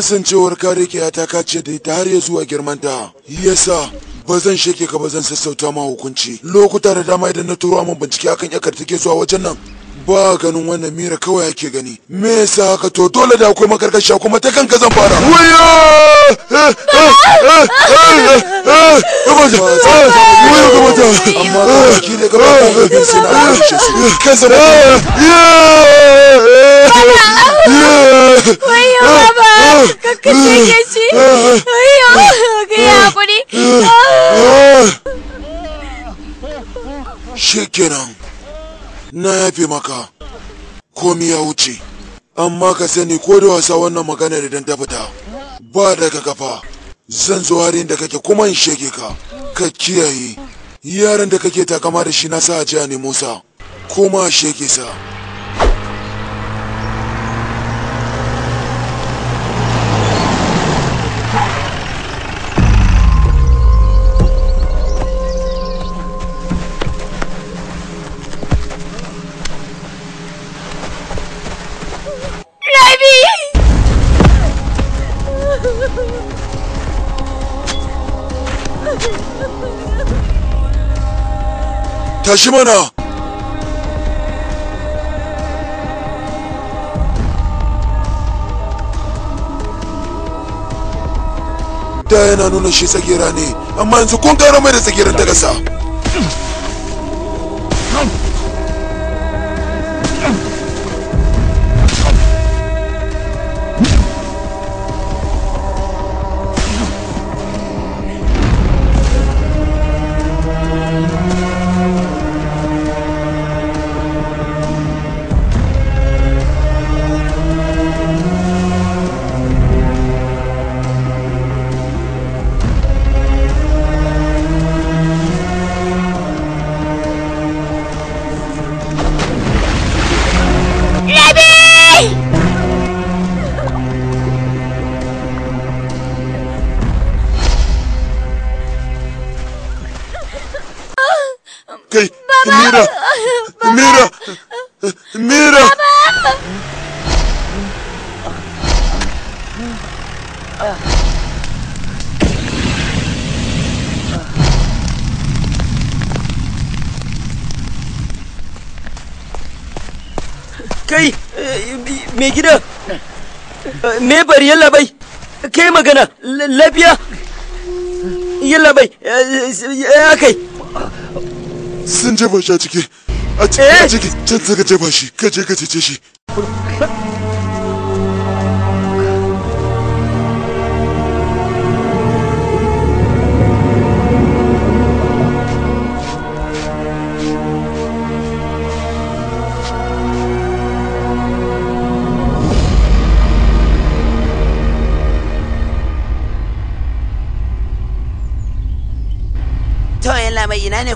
kasancewar ka ya ta kace da ita har ya zuwa girmanta yasa ba zan shake ka ba zan sassauta ma hukunci lokuta da dama idan na turo mun bincike akan yakar take zuwa wajen nan ba ganin wannan mira kawai ake gani me yasa haka to dole da akwai makarkashiya kuma ta kanka zan fara wayo. Shake na yafe maka komi ya wuce amma ka sani ko da wasa wannan maganar idan ta fita ba da ka kafa zan zo harin da kake kuma in shege ka ka kiyaye yaran da kake takama da shi na sa a ne Musa. kuma a shege sa tashi mana da yana nuna shi tsagira ne amma yanzu kun karo mai da tsagiran daga sa. gida me bari yalla bai kai magana lafiya yalla bai ya kai sun jefa shi a ciki a eh? ciki can suka jefa shi ka je ka cece shi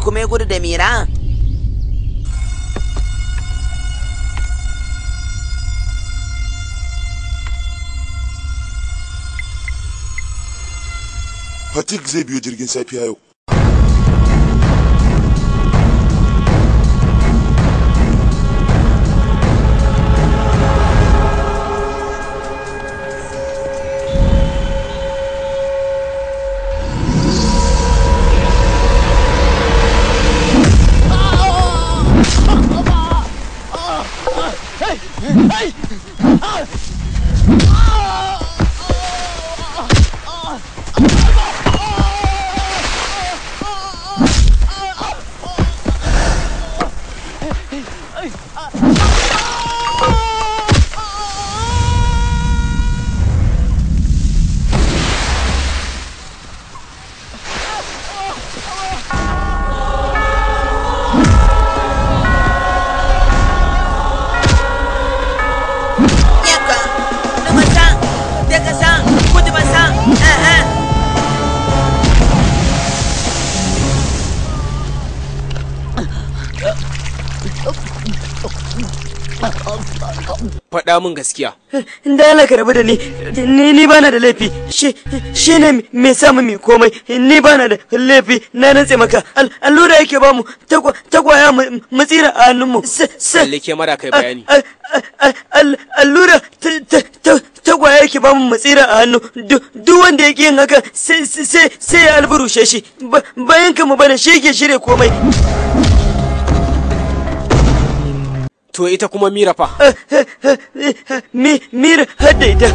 pânico de demirá? Hatik zai biyo jirgin safiya yau. min gaskiya. Da Allah ka rabu da ni, ni ni bana da laifi, shi shi ne mai samu mai komai, ni bana da laifi, na nantse maka, allura yake ba mu takwaya matsira a hannunmu. Lalle ke mara kai bayani. Allura takwaya yake ba mu matsira a hannu, duk wanda yake yin haka sai ya alburushe shi, bayan ka bane shi yake shirya komai. To ita kuma Mira fa? Eh, eh, eh, Mira, ita.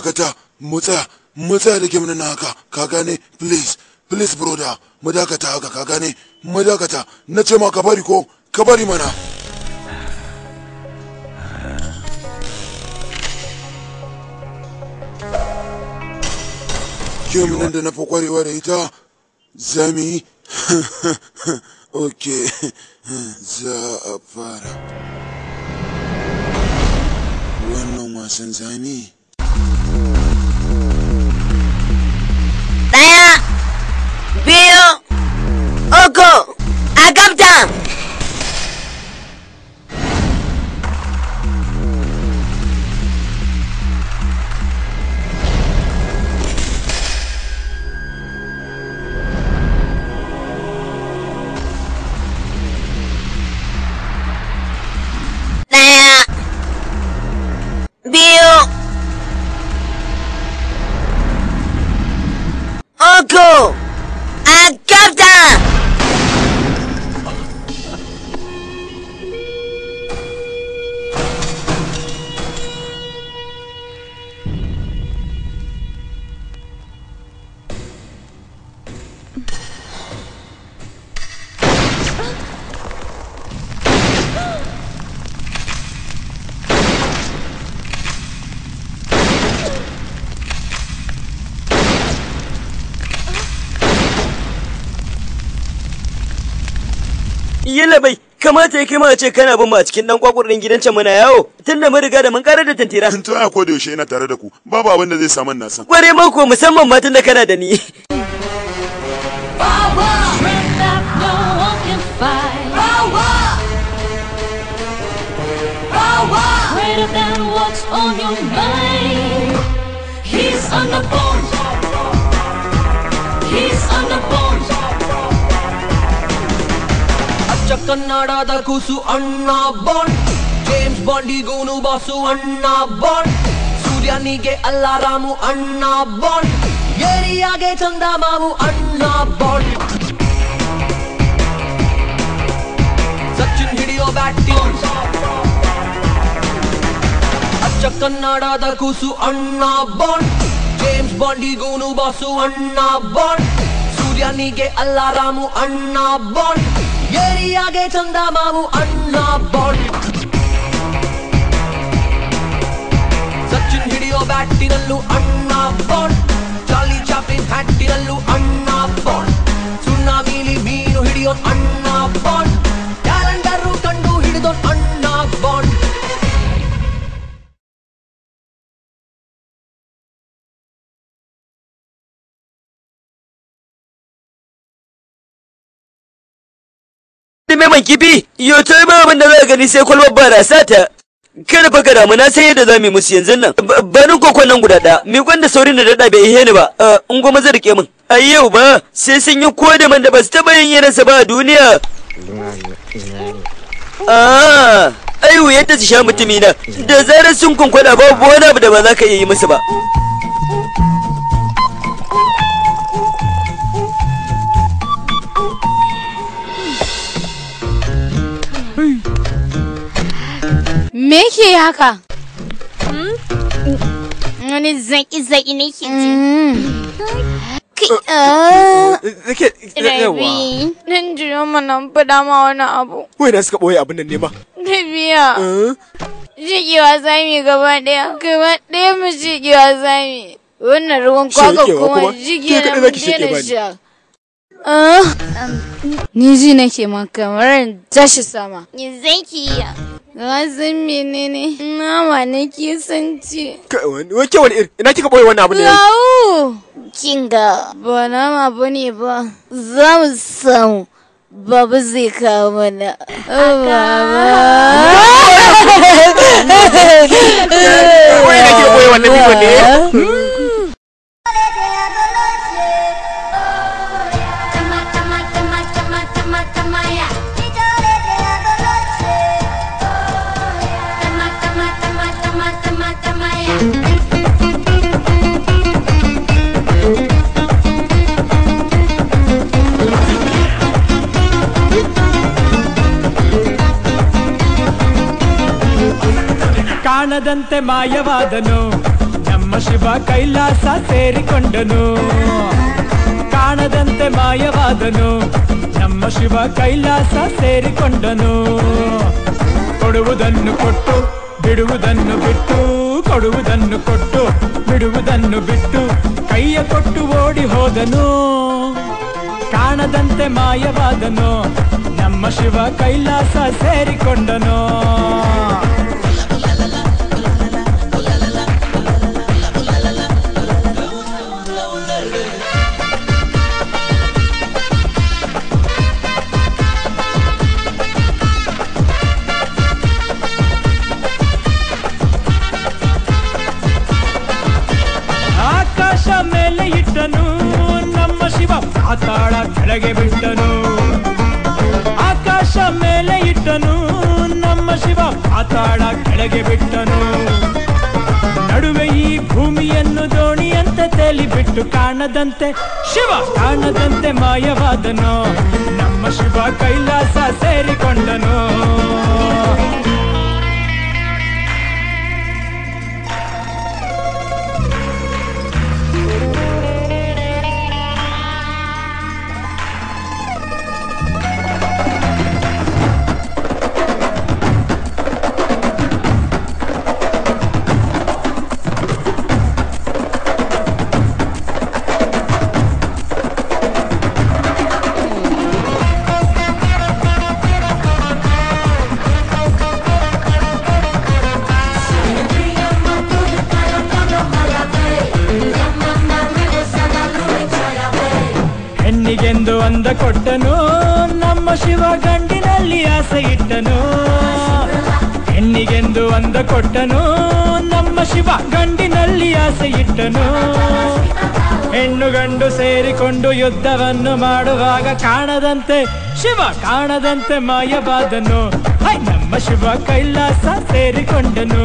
dakata mu tsaya da game na haka ka gane please please broda mu dakata haka ka gane mu dakata na ce ma ka bari ko ka bari mana kim nan da na fi kwarewa da ita zami ok za a fara wannan wasan zami kamata ya kima ce kana bin mu a cikin dan kwakurin gidan can muna yawo tun da mun riga da mun karar da tantira tun tun ko da yaushe ina tare da ku babu abin da zai samu na san kware ma ko musamman ma tun da kana da ni He's on the phone ಅಚ್ಚ ಕನ್ನಡದ ಕೂಸು ಅಣ್ಣ bond James ಬಾಂಡಿಗೂನು boss ಅಣ್ಣ bond ಸೂರ್ಯನಿಗೆ ಅಲ್ಲ ರಾಮು ಅಣ್ಣ ಬಾಂಡ್ ಏರಿಯಾಗೆ ಚಂದ ಮಾವು ಅಣ್ಣ ಬಾಂಡ್ ಸಚಿನ್ ಹಿಡಿಯೋ ಬ್ಯಾಟಿಂಗ್ ಅಚ್ಚ ಕನ್ನಡದ ಕೂಸು ಅಣ್ಣ ಬಾಂಡ್ ಜೇಮ್ಸ್ ಬಾಂಡಿಗೂನು ಬಾಸು ಅಣ್ಣ ಬಾಂಡ್ ಸೂರ್ಯನಿಗೆ ಅಲ್ಲ ರಾಮು ಅಣ್ಣ ಬಾಂಡ್ ఏరియాగే చందామాము అన్నా బాల్ సచిన్ హిడియో బ్యాటినల్లు అన్నా బాల్ చార్లీ చాప్లిన్ హ్యాటినల్లు అన్నా బాల్ ಸುನ್ನಾಮಿಲಿ ಮೀನು ಹಿಡಿಯೋ ಅಣ್ಣ Bond kifi yo ta ba abin da zaka gani sai kwalbar barasa ta kada fa kada mu na sai yadda za mu yi musu yanzu nan barin kokon nan guda ɗaya mi gwanda saurin da daɗa bai ihe ni ba eh, in goma zai rike min a yau ba sai sun yi ko man da ba su taɓa yin sa ba a duniya ah, ai wuyar ta su sha mutumina da zarar sun kunkwada babu wani abu da ba za ka yi musu ba Me ke haka? Hmm? Wani zaki-zaki ne ke Zake yawa. Nan jiyo mana faɗa ma wani abu. Wai da suka ɓoye abin nan ne ba. ma. Rabiya. Eh? Jiƙewa zami gaba ɗaya. Gaba ɗaya mu jiƙewa zami. Wannan ruwan kwakwa kuma jiƙe na mu daina sha. Ni ji nake ma kamar tashi sama. Ni zaki iya. Razin menene? Nama nake son ce. Wake wani iri? Ina kika boye wannan abu ne? Lawo. Kinga. Ba ma bu ne ba. Za mu samu. babu zai kawo mana. Baba. Wai nake boye wannan bidiyon ne? ಕಾಣದಂತೆ ಮಾಯವಾದನು ನಮ್ಮ ಶಿವ ಕೈಲಾಸ ಸೇರಿಕೊಂಡನು ಕಾಣದಂತೆ ಮಾಯವಾದನು ನಮ್ಮ ಶಿವ ಕೈಲಾಸ ಸೇರಿಕೊಂಡನು ಕೊಡುವುದನ್ನು ಕೊಟ್ಟು ಬಿಡುವುದನ್ನು ಬಿಟ್ಟು ಕೊಡುವುದನ್ನು ಕೊಟ್ಟು ಬಿಡುವುದನ್ನು ಬಿಟ್ಟು ಕೈಯ ಕೊಟ್ಟು ಓಡಿ ಹೋದನು ಕಾಣದಂತೆ ಮಾಯವಾದನು ನಮ್ಮ ಶಿವ ಕೈಲಾಸ ಸೇರಿಕೊಂಡನು ತಾಳ ಕೆಳಗೆ ಬಿಟ್ಟನು ಆಕಾಶ ಮೇಲೆ ಇಟ್ಟನು ನಮ್ಮ ಶಿವ ಪಾತಾಳ ಕೆಳಗೆ ಬಿಟ್ಟನು ನಡುವೆ ಈ ಭೂಮಿಯನ್ನು ದೋಣಿಯಂತೆ ತೇಲಿ ಬಿಟ್ಟು ಕಾಣದಂತೆ ಶಿವ ಕಾಣದಂತೆ ಮಾಯವಾದನು ನಮ್ಮ ಶಿವ ಕೈಲಾಸ ಸೇರಿಕೊಂಡನು ಚಂದ ಕೊಟ್ಟನು ನಮ್ಮ ಶಿವ ಗಂಡಿನಲ್ಲಿ ಆಸೆ ಇಟ್ಟನು ಹೆಣ್ಣಿಗೆಂದು ಅಂದ ಕೊಟ್ಟನು ನಮ್ಮ ಶಿವ ಗಂಡಿನಲ್ಲಿ ಆಸೆ ಇಟ್ಟನು ಹೆಣ್ಣು ಗಂಡು ಸೇರಿಕೊಂಡು ಯುದ್ಧವನ್ನು ಮಾಡುವಾಗ ಕಾಣದಂತೆ ಶಿವ ಕಾಣದಂತೆ ಮಾಯವಾದನು ನಮ್ಮ ಶಿವ ಕೈಲಾಸ ಸೇರಿಕೊಂಡನು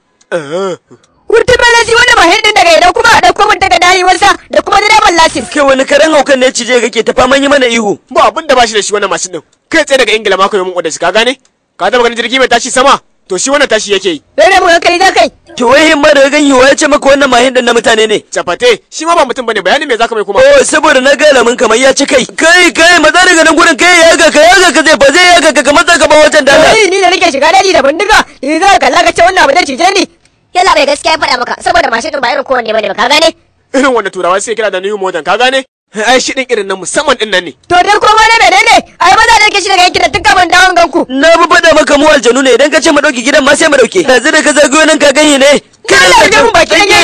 Wurtin balaji wanda ba daga idan kuma a ɗauko min daga dayewarsa da kuma da daman lasin. Kai wani karen haukan ne cije kake ta faman yi mana ihu. Ba abin da ba shi da shi wannan mashin ɗin. Kai tsaye daga Ingila mako yomin odar shi ka gane? Ka taɓa ganin jirgi mai tashi sama? To shi wannan tashi yake yi. Dole mu hankali da kai. To wai himma da gan yi ya ce maka wannan mahin din na mutane ne. Cafate shi ma ba mutum bane bayani me zaka mai kuma. Oh saboda na ga lamun kamar ya ci kai. Kai kai maza daga nan gurin kai ya ga ka ya ga ka zai ba zai ya ga ka kamar zaka ba wajen dala. Ni da nake shiga daji da bindiga. Ni za ka kalla ka ce wannan abu da cije ne. yalla bai gaskiya faɗa maka saboda mashin ba irin kowanne bane ba ka gane irin wanda turawa sai kira da new modern ka gane ai shi din irin nan musamman din nan ne to dai ko ma ne ne ai ba za ka shi daga yankin da tun ban dawon ganku na ba faɗa maka mu aljanu ne idan ka ce mu dauki gidan ma sai mu dauke yanzu da ka zago nan ka gani ne kana da mu baki ne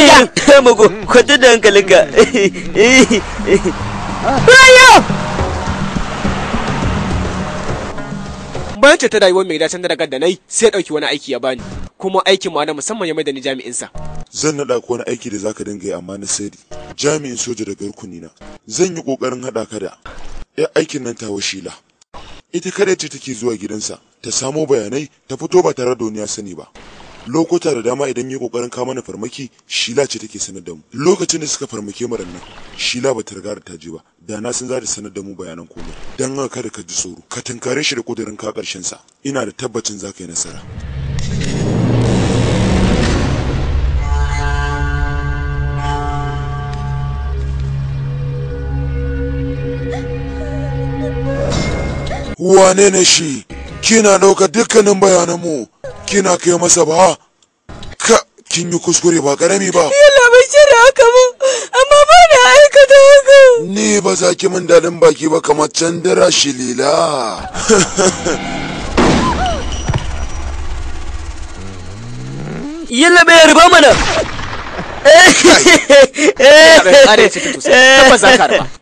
ya mago kwanta da hankalinka ayo bayan ce ta rayuwar mai dacen da daga da sai dauki wani aiki ya bani kuma aikin mu na musamman ya mai da ni jami'in sa zan naɗa ku wani aiki da zaka dinga yi amma na sai jami'in soja da garkuni na zan yi kokarin hada ka da ya aikin nan ta washila ita kada ce take zuwa gidansa ta samo bayanai ta fito ba tare da duniya sani ba lokuta da dama idan yi kokarin kama mana farmaki shila ce take sanar da mu lokacin da suka farmake mu nan shila ba ta riga da ta je ba da na san za sanar da mu bayanan komai dan haka kada ka ji tsoro ka tunkare shi da kudirin ka karshen sa ina da tabbacin zaka yi nasara wane ne shi kina ɗauka dukkanin bayananmu kina kai masa ba ka kin yi kuskure ba ƙarami ba yalla bai shirya haka ba amma ba na aikata haka ni ba za ki min daɗin baki ba kamar candira shilila yalla bai yarba mana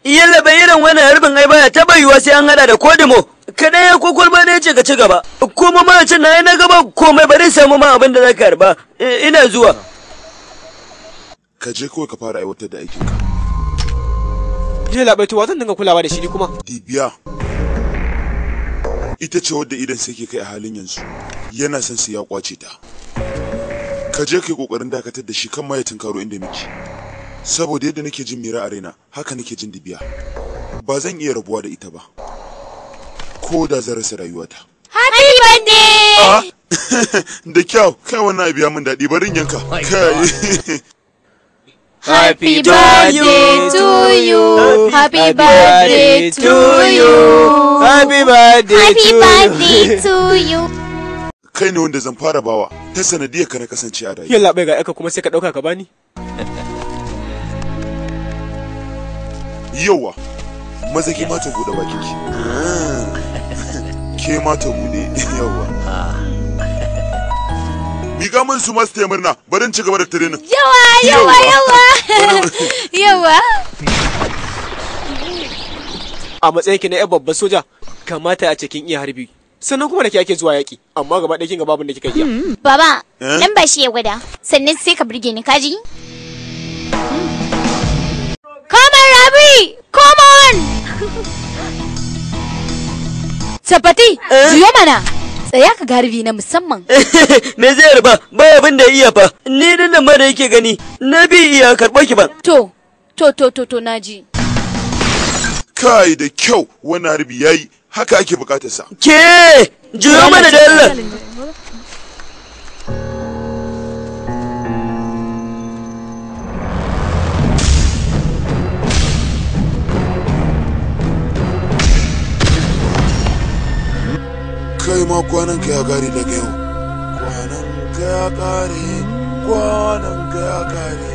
Yalla bai irin wani harbin ai baya ta bayuwa sai an hada da kodimo. kada ya kwakwalba ne ce ka ci gaba kuma ma ce na na gaba komai bari samu ma abin da za ka harba e, ina zuwa ka je kawai ka fara aiwatar da aikinka ina labaitowa zan dinga kulawa da shi ni kuma dibiya ita ce wadda idan sai ke kai a halin yanzu yana son sai ya kwace ta ka je kai kokarin dakatar da shi kan ma karo tunkaro inda muke saboda yadda nake jin mira a raina haka nake jin dibiya ba zan iya rabuwa da ita ba ko da zan rasa rayuwata happy birthday ah! da kyau kai wannan abu ya min daɗi barin yanka oh kai Happy birthday to you. Happy birthday to you. Happy birthday to you. Kai ne wanda zan fara bawa ta sanadiyar ka na kasance a rayu. Yalla bai ga aka kuma sai ka ɗauka ka bani. Yawa. Maza ma ta bude bakin ki. Ah. ke ma ta bude yawa ga mun su masu murna barin ci gaba da training Yawa yawa yawa yawa. A matsayin ki na yan babban soja kamata a cikin iya harbi sannan kuma da ke ake zuwa yaki amma gaba ɗaya kin ga babin da kika iya. Hmm. Baba eh? nan ba shi ya gwada sannan sai ka burge ni kaji. Come on Rabi come on. Sabati, zuyo eh? mana. Tsaya ka garbi na musamman. Me zai ruba, ba abin da iya fa. Ni nan nan da yake gani, na bi iya karɓo ki ba. To, to, to, to, to, naji. Kai da kyau, wani harbi yayi, haka ake bukatarsa. Ke, juyo mana da Allah. kai ma kwanan ka ya kare daga yau kwanan ka ya kare kwanan ka ya kare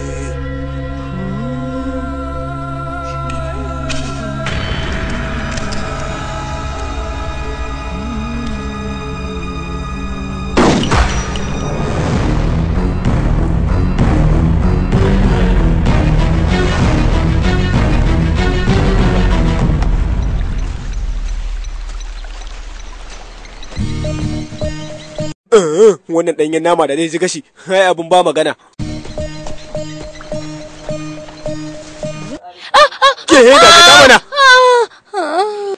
Eh, wannan ɗanyen nama da zai ji gashi hai abin ba magana ke da ka mana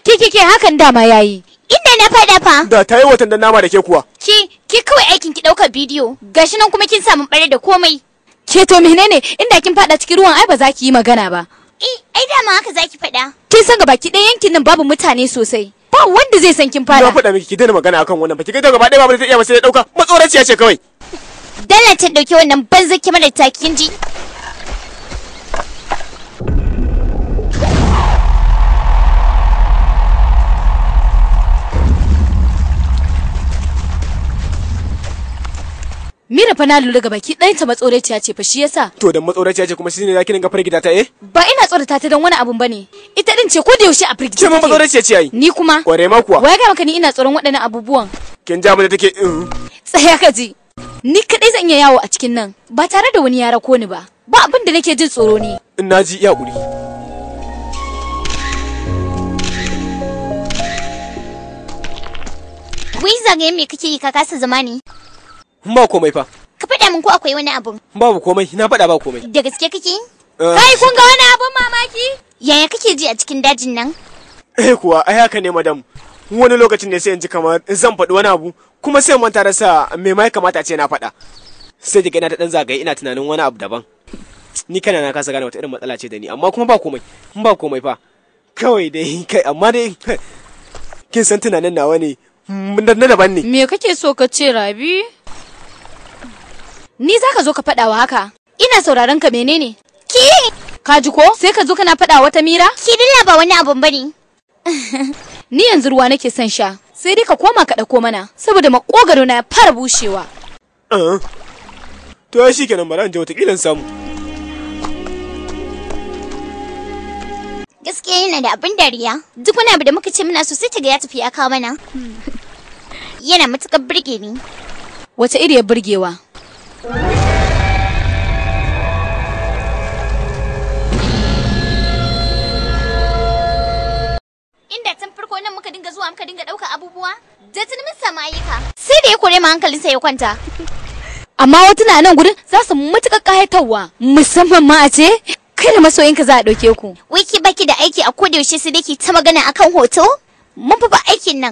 ke ke ke hakan dama yayi inda na faɗa fa da ta yi watan da nama da ke kuwa ki ki kawai aikin ki ɗaukar bidiyo gashi nan kuma kin samu ɓare da komai ke to menene inda kin faɗa cikin ruwan ai ba za ki yi magana ba eh ai dama haka za ki faɗa kin san gaba ki ɗayan yankin nan babu mutane sosai ba wanda zai san kin fara. Na faɗa miki ki daina magana akan wannan ba ki ga gaba ɗaya ba ta iya ba sai ya ɗauka matsoraciya ce kawai. Dala ta ɗauki wannan banzan kimar da takin ji. Mira fa na lura ga baki ɗayan ta matsoraciya ce fa shi yasa. To dan matsoraciya ce kuma shi ne zaki dinga firgita ta eh? Ba ina tsorata ta dan wani abun bane. Ita din ce ko da yaushe a firgita. Ce ma matsoraciya ce ai. Ni kuma. Kware ma kuwa. Wai ga maka ni ina tsoron waɗannan abubuwan. Kin ja mu da take. Uh. Tsaya ka ji. Ni kadai zan iya yawo a cikin nan ba tare da wani ya rako ni ba. Ba abin da nake jin tsoro ne. Ina ji iya guri. Wai zagaye me kake yi ka kasa zama ne? ba komai fa ka faɗa min ko akwai wani abun babu komai na faɗa ba komai da gaske kake eh. kai kun ga wani abun mamaki yaya kake ji a cikin dajin nan eh kuwa ai haka ne madam wani lokacin ne sai in ji kamar zan faɗi wani abu kuma sai manta sa me mai kamata ce na faɗa sai daga ina ta ɗan zagaye ina tunanin wani abu daban ni kana na kasa gane wata irin matsala ce da ni amma kuma ba komai ba komai fa kawai dai kai amma dai kin san tunanin nawa ne na daban ne me kake so ka ce rabi Ni za ka zo ka faɗawa haka. Ina sauraron ka menene? Ki! Ka ji ko? Sai ka zo kana faɗa wata mira? Ki dilla ba wani abun bane. Ni yanzu ruwa nake son sha. Sai dai ka koma ka ɗauko mana saboda makogaro na ya fara bushewa. Ah. To ya shi kenan bari an je wataƙila samu. Gaskiya yana da abin dariya. Duk wani abu da muka ce muna so sai ta ga ya tafi ya kawo mana. Yana matuƙar burge ni. Wace iriyar burgewa. Inda tun farko nan muka dinga zuwa muka dinga ɗauka abubuwa, da tun min samu ayyuka. Sai da ya kore ma hankalinsa ya kwanta. Amma na nan gurin za su matuƙar ƙayatarwa, musamman ma a ce kada masoyinka za a ɗauke ku. Wiki baki da aiki a kodayaushe sai dai ki ta magana akan hoto? Mun fi ba aikin nan.